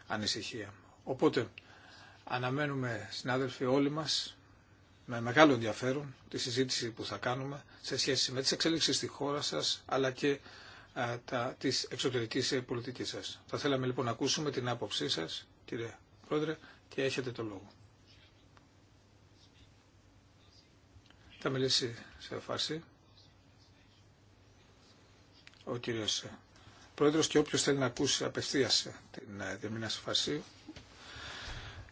ανησυχία. Οπότε αναμένουμε συνάδελφοι όλοι μας με μεγάλο ενδιαφέρον τη συζήτηση που θα κάνουμε σε σχέση με τις εξέλιξεις στη χώρα σας αλλά και α, τα, της εξωτερικής ε, πολιτικής σας. Θα θέλαμε λοιπόν να ακούσουμε την άποψή σας, κύριε Πρόεδρε, και έχετε το λόγο. Θα μιλήσει σε φάση ο κύριος ε, Πρόεδρος και όποιος θέλει να ακούσει απευθείας ε, την διαμήνα σε φάση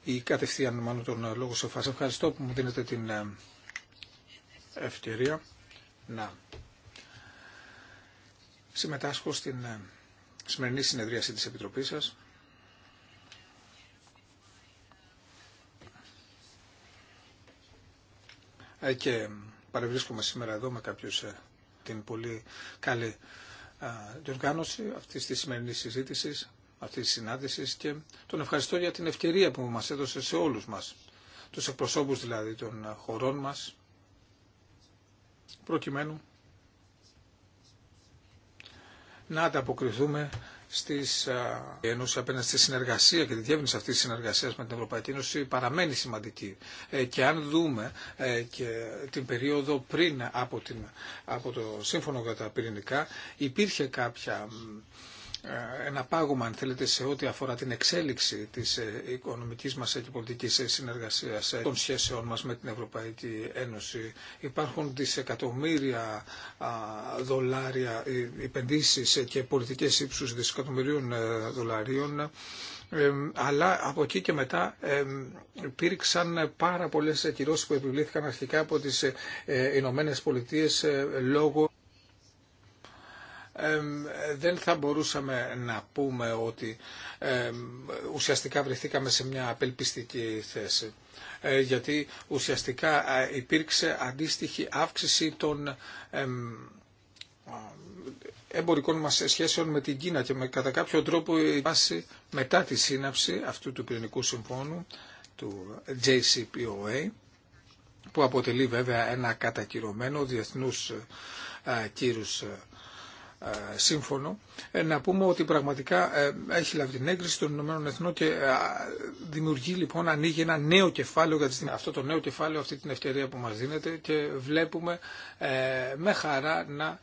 ή κατευθείαν μάλλον τον ε, λόγο σε φάση. Ευχαριστώ που μου δίνετε την ε, ευκαιρία να συμμετάσχω στην ε, σημερινή συνεδρίαση της Επιτροπής σας. Και παρευρίσκομαι σήμερα εδώ με κάποιους την πολύ καλή διοργάνωση αυτής της σημερινής συζήτησης αυτή τη συνάντηση και τον ευχαριστώ για την ευκαιρία που μα έδωσε σε όλου μα, του εκπροσώπου δηλαδή των χωρών μα, προκειμένου να ανταποκριθούμε στις Ένωση απέναντι στη συνεργασία και τη διεύρυνση αυτής της συνεργασίας με την Ευρωπαϊκή Ένωση παραμένει σημαντική. Ε, και αν δούμε ε, και την περίοδο πριν από, την, από το Σύμφωνο για τα Πυρηνικά υπήρχε κάποια ε, ένα πάγωμα, αν θέλετε, σε ό,τι αφορά την εξέλιξη της ε, οικονομικής μας ε, και πολιτική συνεργασίας των σχέσεων μας με την Ευρωπαϊκή Ένωση. Υπάρχουν δισεκατομμύρια δολάρια επενδύσει και πολιτικές ύψους δισεκατομμυρίων δολαρίων αλλά από εκεί και μετά ε, υπήρξαν πάρα πολλές κυρώσεις που επιβλήθηκαν αρχικά από τις ε, Ηνωμένε Πολιτείες λόγω δεν θα μπορούσαμε να πούμε ότι ουσιαστικά βρεθήκαμε σε μια απελπιστική θέση ε, γιατί ουσιαστικά υπήρξε αντίστοιχη αύξηση των εμπορικών μας σχέσεων με την Κίνα και με, κατά κάποιο τρόπο η βάση μετά τη σύναψη αυτού του πυρηνικού συμφώνου του JCPOA που αποτελεί βέβαια ένα κατακυρωμένο διεθνούς ε, κύρους ε, ε, σύμφωνο, ε, να πούμε ότι πραγματικά ε, έχει λάβει την έγκριση των Ηνωμένων Εθνών και δημιουργεί λοιπόν, ανοίγει ένα νέο κεφάλαιο για αυτό το νέο κεφάλαιο, αυτή την ευκαιρία που μας δίνεται και βλέπουμε με χαρά να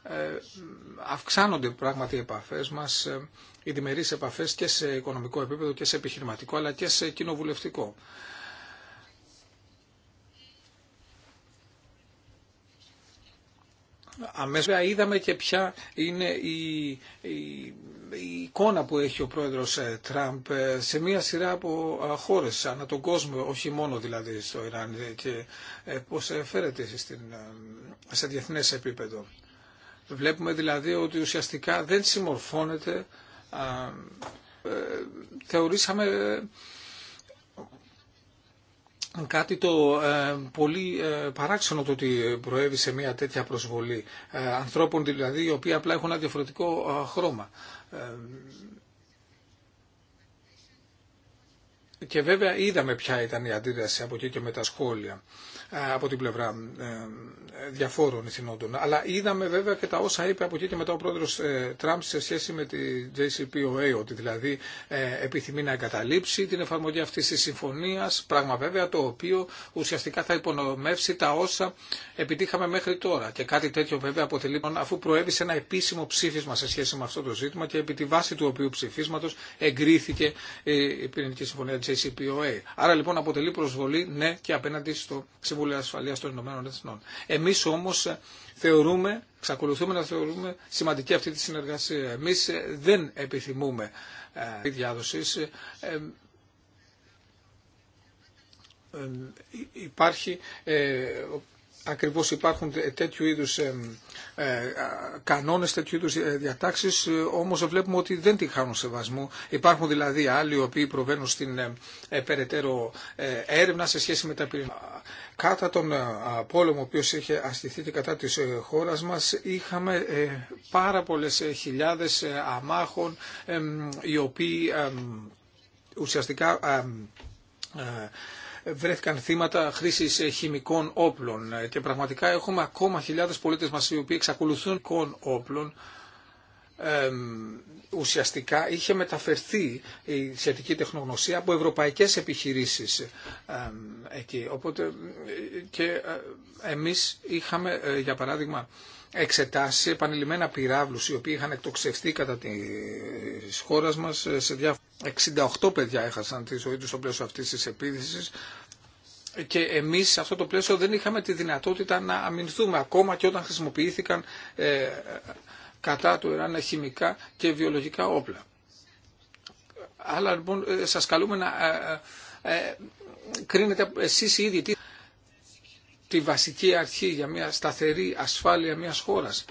αυξάνονται πράγματι οι επαφές μας, οι διμερείς επαφές και σε οικονομικό επίπεδο και σε επιχειρηματικό αλλά και σε κοινοβουλευτικό. Αμέσως είδαμε και ποια είναι η, η, εικόνα που έχει ο πρόεδρος ε, Τραμπ ε, σε μια σειρά από ε, χώρες ανά τον κόσμο, όχι μόνο δηλαδή στο Ιράν και πώς φέρεται στην, σε διεθνές επίπεδο. Βλέπουμε δηλαδή ότι ουσιαστικά δεν συμμορφώνεται. Α, θεωρήσαμε Κάτι το ε, πολύ ε, παράξενο το ότι προέβη μια τέτοια προσβολή ε, ανθρώπων δηλαδή οι οποίοι απλά έχουν ένα διαφορετικό χρώμα. Και βέβαια είδαμε ποια ήταν η αντίδραση από εκεί και με τα σχόλια από την πλευρά ε, διαφόρων συνόντων. Αλλά είδαμε βέβαια και τα όσα είπε από εκεί και μετά ο πρόεδρο ε, Τραμπ σε σχέση με τη JCPOA, ότι δηλαδή ε, επιθυμεί να εγκαταλείψει την εφαρμογή αυτή τη συμφωνία, πράγμα βέβαια το οποίο ουσιαστικά θα υπονομεύσει τα όσα επιτύχαμε μέχρι τώρα. Και κάτι τέτοιο βέβαια αποτελεί, αφού προέβη ένα επίσημο ψήφισμα σε σχέση με αυτό το ζήτημα και επί τη βάση του οποίου ψηφίσματο εγκρίθηκε η πυρηνική συμφωνία JCPOA. Άρα λοιπόν αποτελεί προσβολή ναι και απέναντι στο Συμβούλιο Ασφαλεία των Ηνωμένων Εθνών. Εμεί όμω ε, θεωρούμε, εξακολουθούμε να θεωρούμε σημαντική αυτή τη συνεργασία. Εμεί ε, δεν επιθυμούμε ε, τη διάδοση. Υπάρχει ακριβώς υπάρχουν τέτοιου είδους ε, κανόνες, τέτοιου είδους ε, διατάξεις, ε, όμως βλέπουμε ότι δεν την χάνουν σεβασμού. Υπάρχουν δηλαδή άλλοι οι οποίοι προβαίνουν στην περαιτέρω έρευνα σε σχέση με τα πυρηνικά. Κάτα τον πόλεμο ο οποίος είχε αστηθεί κατά της χώρας μας είχαμε πάρα πολλές χιλιάδες αμάχων οι οποίοι ουσιαστικά βρέθηκαν θύματα χρήση ε, χημικών όπλων. Ε, και πραγματικά έχουμε ακόμα χιλιάδε πολίτε μα οι οποίοι εξακολουθούν κον όπλων. ουσιαστικά είχε μεταφερθεί η σχετική τεχνογνωσία από ευρωπαϊκές επιχειρήσεις ε, εκεί. Οπότε και εμείς είχαμε για παράδειγμα εξετάσει επανειλημμένα πυράβλους οι οποίοι είχαν εκτοξευθεί κατά τη χώρα μας σε διάφορα 68 παιδιά έχασαν τη ζωή του στο πλαίσιο αυτής της επίθεση. και εμείς σε αυτό το πλαίσιο δεν είχαμε τη δυνατότητα να αμυνθούμε ακόμα και όταν χρησιμοποιήθηκαν ε, κατά του Ιράν χημικά και βιολογικά όπλα. Αλλά λοιπόν ε, σας καλούμε να ε, κρίνετε εσείς οι ίδιοι τη βασική αρχή για μια σταθερή ασφάλεια μιας χώρας.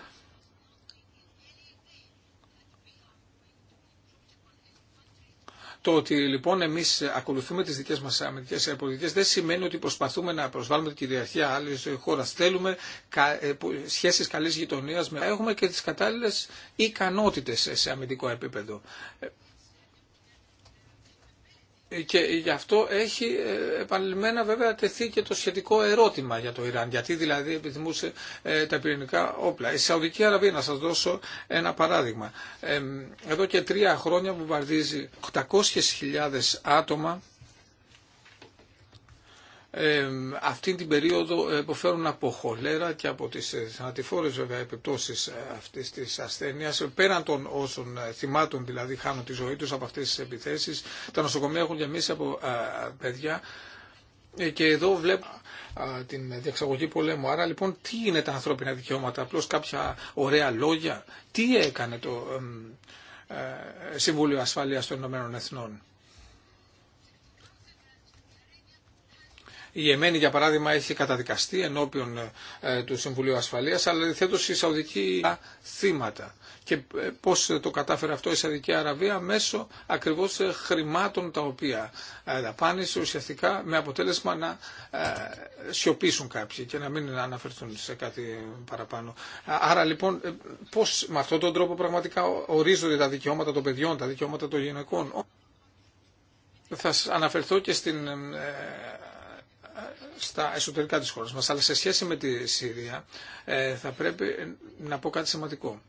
Το ότι λοιπόν εμεί ακολουθούμε τι δικέ μα αμυντικέ πολιτικέ δεν σημαίνει ότι προσπαθούμε να προσβάλλουμε την κυριαρχία άλλη χώρα. Θέλουμε ε, σχέσει καλή γειτονία. Έχουμε και τι κατάλληλε ικανότητε σε αμυντικό επίπεδο. Ε, και γι' αυτό έχει ε, επανειλημμένα βέβαια τεθεί και το σχετικό ερώτημα για το Ιράν. Γιατί δηλαδή επιθυμούσε ε, τα πυρηνικά όπλα. Η Σαουδική Αραβία, να σας δώσω ένα παράδειγμα. Ε, εδώ και τρία χρόνια βομβαρδίζει 800.000 άτομα ε, αυτή την περίοδο ε, υποφέρουν από χολέρα και από τις ε, θανατηφόρες βέβαια επιπτώσεις ε, αυτής της ασθένειας. Πέραν των όσων θυμάτων δηλαδή χάνουν τη ζωή τους από αυτές τις επιθέσεις, τα νοσοκομεία έχουν γεμίσει από παιδιά και εδώ βλέπω την διαξαγωγή πολέμου. Άρα λοιπόν τι είναι τα ανθρώπινα δικαιώματα, απλώς κάποια ωραία λόγια. Τι έκανε το ε, ε, Συμβούλιο Ασφαλείας των Ηνωμένων Εθνών. Η Εμένη, για παράδειγμα, έχει καταδικαστεί ενώπιον ε, του Συμβουλίου Ασφαλείας, αλλά διθέτως η Σαουδική θύματα. Και ε, πώς το κατάφερε αυτό η Σαουδική Αραβία μέσω ακριβώς ε, χρημάτων τα οποία δαπάνησε ουσιαστικά με αποτέλεσμα να σιωπήσουν κάποιοι και να μην αναφερθούν σε κάτι παραπάνω. Άρα λοιπόν πώς με αυτόν τον τρόπο πραγματικά ορίζονται τα δικαιώματα των παιδιών, τα δικαιώματα των γυναικών. Θα σα αναφερθώ και στην στα εσωτερικά της χώρας μας. Αλλά σε σχέση με τη Συρία ε, θα πρέπει να πω κάτι σημαντικό.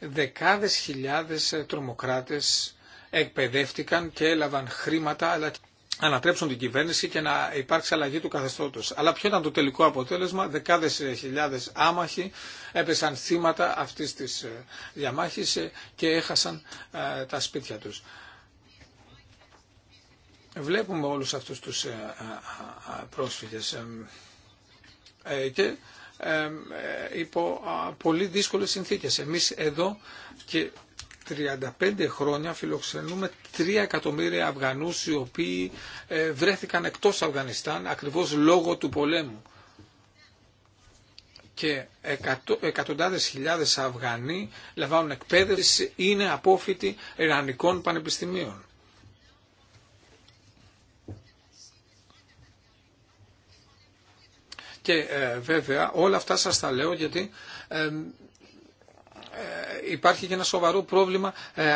Δεκάδες χιλιάδες τρομοκράτες εκπαιδεύτηκαν και έλαβαν χρήματα αλλά ανατρέψουν την κυβέρνηση και να υπάρξει αλλαγή του καθεστώτος. Αλλά ποιο ήταν το τελικό αποτέλεσμα. Δεκάδες χιλιάδες άμαχοι έπεσαν θύματα αυτής της ε, διαμάχης ε, και έχασαν τα σπίτια τους βλέπουμε όλους αυτούς τους ε, πρόσφυγες ε, και ε, υπό πολύ δύσκολες συνθήκες. Εμείς εδώ και 35 χρόνια φιλοξενούμε 3 εκατομμύρια Αφγανούς οι οποίοι βρέθηκαν εκτός Αφγανιστάν ακριβώς λόγω του πολέμου. Και εκατοντάδες χιλιάδες Αφγανοί λαμβάνουν εκπαίδευση, είναι απόφοιτοι ιρανικών πανεπιστημίων. Και ε, βέβαια όλα αυτά σας τα λέω γιατί ε, ε, υπάρχει και ένα σοβαρό πρόβλημα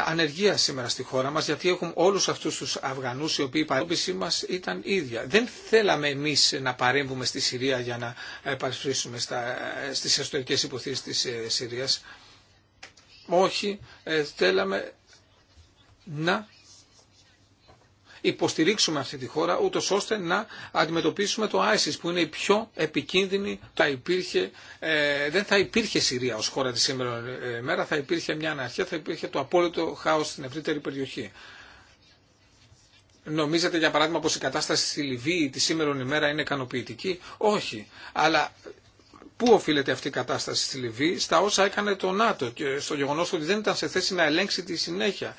ανεργία σήμερα στη χώρα μας γιατί έχουμε όλους αυτούς τους Αφγανούς οι οποίοι η παρέμβησή μας ήταν ίδια. Δεν θέλαμε εμείς να παρέμβουμε στη Συρία για να παρισφρήσουμε στα, στις εσωτερικές υποθέσεις της Συρίας. Όχι, θέλαμε να υποστηρίξουμε αυτή τη χώρα ούτω ώστε να αντιμετωπίσουμε το ISIS που είναι η πιο επικίνδυνη θα υπήρχε, ε, δεν θα υπήρχε Συρία ω χώρα τη σήμερα ε, μέρα θα υπήρχε μια αναρχία, θα υπήρχε το απόλυτο χάο στην ευρύτερη περιοχή. Νομίζετε για παράδειγμα πως η κατάσταση στη Λιβύη τη σήμερα ημέρα είναι ικανοποιητική. Όχι. Αλλά πού οφείλεται αυτή η κατάσταση στη Λιβύη, στα όσα έκανε το ΝΑΤΟ και στο γεγονός ότι δεν ήταν σε θέση να ελέγξει τη συνέχεια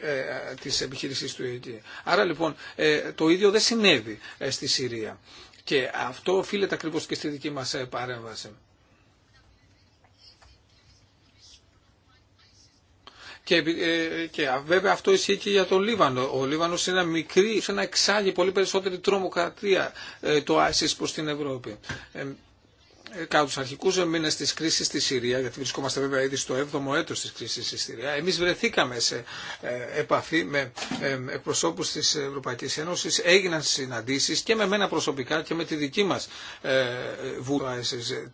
ε, ε, της του ΕΕΤ. Άρα λοιπόν ε, το ίδιο δεν συνέβη ε, στη Συρία. Και αυτό οφείλεται ακριβώ και στη δική μας ε, παρέμβαση. Και, και βέβαια αυτό ισχύει και για τον Λίβανο. Ο Λίβανο είναι ένα μικρή, σε ένα εξάγει πολύ περισσότερη τρομοκρατία το ISIS προ την Ευρώπη. Ε, κατά του αρχικού μήνε τη κρίση στη Συρία, γιατί βρισκόμαστε βέβαια ήδη στο 7ο έτο τη κρίση στη Συρία, εμεί βρεθήκαμε σε ε, επαφή με ε, εκπροσώπου τη Ευρωπαϊκή Ένωση, έγιναν συναντήσει και με μένα προσωπικά και με τη δική μα βούλα.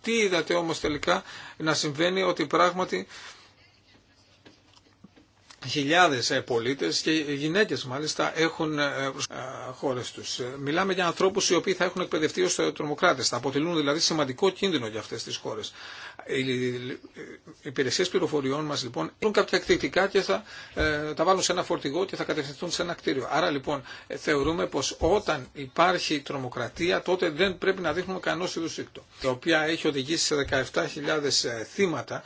Τι είδατε όμω τελικά να συμβαίνει ότι πράγματι χιλιάδες ε, πολίτες και γυναίκες μάλιστα έχουν ε, ε, χώρες τους. Μιλάμε για ανθρώπους οι οποίοι θα έχουν εκπαιδευτεί ως τρομοκράτες, θα αποτελούν δηλαδή σημαντικό κίνδυνο για αυτές τις χώρες. Οι υπηρεσίες πληροφοριών μας λοιπόν έχουν κάποια εκτεκτικά και θα τα βάλουν σε ένα φορτηγό και θα κατευθυνθούν σε ένα κτίριο. Άρα λοιπόν θεωρούμε πως όταν υπάρχει τρομοκρατία τότε δεν πρέπει να δείχνουμε κανένας είδου σύκτο, η οποία έχει οδηγήσει σε 17.000 θύματα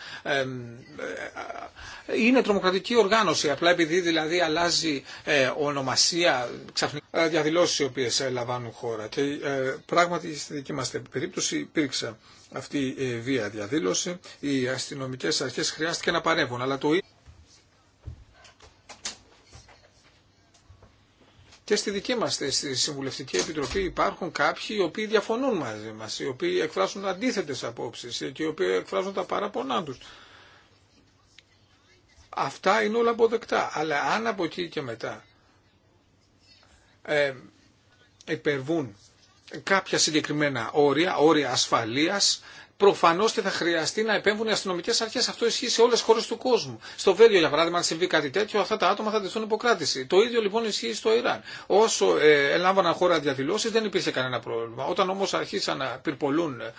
είναι τρομοκρατική οργάνωση. Απλά επειδή δηλαδή αλλάζει ε, ονομασία, ξαφνικά ε, διαδηλώσει οι οποίε ε, λαμβάνουν χώρα. Και πράγματι στη δική μα περίπτωση υπήρξε αυτή η βία διαδήλωση. Οι αστυνομικέ αρχέ χρειάστηκε να παρεύουν. Αλλά το Και στη δική μας στη Συμβουλευτική Επιτροπή υπάρχουν κάποιοι οι οποίοι διαφωνούν μαζί μας, οι οποίοι εκφράζουν αντίθετες απόψεις και οι οποίοι εκφράζουν τα παραπονά τους. Αυτά είναι όλα αποδεκτά. Αλλά αν από εκεί και μετά ε, υπερβούν κάποια συγκεκριμένα όρια, όρια ασφαλείας, προφανώ και θα χρειαστεί να επέμβουν οι αστυνομικέ αρχέ. Αυτό ισχύει σε όλε τι χώρε του κόσμου. Στο Βέλγιο, για παράδειγμα, αν συμβεί κάτι τέτοιο, αυτά τα άτομα θα τεθούν υποκράτηση. Το ίδιο λοιπόν ισχύει στο Ιράν. Όσο ε, έλαμβαναν χώρα διαδηλώσει, δεν υπήρχε κανένα πρόβλημα. Όταν όμω αρχίσαν να πυρπολούν ε,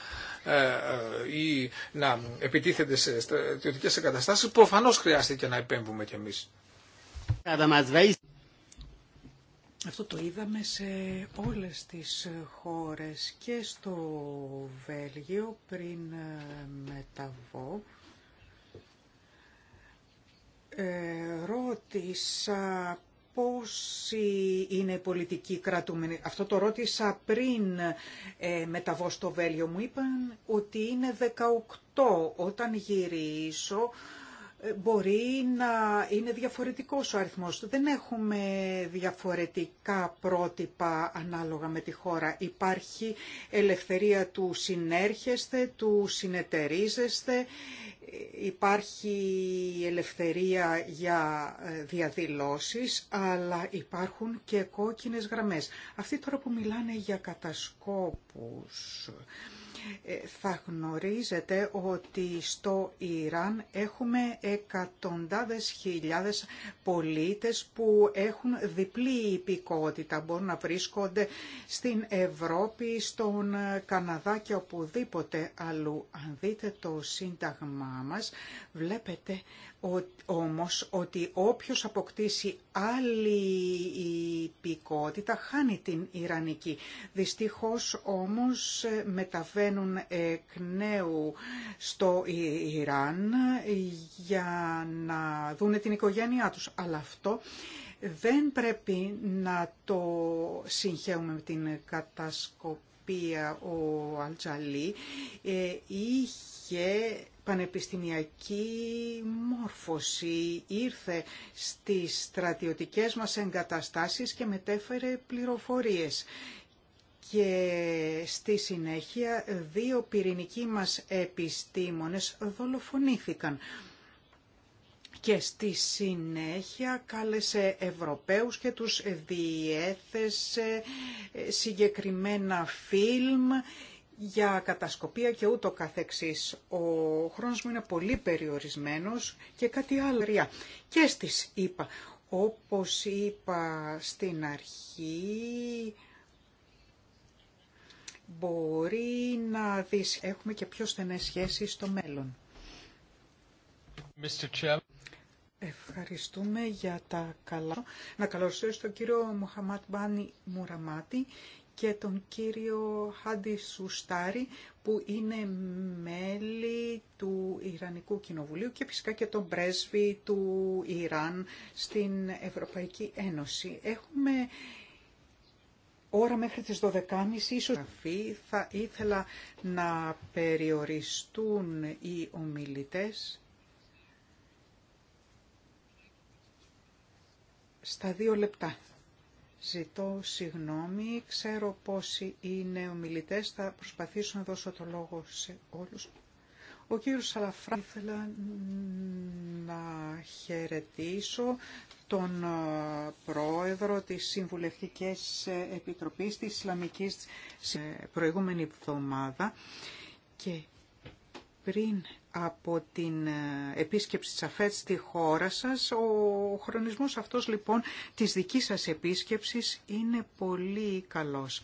ε, ή να επιτίθενται σε στρατιωτικέ εγκαταστάσει, προφανώ χρειάστηκε να επέμβουμε κι εμεί. Αυτό το είδαμε σε όλες τις χώρες και στο Βέλγιο πριν ε, μεταβώ. Ε, ρώτησα πώς είναι πολιτική πολιτική Αυτό το ρώτησα πριν ε, μεταβώ στο Βέλγιο. Μου είπαν ότι είναι 18. Όταν γυρίσω ε, μπορεί να είναι διαφορετικός ο αριθμός Δεν έχουμε διαφορετικά πρότυπα ανάλογα με τη χώρα. Υπάρχει ελευθερία του συνέρχεστε, του συνεταιρίζεστε, ε, υπάρχει ελευθερία για ε, διαδηλώσεις, αλλά υπάρχουν και κόκκινες γραμμές. Αυτή τώρα που μιλάνε για κατασκόπους, ε, θα γνωρίζετε ότι στο Ιράν έχουμε εκατοντάδες χιλιάδες πολίτες που έχουν διπλή υπηκότητα. Μπορούν να βρίσκονται στην Ευρώπη, στον Καναδά και οπουδήποτε αλλού. Αν δείτε το σύνταγμά μας, βλέπετε όμως ότι όποιος αποκτήσει άλλη υπηκότητα χάνει την Ιρανική. Δυστυχώς όμως ε, μεταβαίνουν εκ νέου στο Ιράν για να δούνε την οικογένειά τους. Αλλά αυτό δεν πρέπει να το συγχέουμε με την κατασκοπία. Ο Αλτζαλή ε, είχε πανεπιστημιακή μόρφωση ήρθε στις στρατιωτικές μας εγκαταστάσεις και μετέφερε πληροφορίες. Και στη συνέχεια δύο πυρηνικοί μας επιστήμονες δολοφονήθηκαν. Και στη συνέχεια κάλεσε Ευρωπαίους και τους διέθεσε συγκεκριμένα φιλμ για κατασκοπία και ούτω καθεξής. Ο χρόνος μου είναι πολύ περιορισμένος και κάτι άλλο. Και στις είπα, όπως είπα στην αρχή, μπορεί να δεις. Έχουμε και πιο στενές σχέσεις στο μέλλον. Mr. Ευχαριστούμε για τα καλά. Να καλωσορίσω τον κύριο Μοχαμάτ Μπάνι Μουραμάτι και τον κύριο Χάντι Σουστάρη που είναι μέλη του Ιρανικού Κοινοβουλίου και φυσικά και τον πρέσβη του Ιράν στην Ευρωπαϊκή Ένωση. Έχουμε ώρα μέχρι τις 12.30 ίσως θα ήθελα να περιοριστούν οι ομιλητές στα δύο λεπτά. Ζητώ συγγνώμη, ξέρω πόσοι είναι ομιλητές, θα προσπαθήσω να δώσω το λόγο σε όλους. Ο κύριος Σαλαφρά ήθελα να χαιρετήσω τον πρόεδρο της Συμβουλευτικής Επιτροπής της Ισλαμικής ε, προηγούμενη εβδομάδα και πριν από την ε, επίσκεψη της ΑΦΕΤ στη χώρα σας, ο χρονισμός αυτός λοιπόν της δικής σας επίσκεψης είναι πολύ καλός.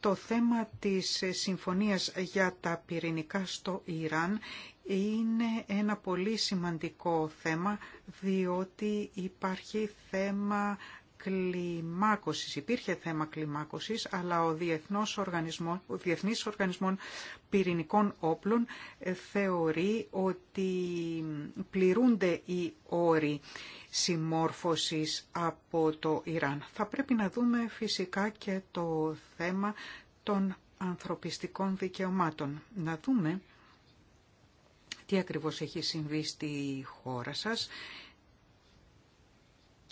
Το θέμα της συμφωνίας για τα πυρηνικά στο Ιράν είναι ένα πολύ σημαντικό θέμα, διότι υπάρχει θέμα κλιμάκωσης. Υπήρχε θέμα κλιμάκωσης, αλλά ο Διεθνός Οργανισμός, ο Διεθνής Οργανισμός Πυρηνικών Όπλων ε, θεωρεί ότι πληρούνται οι όροι συμμόρφωσης από το Ιράν. Θα πρέπει να δούμε φυσικά και το θέμα των ανθρωπιστικών δικαιωμάτων. Να δούμε τι ακριβώς έχει συμβεί στη χώρα σας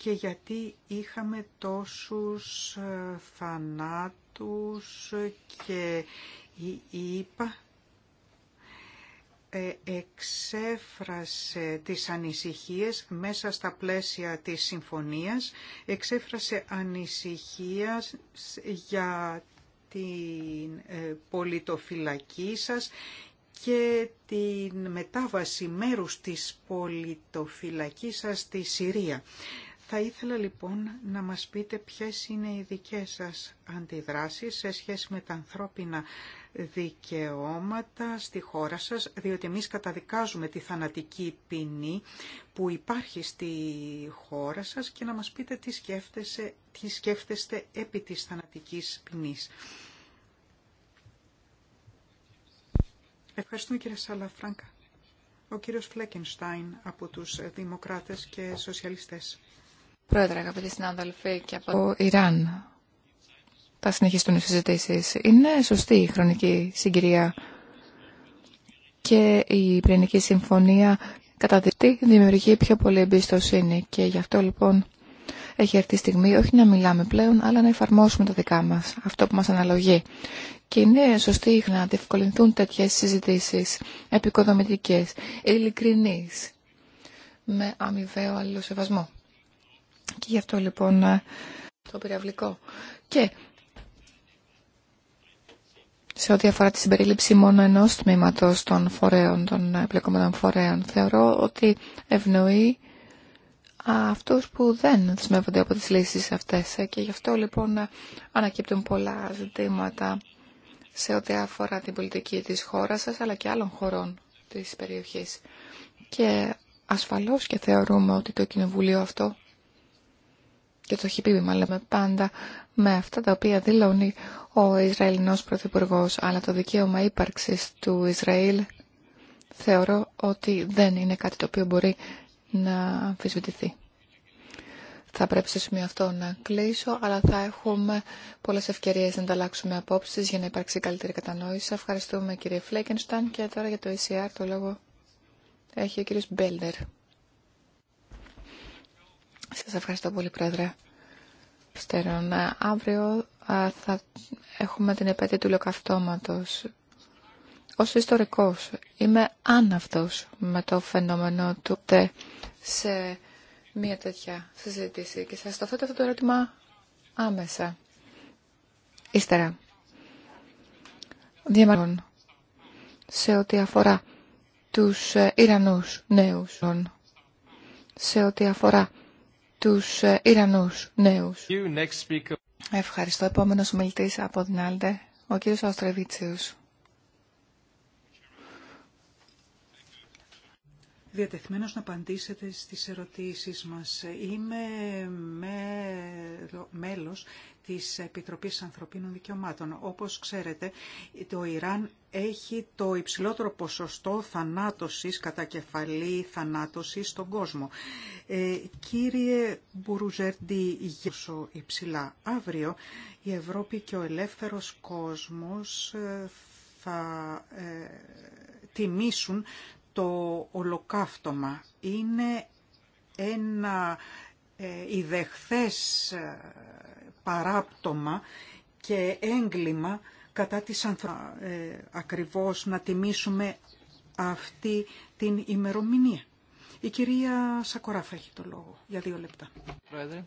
και γιατί είχαμε τόσους ε, θανάτους και η ΕΠΑ ε, εξέφρασε τις ανησυχίες μέσα στα πλαίσια της συμφωνίας, εξέφρασε ανησυχία για την ε, πολιτοφυλακή σας και την μετάβαση μέρους της πολιτοφυλακής σας στη Συρία. Θα ήθελα λοιπόν να μας πείτε ποιες είναι οι δικές σας αντιδράσεις σε σχέση με τα ανθρώπινα δικαιώματα στη χώρα σας, διότι εμείς καταδικάζουμε τη θανατική ποινή που υπάρχει στη χώρα σας και να μας πείτε τι σκέφτεστε, τι επί της θανατικής ποινής. Ευχαριστούμε κύριε Σαλαφράγκα. Ο κύριος Φλέκενστάιν από τους Δημοκράτες και Σοσιαλιστές. Πρόεδρε, αγαπητοί συνάδελφοι, και από το Ιράν θα συνεχιστούν οι συζητήσει. Είναι σωστή η χρονική συγκυρία και η πυρηνική συμφωνία τι δημιουργεί πιο πολύ εμπιστοσύνη και γι' αυτό λοιπόν έχει έρθει η στιγμή όχι να μιλάμε πλέον αλλά να εφαρμόσουμε τα δικά μας, αυτό που μας αναλογεί. Και είναι σωστή να διευκολυνθούν τέτοιες συζητήσεις επικοδομητικές, ειλικρινείς, με αμοιβαίο αλληλοσεβασμό. Και γι' αυτό λοιπόν ε, το πυραυλικό. Και σε ό,τι αφορά τη συμπερίληψη μόνο ενό τμήματο των φορέων, των εμπλεκόμενων φορέων, θεωρώ ότι ευνοεί αυτούς που δεν δεσμεύονται από τις λύσεις αυτές ε, και γι' αυτό λοιπόν ε, ανακύπτουν πολλά ζητήματα σε ό,τι αφορά την πολιτική της χώρας σας αλλά και άλλων χωρών της περιοχή Και ασφαλώς και θεωρούμε ότι το κοινοβουλίο αυτό και το έχει πει μάλλον πάντα με αυτά τα οποία δηλώνει ο Ισραηλινός Πρωθυπουργό, αλλά το δικαίωμα ύπαρξης του Ισραήλ θεωρώ ότι δεν είναι κάτι το οποίο μπορεί να αμφισβητηθεί. Θα πρέπει στο σημείο αυτό να κλείσω, αλλά θα έχουμε πολλές ευκαιρίες να ανταλλάξουμε απόψεις για να υπάρξει καλύτερη κατανόηση. Ευχαριστούμε κύριε Φλέκενσταν και τώρα για το ECR το λόγο έχει ο κύριος Μπέλντερ. Σας ευχαριστώ πολύ, Πρόεδρε. να ε, αύριο ε, θα έχουμε την επέτειο του λοκαυτώματος. Ως ιστορικός είμαι άναυτος με το φαινόμενο του τε σε μια τέτοια συζήτηση και σας το θέτω αυτό το ερώτημα άμεσα. Ύστερα, διαμαρτυρών σε ό,τι αφορά τους ε, Ιρανούς νέους, σε ό,τι αφορά τους ε, Ιρανούς νέους. Ευχαριστώ. Επόμενος ομιλητής από την Άλντε, ο κύριος Αστρεβίτσιος. Διατεθμένος να απαντήσετε στις ερωτήσεις μας. Είμαι μέλος της Επιτροπής Ανθρωπίνων Δικαιωμάτων. Όπως ξέρετε, το Ιράν έχει το υψηλότερο ποσοστό θανάτωσης, κατά κεφαλή θανάτωσης στον κόσμο. Ε, κύριε Μπουρουζέρντι, γύρω υψηλά. Αύριο η Ευρώπη και ο ελεύθερος κόσμος ε, θα ε, τιμήσουν το ολοκαύτωμα είναι ένα ε, ιδεχθές ε, παράπτωμα και έγκλημα κατά της ανθρωπίνης. Ε, ακριβώς να τιμήσουμε αυτή την ημερομηνία. Η κυρία Σακοράφα έχει το λόγο για δύο λεπτά. Πρόεδρε.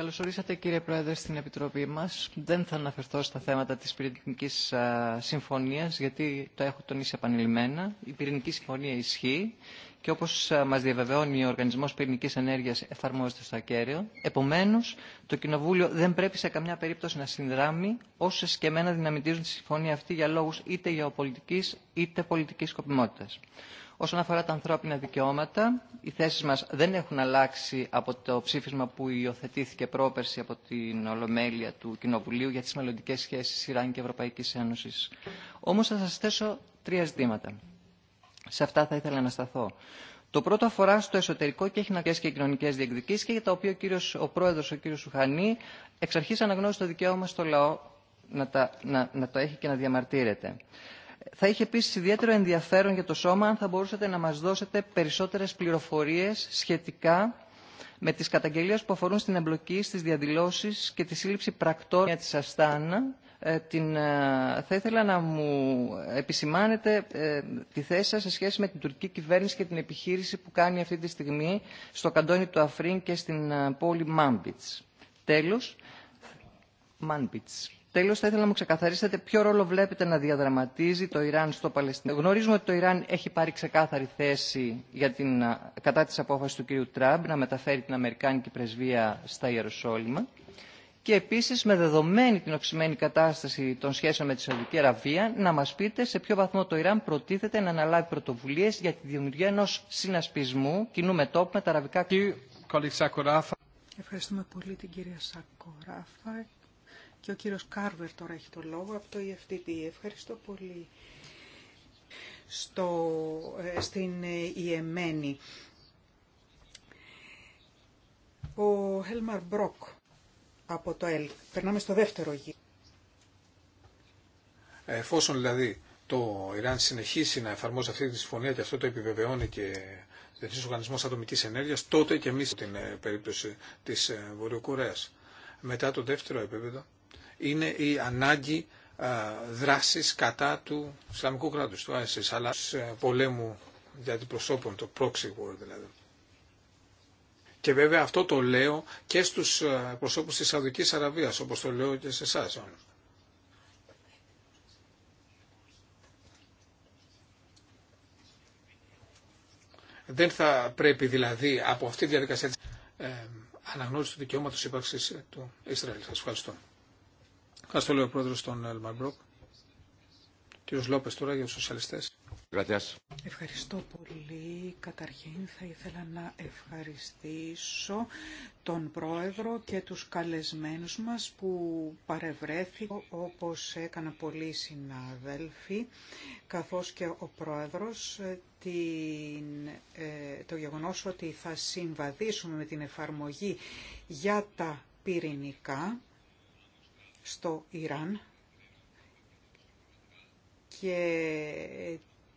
Καλώς ορίσατε κύριε Πρόεδρε στην Επιτροπή μας. Δεν θα αναφερθώ στα θέματα της πυρηνικής συμφωνίας γιατί το έχω τονίσει επανειλημμένα. Η πυρηνική συμφωνία ισχύει και όπως μας διαβεβαιώνει ο Οργανισμός Πυρηνικής Ενέργειας εφαρμόζεται στο ακέραιο. Επομένως, το Κοινοβούλιο δεν πρέπει σε καμιά περίπτωση να συνδράμει όσες και εμένα δυναμητίζουν τη συμφωνία αυτή για λόγους είτε γεωπολιτικής είτε πολιτικής σκοπιμότητας. Όσον αφορά τα ανθρώπινα δικαιώματα, οι θέσεις μας δεν έχουν αλλάξει από το ψήφισμα που υιοθετήθηκε πρόπερση από την Ολομέλεια του Κοινοβουλίου για τις μελλοντικέ σχέσεις Ιράν και Ευρωπαϊκής Ένωσης. Όμως θα σας θέσω τρία ζητήματα. Σε αυτά θα ήθελα να σταθώ. Το πρώτο αφορά στο εσωτερικό και έχει να κάνει και κοινωνικέ διεκδικήσει και για τα οποία ο, κύριος, ο πρόεδρο, ο κύριο Σουχανή, εξ αρχή αναγνώρισε το δικαίωμα στο λαό να, τα, να, να το έχει και να διαμαρτύρεται. Θα είχε επίσης ιδιαίτερο ενδιαφέρον για το σώμα αν θα μπορούσατε να μας δώσετε περισσότερες πληροφορίες σχετικά με τις καταγγελίες που αφορούν στην εμπλοκή στις διαδηλώσεις και τη σύλληψη πρακτών για της Αστάνα. Ε, την, ε, θα ήθελα να μου επισημάνετε ε, τη θέση σας σε σχέση με την τουρκική κυβέρνηση και την επιχείρηση που κάνει αυτή τη στιγμή στο καντόνι του Αφρίν και στην πόλη Μάμπιτς. Τέλος, Μάνπιτς. Τέλο, θα ήθελα να μου ξεκαθαρίσετε ποιο ρόλο βλέπετε να διαδραματίζει το Ιράν στο Παλαιστινίο. Γνωρίζουμε ότι το Ιράν έχει πάρει ξεκάθαρη θέση για την, κατά τη απόφαση του κ. Τραμπ να μεταφέρει την Αμερικάνικη πρεσβεία στα Ιεροσόλυμα. Και επίση, με δεδομένη την οξυμένη κατάσταση των σχέσεων με τη Σαουδική Αραβία, να μα πείτε σε ποιο βαθμό το Ιράν προτίθεται να αναλάβει πρωτοβουλίε για τη δημιουργία ενό συνασπισμού κοινού μετόπου με τα αραβικά κράτη. Ευχαριστούμε πολύ την κυρία Σακοράφα και ο κύριος Κάρβερ τώρα έχει το λόγο από το EFTP. Ευχαριστώ πολύ. Στο, ε, στην ε, Ιεμένη. Ο Χέλμαρ Μπρόκ από το ΕΛ. Περνάμε στο δεύτερο γύρο. Ε, εφόσον δηλαδή το Ιράν συνεχίσει να εφαρμόζει αυτή τη συμφωνία και αυτό το επιβεβαιώνει και Διεθνή οργανισμός ατομικής ενέργειας τότε και εμεί την περίπτωση της Βορειοκορέα. Μετά το δεύτερο επίπεδο, είναι η ανάγκη δράσης κατά του Ισλαμικού κράτους, του ISIS, αλλά πολέμου για την προσώπων, το proxy war δηλαδή. Και βέβαια αυτό το λέω και στους προσώπους της Σαουδικής Αραβίας, όπως το λέω και σε εσά. Δεν θα πρέπει δηλαδή από αυτή τη διαδικασία της ε, αναγνώριση του δικαιώματος ύπαρξης του Ισραήλ. Σας ευχαριστώ. Ευχαριστώ, λέει ο πρόεδρο των Λόπε τώρα για του σοσιαλιστέ. Ευχαριστώ πολύ. Καταρχήν θα ήθελα να ευχαριστήσω τον Πρόεδρο και τους καλεσμένους μας που παρευρέθηκαν όπως έκανα πολλοί συνάδελφοι καθώς και ο Πρόεδρος την, ε, το γεγονός ότι θα συμβαδίσουμε με την εφαρμογή για τα πυρηνικά στο Ιράν και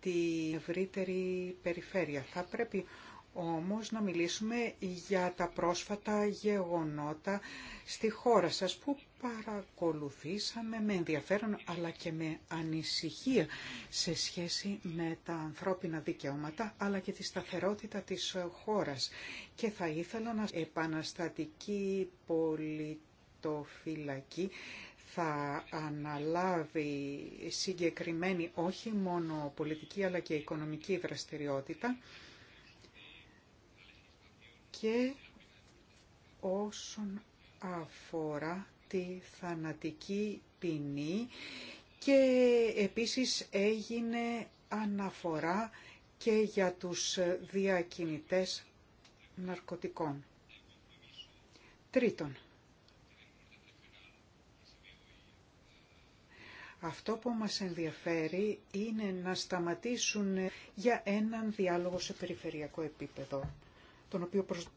τη ευρύτερη περιφέρεια. Θα πρέπει όμως να μιλήσουμε για τα πρόσφατα γεγονότα στη χώρα σας που παρακολουθήσαμε με ενδιαφέρον αλλά και με ανησυχία σε σχέση με τα ανθρώπινα δικαιώματα αλλά και τη σταθερότητα της χώρας. Και θα ήθελα να επαναστατική πολιτική το φύλακι θα αναλάβει συγκεκριμένη όχι μόνο πολιτική αλλά και οικονομική δραστηριότητα και όσον αφορά τη θανατική ποινή και επίσης έγινε αναφορά και για τους διακινητές ναρκωτικών. Τρίτον, Αυτό που μας ενδιαφέρει είναι να σταματήσουν για έναν διάλογο σε περιφερειακό επίπεδο, τον οποίο προσ...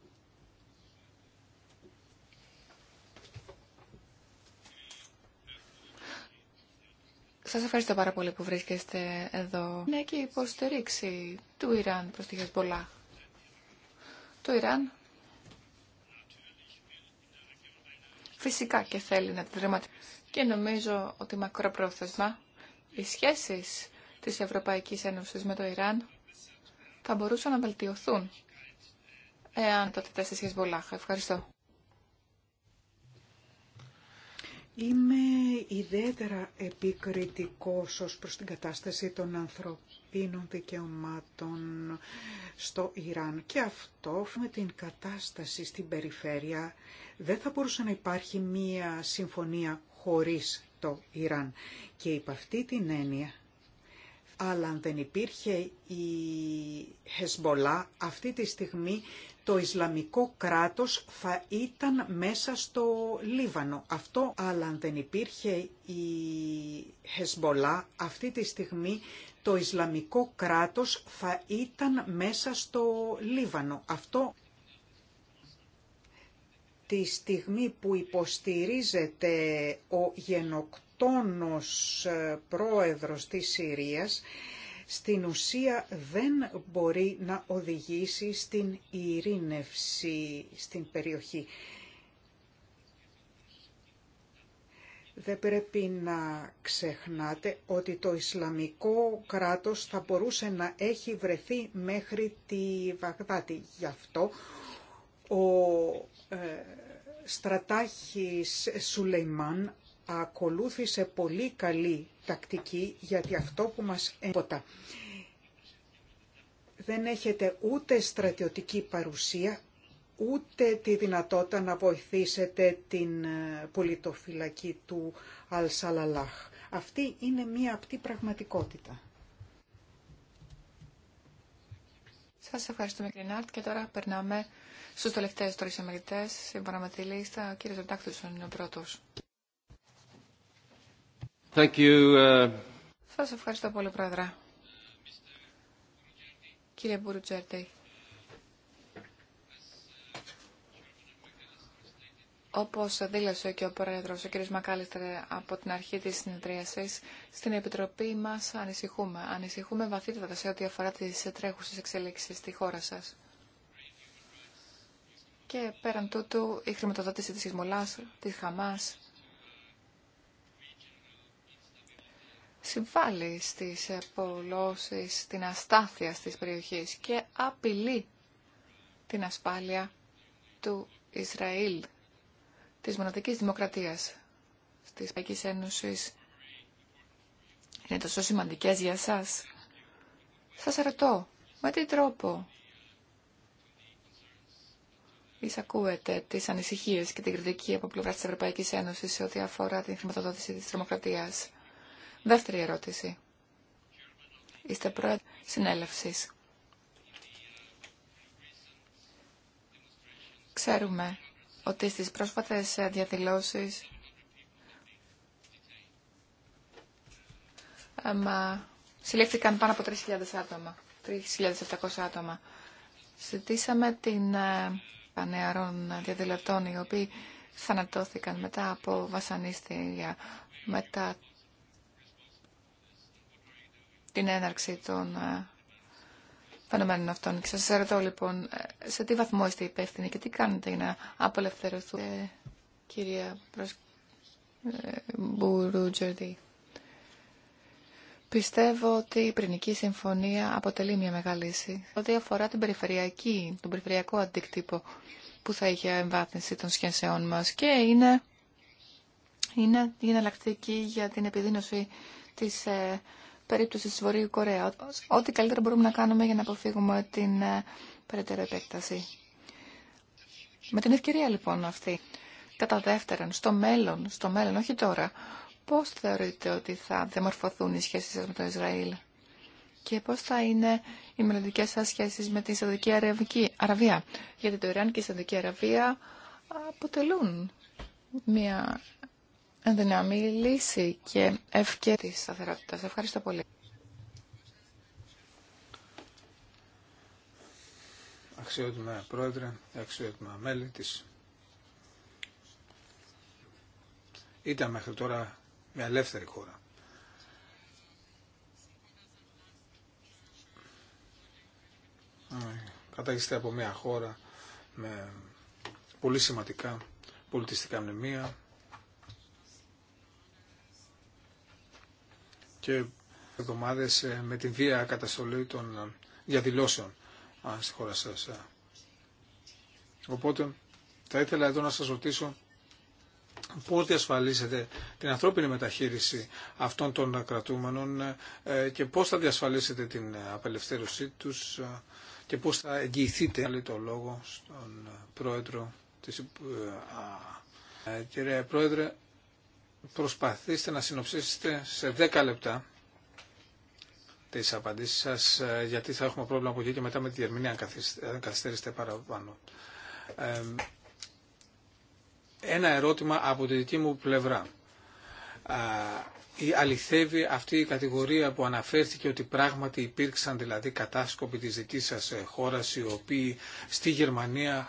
Σας ευχαριστώ πάρα πολύ που βρίσκεστε εδώ. Ναι και η υποστηρίξη του Ιράν προς τη Χεσμολά. Το Ιράν φυσικά και θέλει να τη και νομίζω ότι μακροπρόθεσμα οι σχέσεις της Ευρωπαϊκής Ένωσης με το Ιράν θα μπορούσαν να βελτιωθούν εάν το σχέσεις βολάχα. Ευχαριστώ. Είμαι ιδιαίτερα επικριτικός ως προς την κατάσταση των ανθρωπίνων δικαιωμάτων στο Ιράν και αυτό με την κατάσταση στην περιφέρεια δεν θα μπορούσε να υπάρχει μία συμφωνία χωρίς το Ιράν. Και υπ' αυτή την έννοια, αλλά αν δεν υπήρχε η Χεσμολά, αυτή τη στιγμή το Ισλαμικό κράτος θα ήταν μέσα στο Λίβανο. Αυτό, αλλά αν δεν υπήρχε η Χεσμολά, αυτή τη στιγμή το Ισλαμικό κράτος θα ήταν μέσα στο Λίβανο. Αυτό τη στιγμή που υποστηρίζεται ο γενοκτόνος ε, πρόεδρος της Συρίας, στην ουσία δεν μπορεί να οδηγήσει στην ειρήνευση στην περιοχή. Δεν πρέπει να ξεχνάτε ότι το Ισλαμικό κράτος θα μπορούσε να έχει βρεθεί μέχρι τη Βαγδάτη. Γι' αυτό ο ε, στρατάχης Σουλεϊμάν ακολούθησε πολύ καλή τακτική γιατί αυτό που μας έμποτα δεν έχετε ούτε στρατιωτική παρουσία ούτε τη δυνατότητα να βοηθήσετε την ε, πολιτοφυλακή του Αλσαλαλάχ. Αυτή είναι μία απτή πραγματικότητα. Σας ευχαριστούμε Κρινάρτ και τώρα περνάμε στους τελευταίους τρεις εμερητές, σύμφωνα με τη λίστα, ο κύριος Ρεντάκτουσον είναι ο πρώτος. Thank uh, Σας ευχαριστώ πολύ, Πρόεδρε. Κύριε Μπουρουτζέρτη. Όπως δήλωσε και ο Πρόεδρος, ο κ. Μακάλιστερ, από την αρχή της συνεδρίασης, στην Επιτροπή μας ανησυχούμε. Ανησυχούμε βαθύτατα σε ό,τι αφορά τις τρέχουσε εξελίξει στη χώρα σα. Και πέραν τούτου η χρηματοδότηση της Ισμολάς, της Χαμάς, συμβάλλει στις πολλώσεις, την αστάθεια στις περιοχές και απειλεί την ασφάλεια του Ισραήλ, της μοναδικής δημοκρατίας, της Παϊκής Ένωσης. Είναι τόσο σημαντικές για σας. Σας ρωτώ, με τι τρόπο εισακούεται τι ανησυχίε και την κριτική από πλευρά τη Ευρωπαϊκή Ένωση σε ό,τι αφορά την χρηματοδότηση τη τρομοκρατία. Δεύτερη ερώτηση. Είστε πρόεδρο συνέλευση. Ξέρουμε ότι στις πρόσφατες διαδηλώσει. μα, πάνω από 3.000 άτομα, 3.700 άτομα. Συζητήσαμε την ε, νεαρών διαδηλωτών οι οποίοι θανατώθηκαν μετά από βασανίστηρια, μετά την έναρξη των ε, φαινομένων αυτών. Και σας ρωτώ λοιπόν, ε, σε τι βαθμό είστε υπεύθυνοι και τι κάνετε για να απελευθερωθούν, ε, κυρία Μπουρούτζερδη. Πιστεύω ότι η Πρινική Συμφωνία αποτελεί μια μεγάλη λύση ό,τι αφορά την περιφερειακή, τον περιφερειακό αντίκτυπο που θα είχε εμβάθυνση των σχέσεών μας και είναι, είναι η εναλλακτική για την επιδείνωση της ε, περίπτωσης της Βορείου Κορέα. Ό,τι καλύτερα μπορούμε να κάνουμε για να αποφύγουμε την ε, περαιτέρω επέκταση. Με την ευκαιρία λοιπόν αυτή, κατά δεύτερον, στο μέλλον, στο μέλλον, όχι τώρα, πώς θεωρείτε ότι θα διαμορφωθούν οι σχέσεις σας με το Ισραήλ και πώς θα είναι οι μελλοντικέ σας σχέσεις με την Σαουδική Αραβία. Γιατί το Ιράν και η Σαουδική Αραβία αποτελούν μια ενδυναμή λύση και ευκαιρία της σταθερότητας. Ευχαριστώ πολύ. Αξιότιμα πρόεδρε, αξιότιμα μέλη της. Ήταν μέχρι τώρα μια ελεύθερη χώρα. Κατάγεστε από μια χώρα με πολύ σημαντικά πολιτιστικά μνημεία και εβδομάδες ε, με την βία καταστολή των ε, διαδηλώσεων στη χώρα σας. Ε. Οπότε θα ήθελα εδώ να σας ρωτήσω πώς διασφαλίσετε την ανθρώπινη μεταχείριση αυτών των κρατούμενων ε, και πώς θα διασφαλίσετε την απελευθέρωσή τους ε, και πώς θα εγγυηθείτε το λόγο στον πρόεδρο της... Ε, κύριε Πρόεδρε, προσπαθήστε να συνοψίσετε σε 10 λεπτά τις απαντήσεις σας, γιατί θα έχουμε πρόβλημα από εκεί και μετά με τη διερμηνία αν καθυστερήσετε παραπάνω ένα ερώτημα από τη δική μου πλευρά. Η αληθεύει αυτή η κατηγορία που αναφέρθηκε ότι πράγματι υπήρξαν δηλαδή κατάσκοποι της δικής σας ε, χώρας οι οποίοι στη Γερμανία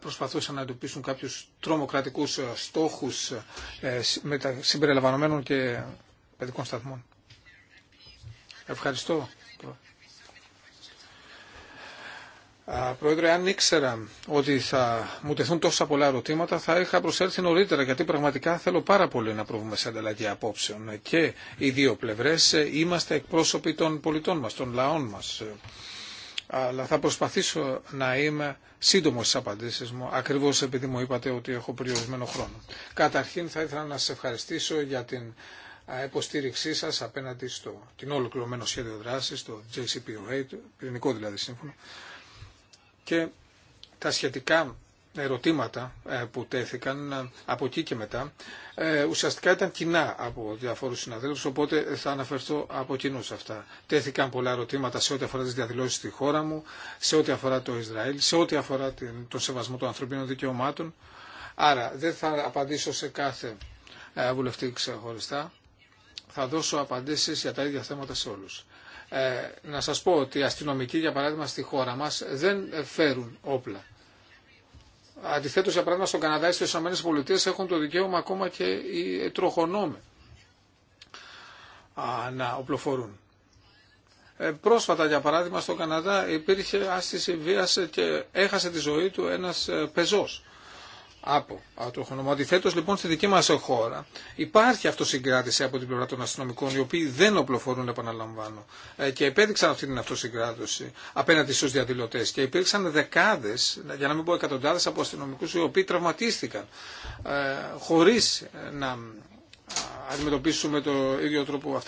προσπαθούσαν να εντοπίσουν κάποιους τρομοκρατικούς ε, στόχους ε, συμπεριλαμβανομένων και παιδικών σταθμών. Ευχαριστώ Πρόεδρε, αν ήξερα ότι θα μου τεθούν τόσα πολλά ερωτήματα, θα είχα προσέλθει νωρίτερα, γιατί πραγματικά θέλω πάρα πολύ να προβούμε σε ανταλλαγή απόψεων. Και οι δύο πλευρέ ε, είμαστε εκπρόσωποι των πολιτών μα, των λαών μα. Ε, αλλά θα προσπαθήσω να είμαι σύντομο στι απαντήσει μου, ακριβώ επειδή μου είπατε ότι έχω περιορισμένο χρόνο. Καταρχήν θα ήθελα να σα ευχαριστήσω για την υποστήριξή σας απέναντι στο την ολοκληρωμένο σχέδιο δράση το JCPOA, το πυρηνικό δηλαδή σύμφωνο, και τα σχετικά ερωτήματα ε, που τέθηκαν ε, από εκεί και μετά ε, ουσιαστικά ήταν κοινά από διαφόρους συναδέλφους οπότε θα αναφερθώ από κοινού σε αυτά. Τέθηκαν πολλά ερωτήματα σε ό,τι αφορά τις διαδηλώσεις στη χώρα μου, σε ό,τι αφορά το Ισραήλ, σε ό,τι αφορά τον σεβασμό των ανθρωπίνων δικαιωμάτων. Άρα δεν θα απαντήσω σε κάθε βουλευτή ξεχωριστά. Θα δώσω απαντήσεις για τα ίδια θέματα σε όλους. Ε, να σας πω ότι οι αστυνομικοί, για παράδειγμα, στη χώρα μας δεν φέρουν όπλα. Αντιθέτως, για παράδειγμα, στον Καναδά ή στις ΗΠΑ έχουν το δικαίωμα ακόμα και οι τροχονόμοι να οπλοφορούν. Ε, πρόσφατα, για παράδειγμα, στον Καναδά υπήρχε άσκηση βίας και έχασε τη ζωή του ένας ε, πεζός από το Αντιθέτω, λοιπόν, στη δική μα χώρα υπάρχει αυτοσυγκράτηση από την πλευρά των αστυνομικών, οι οποίοι δεν οπλοφορούν, επαναλαμβάνω, ε, και επέδειξαν αυτή την αυτοσυγκράτηση απέναντι στου διαδηλωτέ. Και υπήρξαν δεκάδε, για να μην πω εκατοντάδε, από αστυνομικού οι οποίοι τραυματίστηκαν, ε, χωρί ε, να αντιμετωπίσουμε το ίδιο τρόπο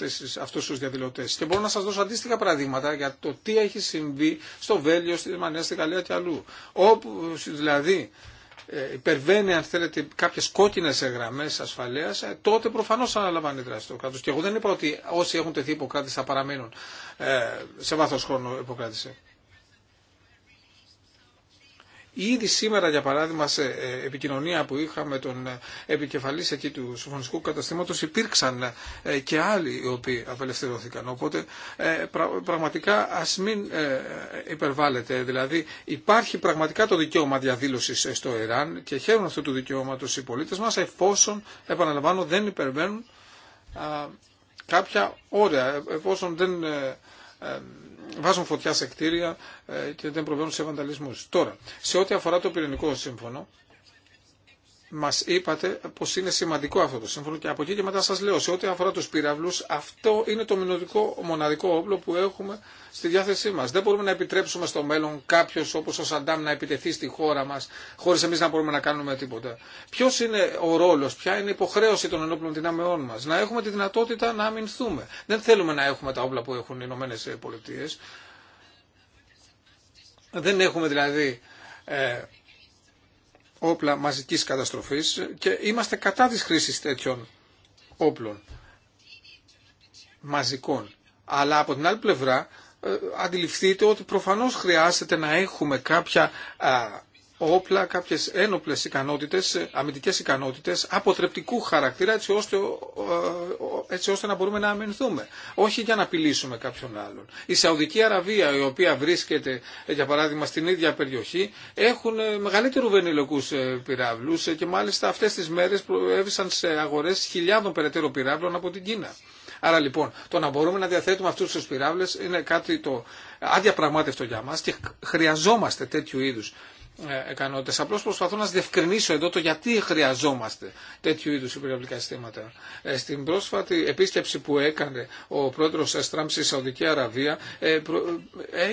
αυτού του διαδηλωτέ. Και μπορώ να σα δώσω αντίστοιχα παραδείγματα για το τι έχει συμβεί στο Βέλγιο, στη Γερμανία, στη Γαλλία και αλλού. Όπου δηλαδή ε, υπερβαίνει αν θέλετε κάποιες κόκκινες γραμμές ασφαλείας, ε, τότε προφανώς αναλαμβάνει δράση το κράτος. Και εγώ δεν είπα ότι όσοι έχουν τεθεί υποκράτηση θα παραμείνουν ε, σε βάθος χρόνου υποκράτηση. Ήδη σήμερα, για παράδειγμα, σε ε, επικοινωνία που είχαμε τον ε, επικεφαλής εκεί του συμφωνιστικού καταστήματος υπήρξαν ε, και άλλοι οι οποίοι απελευθερώθηκαν. Οπότε πραγματικά ας μην υπερβάλλεται. Δηλαδή υπάρχει πραγματικά το δικαίωμα διαδήλωσης στο Ιράν και χαίρουν αυτού του δικαιώματος οι πολίτες μας εφόσον, επαναλαμβάνω, δεν υπερβαίνουν κάποια όρια, εφόσον δεν βάζουν φωτιά σε κτίρια ε, και δεν προβαίνουν σε βανταλισμούς. Τώρα, σε ό,τι αφορά το πυρηνικό σύμφωνο, Μα είπατε πω είναι σημαντικό αυτό το σύμφωνο και από εκεί και μετά σα λέω σε ό,τι αφορά του πυραυλού, αυτό είναι το μηνωτικό μοναδικό όπλο που έχουμε στη διάθεσή μα. Δεν μπορούμε να επιτρέψουμε στο μέλλον κάποιο όπω ο Σαντάμ να επιτεθεί στη χώρα μα, χωρί εμεί να μπορούμε να κάνουμε τίποτα. Ποιο είναι ο ρόλο, ποια είναι η υποχρέωση των ενόπλων δυνάμεών μα. Να έχουμε τη δυνατότητα να αμυνθούμε. Δεν θέλουμε να έχουμε τα όπλα που έχουν οι Ηνωμένε Πολιτείε. Δεν έχουμε δηλαδή ε, όπλα μαζικής καταστροφής και είμαστε κατά της χρήσης τέτοιων όπλων μαζικών. Αλλά από την άλλη πλευρά ε, αντιληφθείτε ότι προφανώς χρειάζεται να έχουμε κάποια όπλα, κάποιε ένοπλε ικανότητε, αμυντικές ικανότητε, αποτρεπτικού χαρακτήρα έτσι ώστε, έτσι ώστε να μπορούμε να αμυνθούμε. Όχι για να απειλήσουμε κάποιον άλλον. Η Σαουδική Αραβία η οποία βρίσκεται ε, για παράδειγμα στην ίδια περιοχή έχουν ε, μεγαλύτερου βενιλοκού ε, πυράβλου και μάλιστα αυτέ τι μέρε προέβησαν σε αγορέ χιλιάδων περαιτέρω πυράβλων από την Κίνα. Άρα λοιπόν, το να μπορούμε να διαθέτουμε αυτού του πυράβλε είναι κάτι το αδιαπραγμάτευτο για μα και χρειαζόμαστε τέτοιου είδου ε, Απλώ Απλώς προσπαθώ να διευκρινίσω εδώ το γιατί χρειαζόμαστε τέτοιου είδου υπηρευλικά συστήματα. Ε, στην πρόσφατη επίσκεψη που έκανε ο πρόεδρο στράμψη στη Σαουδική Αραβία ε,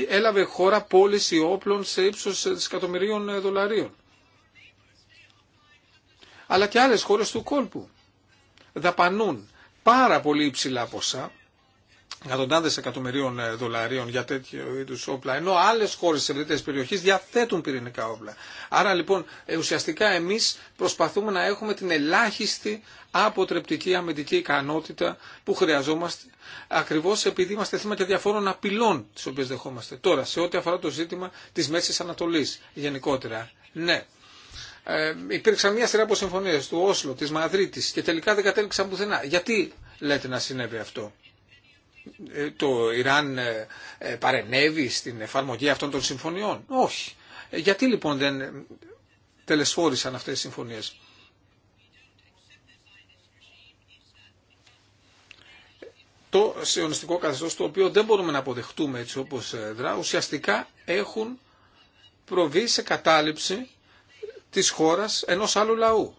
έλαβε χώρα πώληση όπλων σε ύψο δισεκατομμυρίων δολαρίων. Αλλά και άλλε χώρε του κόλπου δαπανούν πάρα πολύ υψηλά ποσά εκατοντάδε εκατομμυρίων ε, δολαρίων για τέτοιο είδου όπλα, ενώ άλλε χώρε τη ευρύτερη περιοχή διαθέτουν πυρηνικά όπλα. Άρα λοιπόν ε, ουσιαστικά εμεί προσπαθούμε να έχουμε την ελάχιστη αποτρεπτική αμυντική ικανότητα που χρειαζόμαστε, ακριβώ επειδή είμαστε θύμα και διαφόρων απειλών τι οποίε δεχόμαστε. Τώρα, σε ό,τι αφορά το ζήτημα τη Μέση Ανατολή γενικότερα. Ναι, ε, υπήρξαν μια σειρά από συμφωνίε του Όσλο, τη Μαδρίτη και τελικά δεν κατέληξαν πουθενά. Γιατί λέτε να συνέβη αυτό. Ε, το Ιράν ε, ε, παρενέβη στην εφαρμογή αυτών των συμφωνιών. Όχι. Γιατί λοιπόν δεν τελεσφόρησαν αυτές οι συμφωνίες. Το σιωνιστικό καθεστώς το οποίο δεν μπορούμε να αποδεχτούμε έτσι όπως δρά, ουσιαστικά έχουν προβεί σε κατάληψη της χώρας ενός άλλου λαού.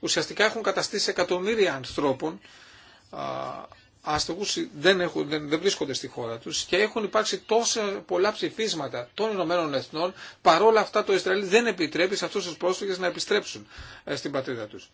Ουσιαστικά έχουν καταστήσει εκατομμύρια ανθρώπων άστεγου δεν, δεν, βρίσκονται στη χώρα τους και έχουν υπάρξει τόσα πολλά ψηφίσματα των Ηνωμένων Εθνών παρόλα αυτά το Ισραήλ δεν επιτρέπει σε αυτούς τους πρόσφυγες να επιστρέψουν ε, στην πατρίδα τους.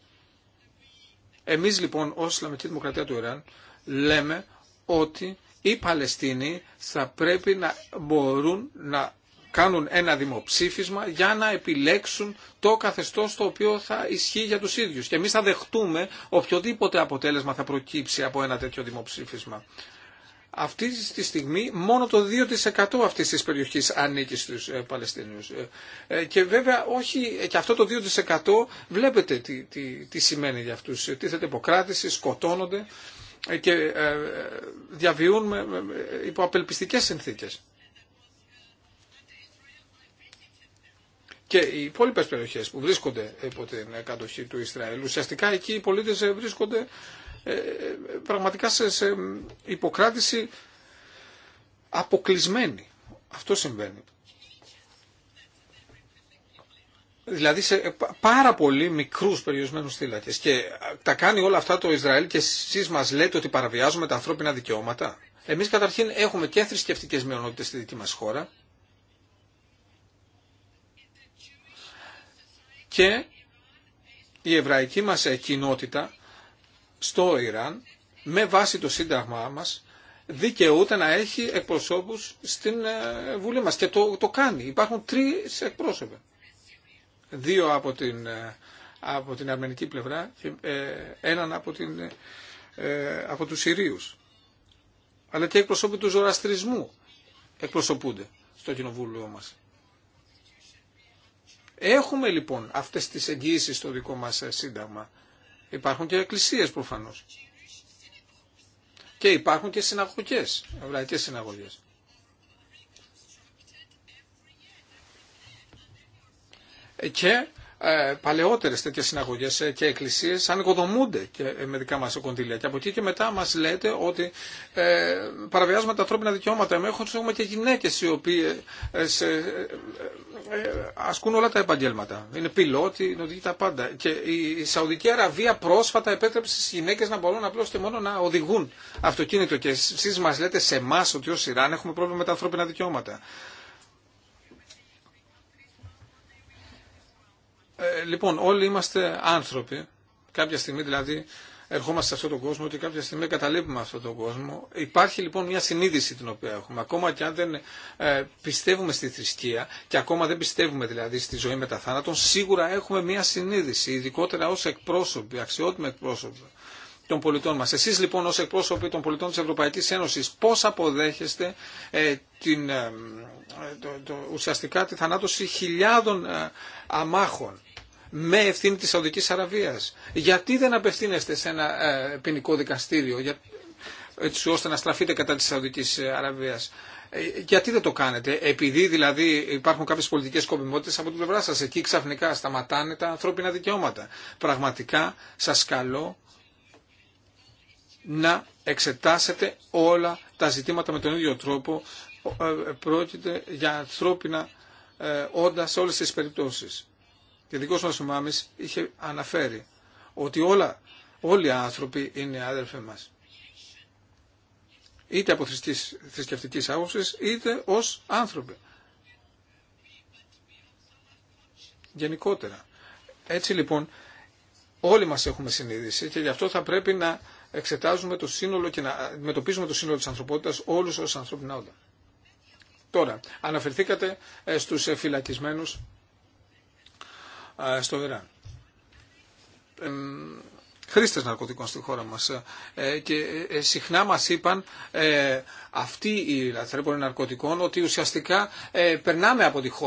Εμείς λοιπόν ως Ισλαμική Δημοκρατία του Ιράν λέμε ότι οι Παλαιστίνοι θα πρέπει να μπορούν να κάνουν ένα δημοψήφισμα για να επιλέξουν το καθεστώς το οποίο θα ισχύει για τους ίδιους. Και εμείς θα δεχτούμε οποιοδήποτε αποτέλεσμα θα προκύψει από ένα τέτοιο δημοψήφισμα. Αυτή τη στιγμή μόνο το 2% αυτής της περιοχής ανήκει στους ε, Παλαιστινίους. Ε, ε, και βέβαια όχι, και αυτό το 2% βλέπετε τι, τι σημαίνει για αυτούς. Τίθεται υποκράτηση, σκοτώνονται και διαβιούν υπό απελπιστικές συνθήκες. Και οι υπόλοιπε περιοχέ που βρίσκονται υπό την κατοχή του Ισραήλ, ουσιαστικά εκεί οι πολίτε ε, βρίσκονται ε, πραγματικά σε υποκράτηση αποκλεισμένη. Αυτό συμβαίνει. Δηλαδή σε πάρα πολύ μικρούς περιορισμένους θύλακες. Και ε, τα κάνει όλα αυτά το Ισραήλ και εσείς μας λέτε ότι παραβιάζουμε τα ανθρώπινα δικαιώματα. Εμείς καταρχήν έχουμε και θρησκευτικέ μειονότητες στη δική μας χώρα και η εβραϊκή μας κοινότητα στο Ιράν με βάση το σύνταγμά μας δικαιούται να έχει εκπροσώπους στην ε, Βουλή μας και το, το κάνει. Υπάρχουν τρεις εκπρόσωποι. Δύο από την, ε, από την αρμενική πλευρά και ε, έναν από, την, από τους Συρίους. Αλλά και εκπροσώποι του ζωραστρισμού εκπροσωπούνται στο κοινοβούλιο μας. Έχουμε λοιπόν αυτές τις εγγύσεις στο δικό μα ε, σύνταγμα. Υπάρχουν και εκκλησίε προφανώς. Και υπάρχουν και συναγωγές, εβραϊκέ συναγωγές. Ε, και ε, παλαιότερες τέτοιες συναγωγές ε, και εκκλησίες ανοικοδομούνται και ε, με δικά μας κονδύλια. Και από εκεί και μετά μας λέτε ότι παραβιάζουμε τα ανθρώπινα δικαιώματα. Εμείς έχουμε και γυναίκες οι οποίες ασκούν όλα τα επαγγέλματα. Είναι πιλότοι, οδηγεί τα πάντα. Και η Σαουδική Αραβία πρόσφατα επέτρεψε στις γυναίκες να μπορούν απλώς και μόνο να οδηγούν αυτοκίνητο. Και εσείς μας λέτε σε εμά ότι ως Ιράν έχουμε πρόβλημα με τα ανθρώπινα δικαιώματα. Ε, λοιπόν, όλοι είμαστε άνθρωποι. Κάποια στιγμή δηλαδή ερχόμαστε σε αυτόν τον κόσμο και κάποια στιγμή καταλείπουμε αυτόν τον κόσμο. Υπάρχει λοιπόν μια συνείδηση την οποία έχουμε. Ακόμα και αν δεν ε, πιστεύουμε στη θρησκεία και ακόμα δεν πιστεύουμε δηλαδή στη ζωή μετά θάνατον, σίγουρα έχουμε μια συνείδηση, ειδικότερα ως εκπρόσωποι, αξιότιμοι εκπρόσωποι των πολιτών μας. Εσείς λοιπόν ως εκπρόσωποι των πολιτών της Ευρωπαϊκής Ένωσης πώς αποδέχεστε ε, την, ε, το, το, ουσιαστικά τη θανάτωση χιλιάδων ε, αμάχων με ευθύνη της Σαουδικής Αραβίας. Γιατί δεν απευθύνεστε σε ένα ε, ποινικό δικαστήριο για, έτσι ώστε να στραφείτε κατά της Σαουδικής Αραβίας. Γιατί δεν το κάνετε, επειδή δηλαδή υπάρχουν κάποιε πολιτικές σκοπιμότητες από την πλευρά σας. Εκεί ξαφνικά σταματάνε τα ανθρώπινα δικαιώματα. Πραγματικά σα καλώ να εξετάσετε όλα τα ζητήματα με τον ίδιο τρόπο. Πρόκειται για ανθρώπινα ε, όντα σε όλες τις περιπτώσεις. Και δικός μας ο Μάμης είχε αναφέρει ότι όλα, όλοι οι άνθρωποι είναι άδελφοι μας. Είτε από θρησκευτική άποψη, είτε ως άνθρωποι. Γενικότερα. Έτσι λοιπόν όλοι μας έχουμε συνείδηση και γι' αυτό θα πρέπει να εξετάζουμε το σύνολο και να αντιμετωπίζουμε το σύνολο της ανθρωπότητας όλους ως ανθρώπινα όντα. Τώρα, αναφερθήκατε ε, στους φυλακισμένους ε, στο Ιράν. Χρήστες ναρκωτικών στη χώρα μας ε, και συχνά μας είπαν αυτοί οι λαθρέποροι ναρκωτικών ότι ουσιαστικά περνάμε από τη χώρα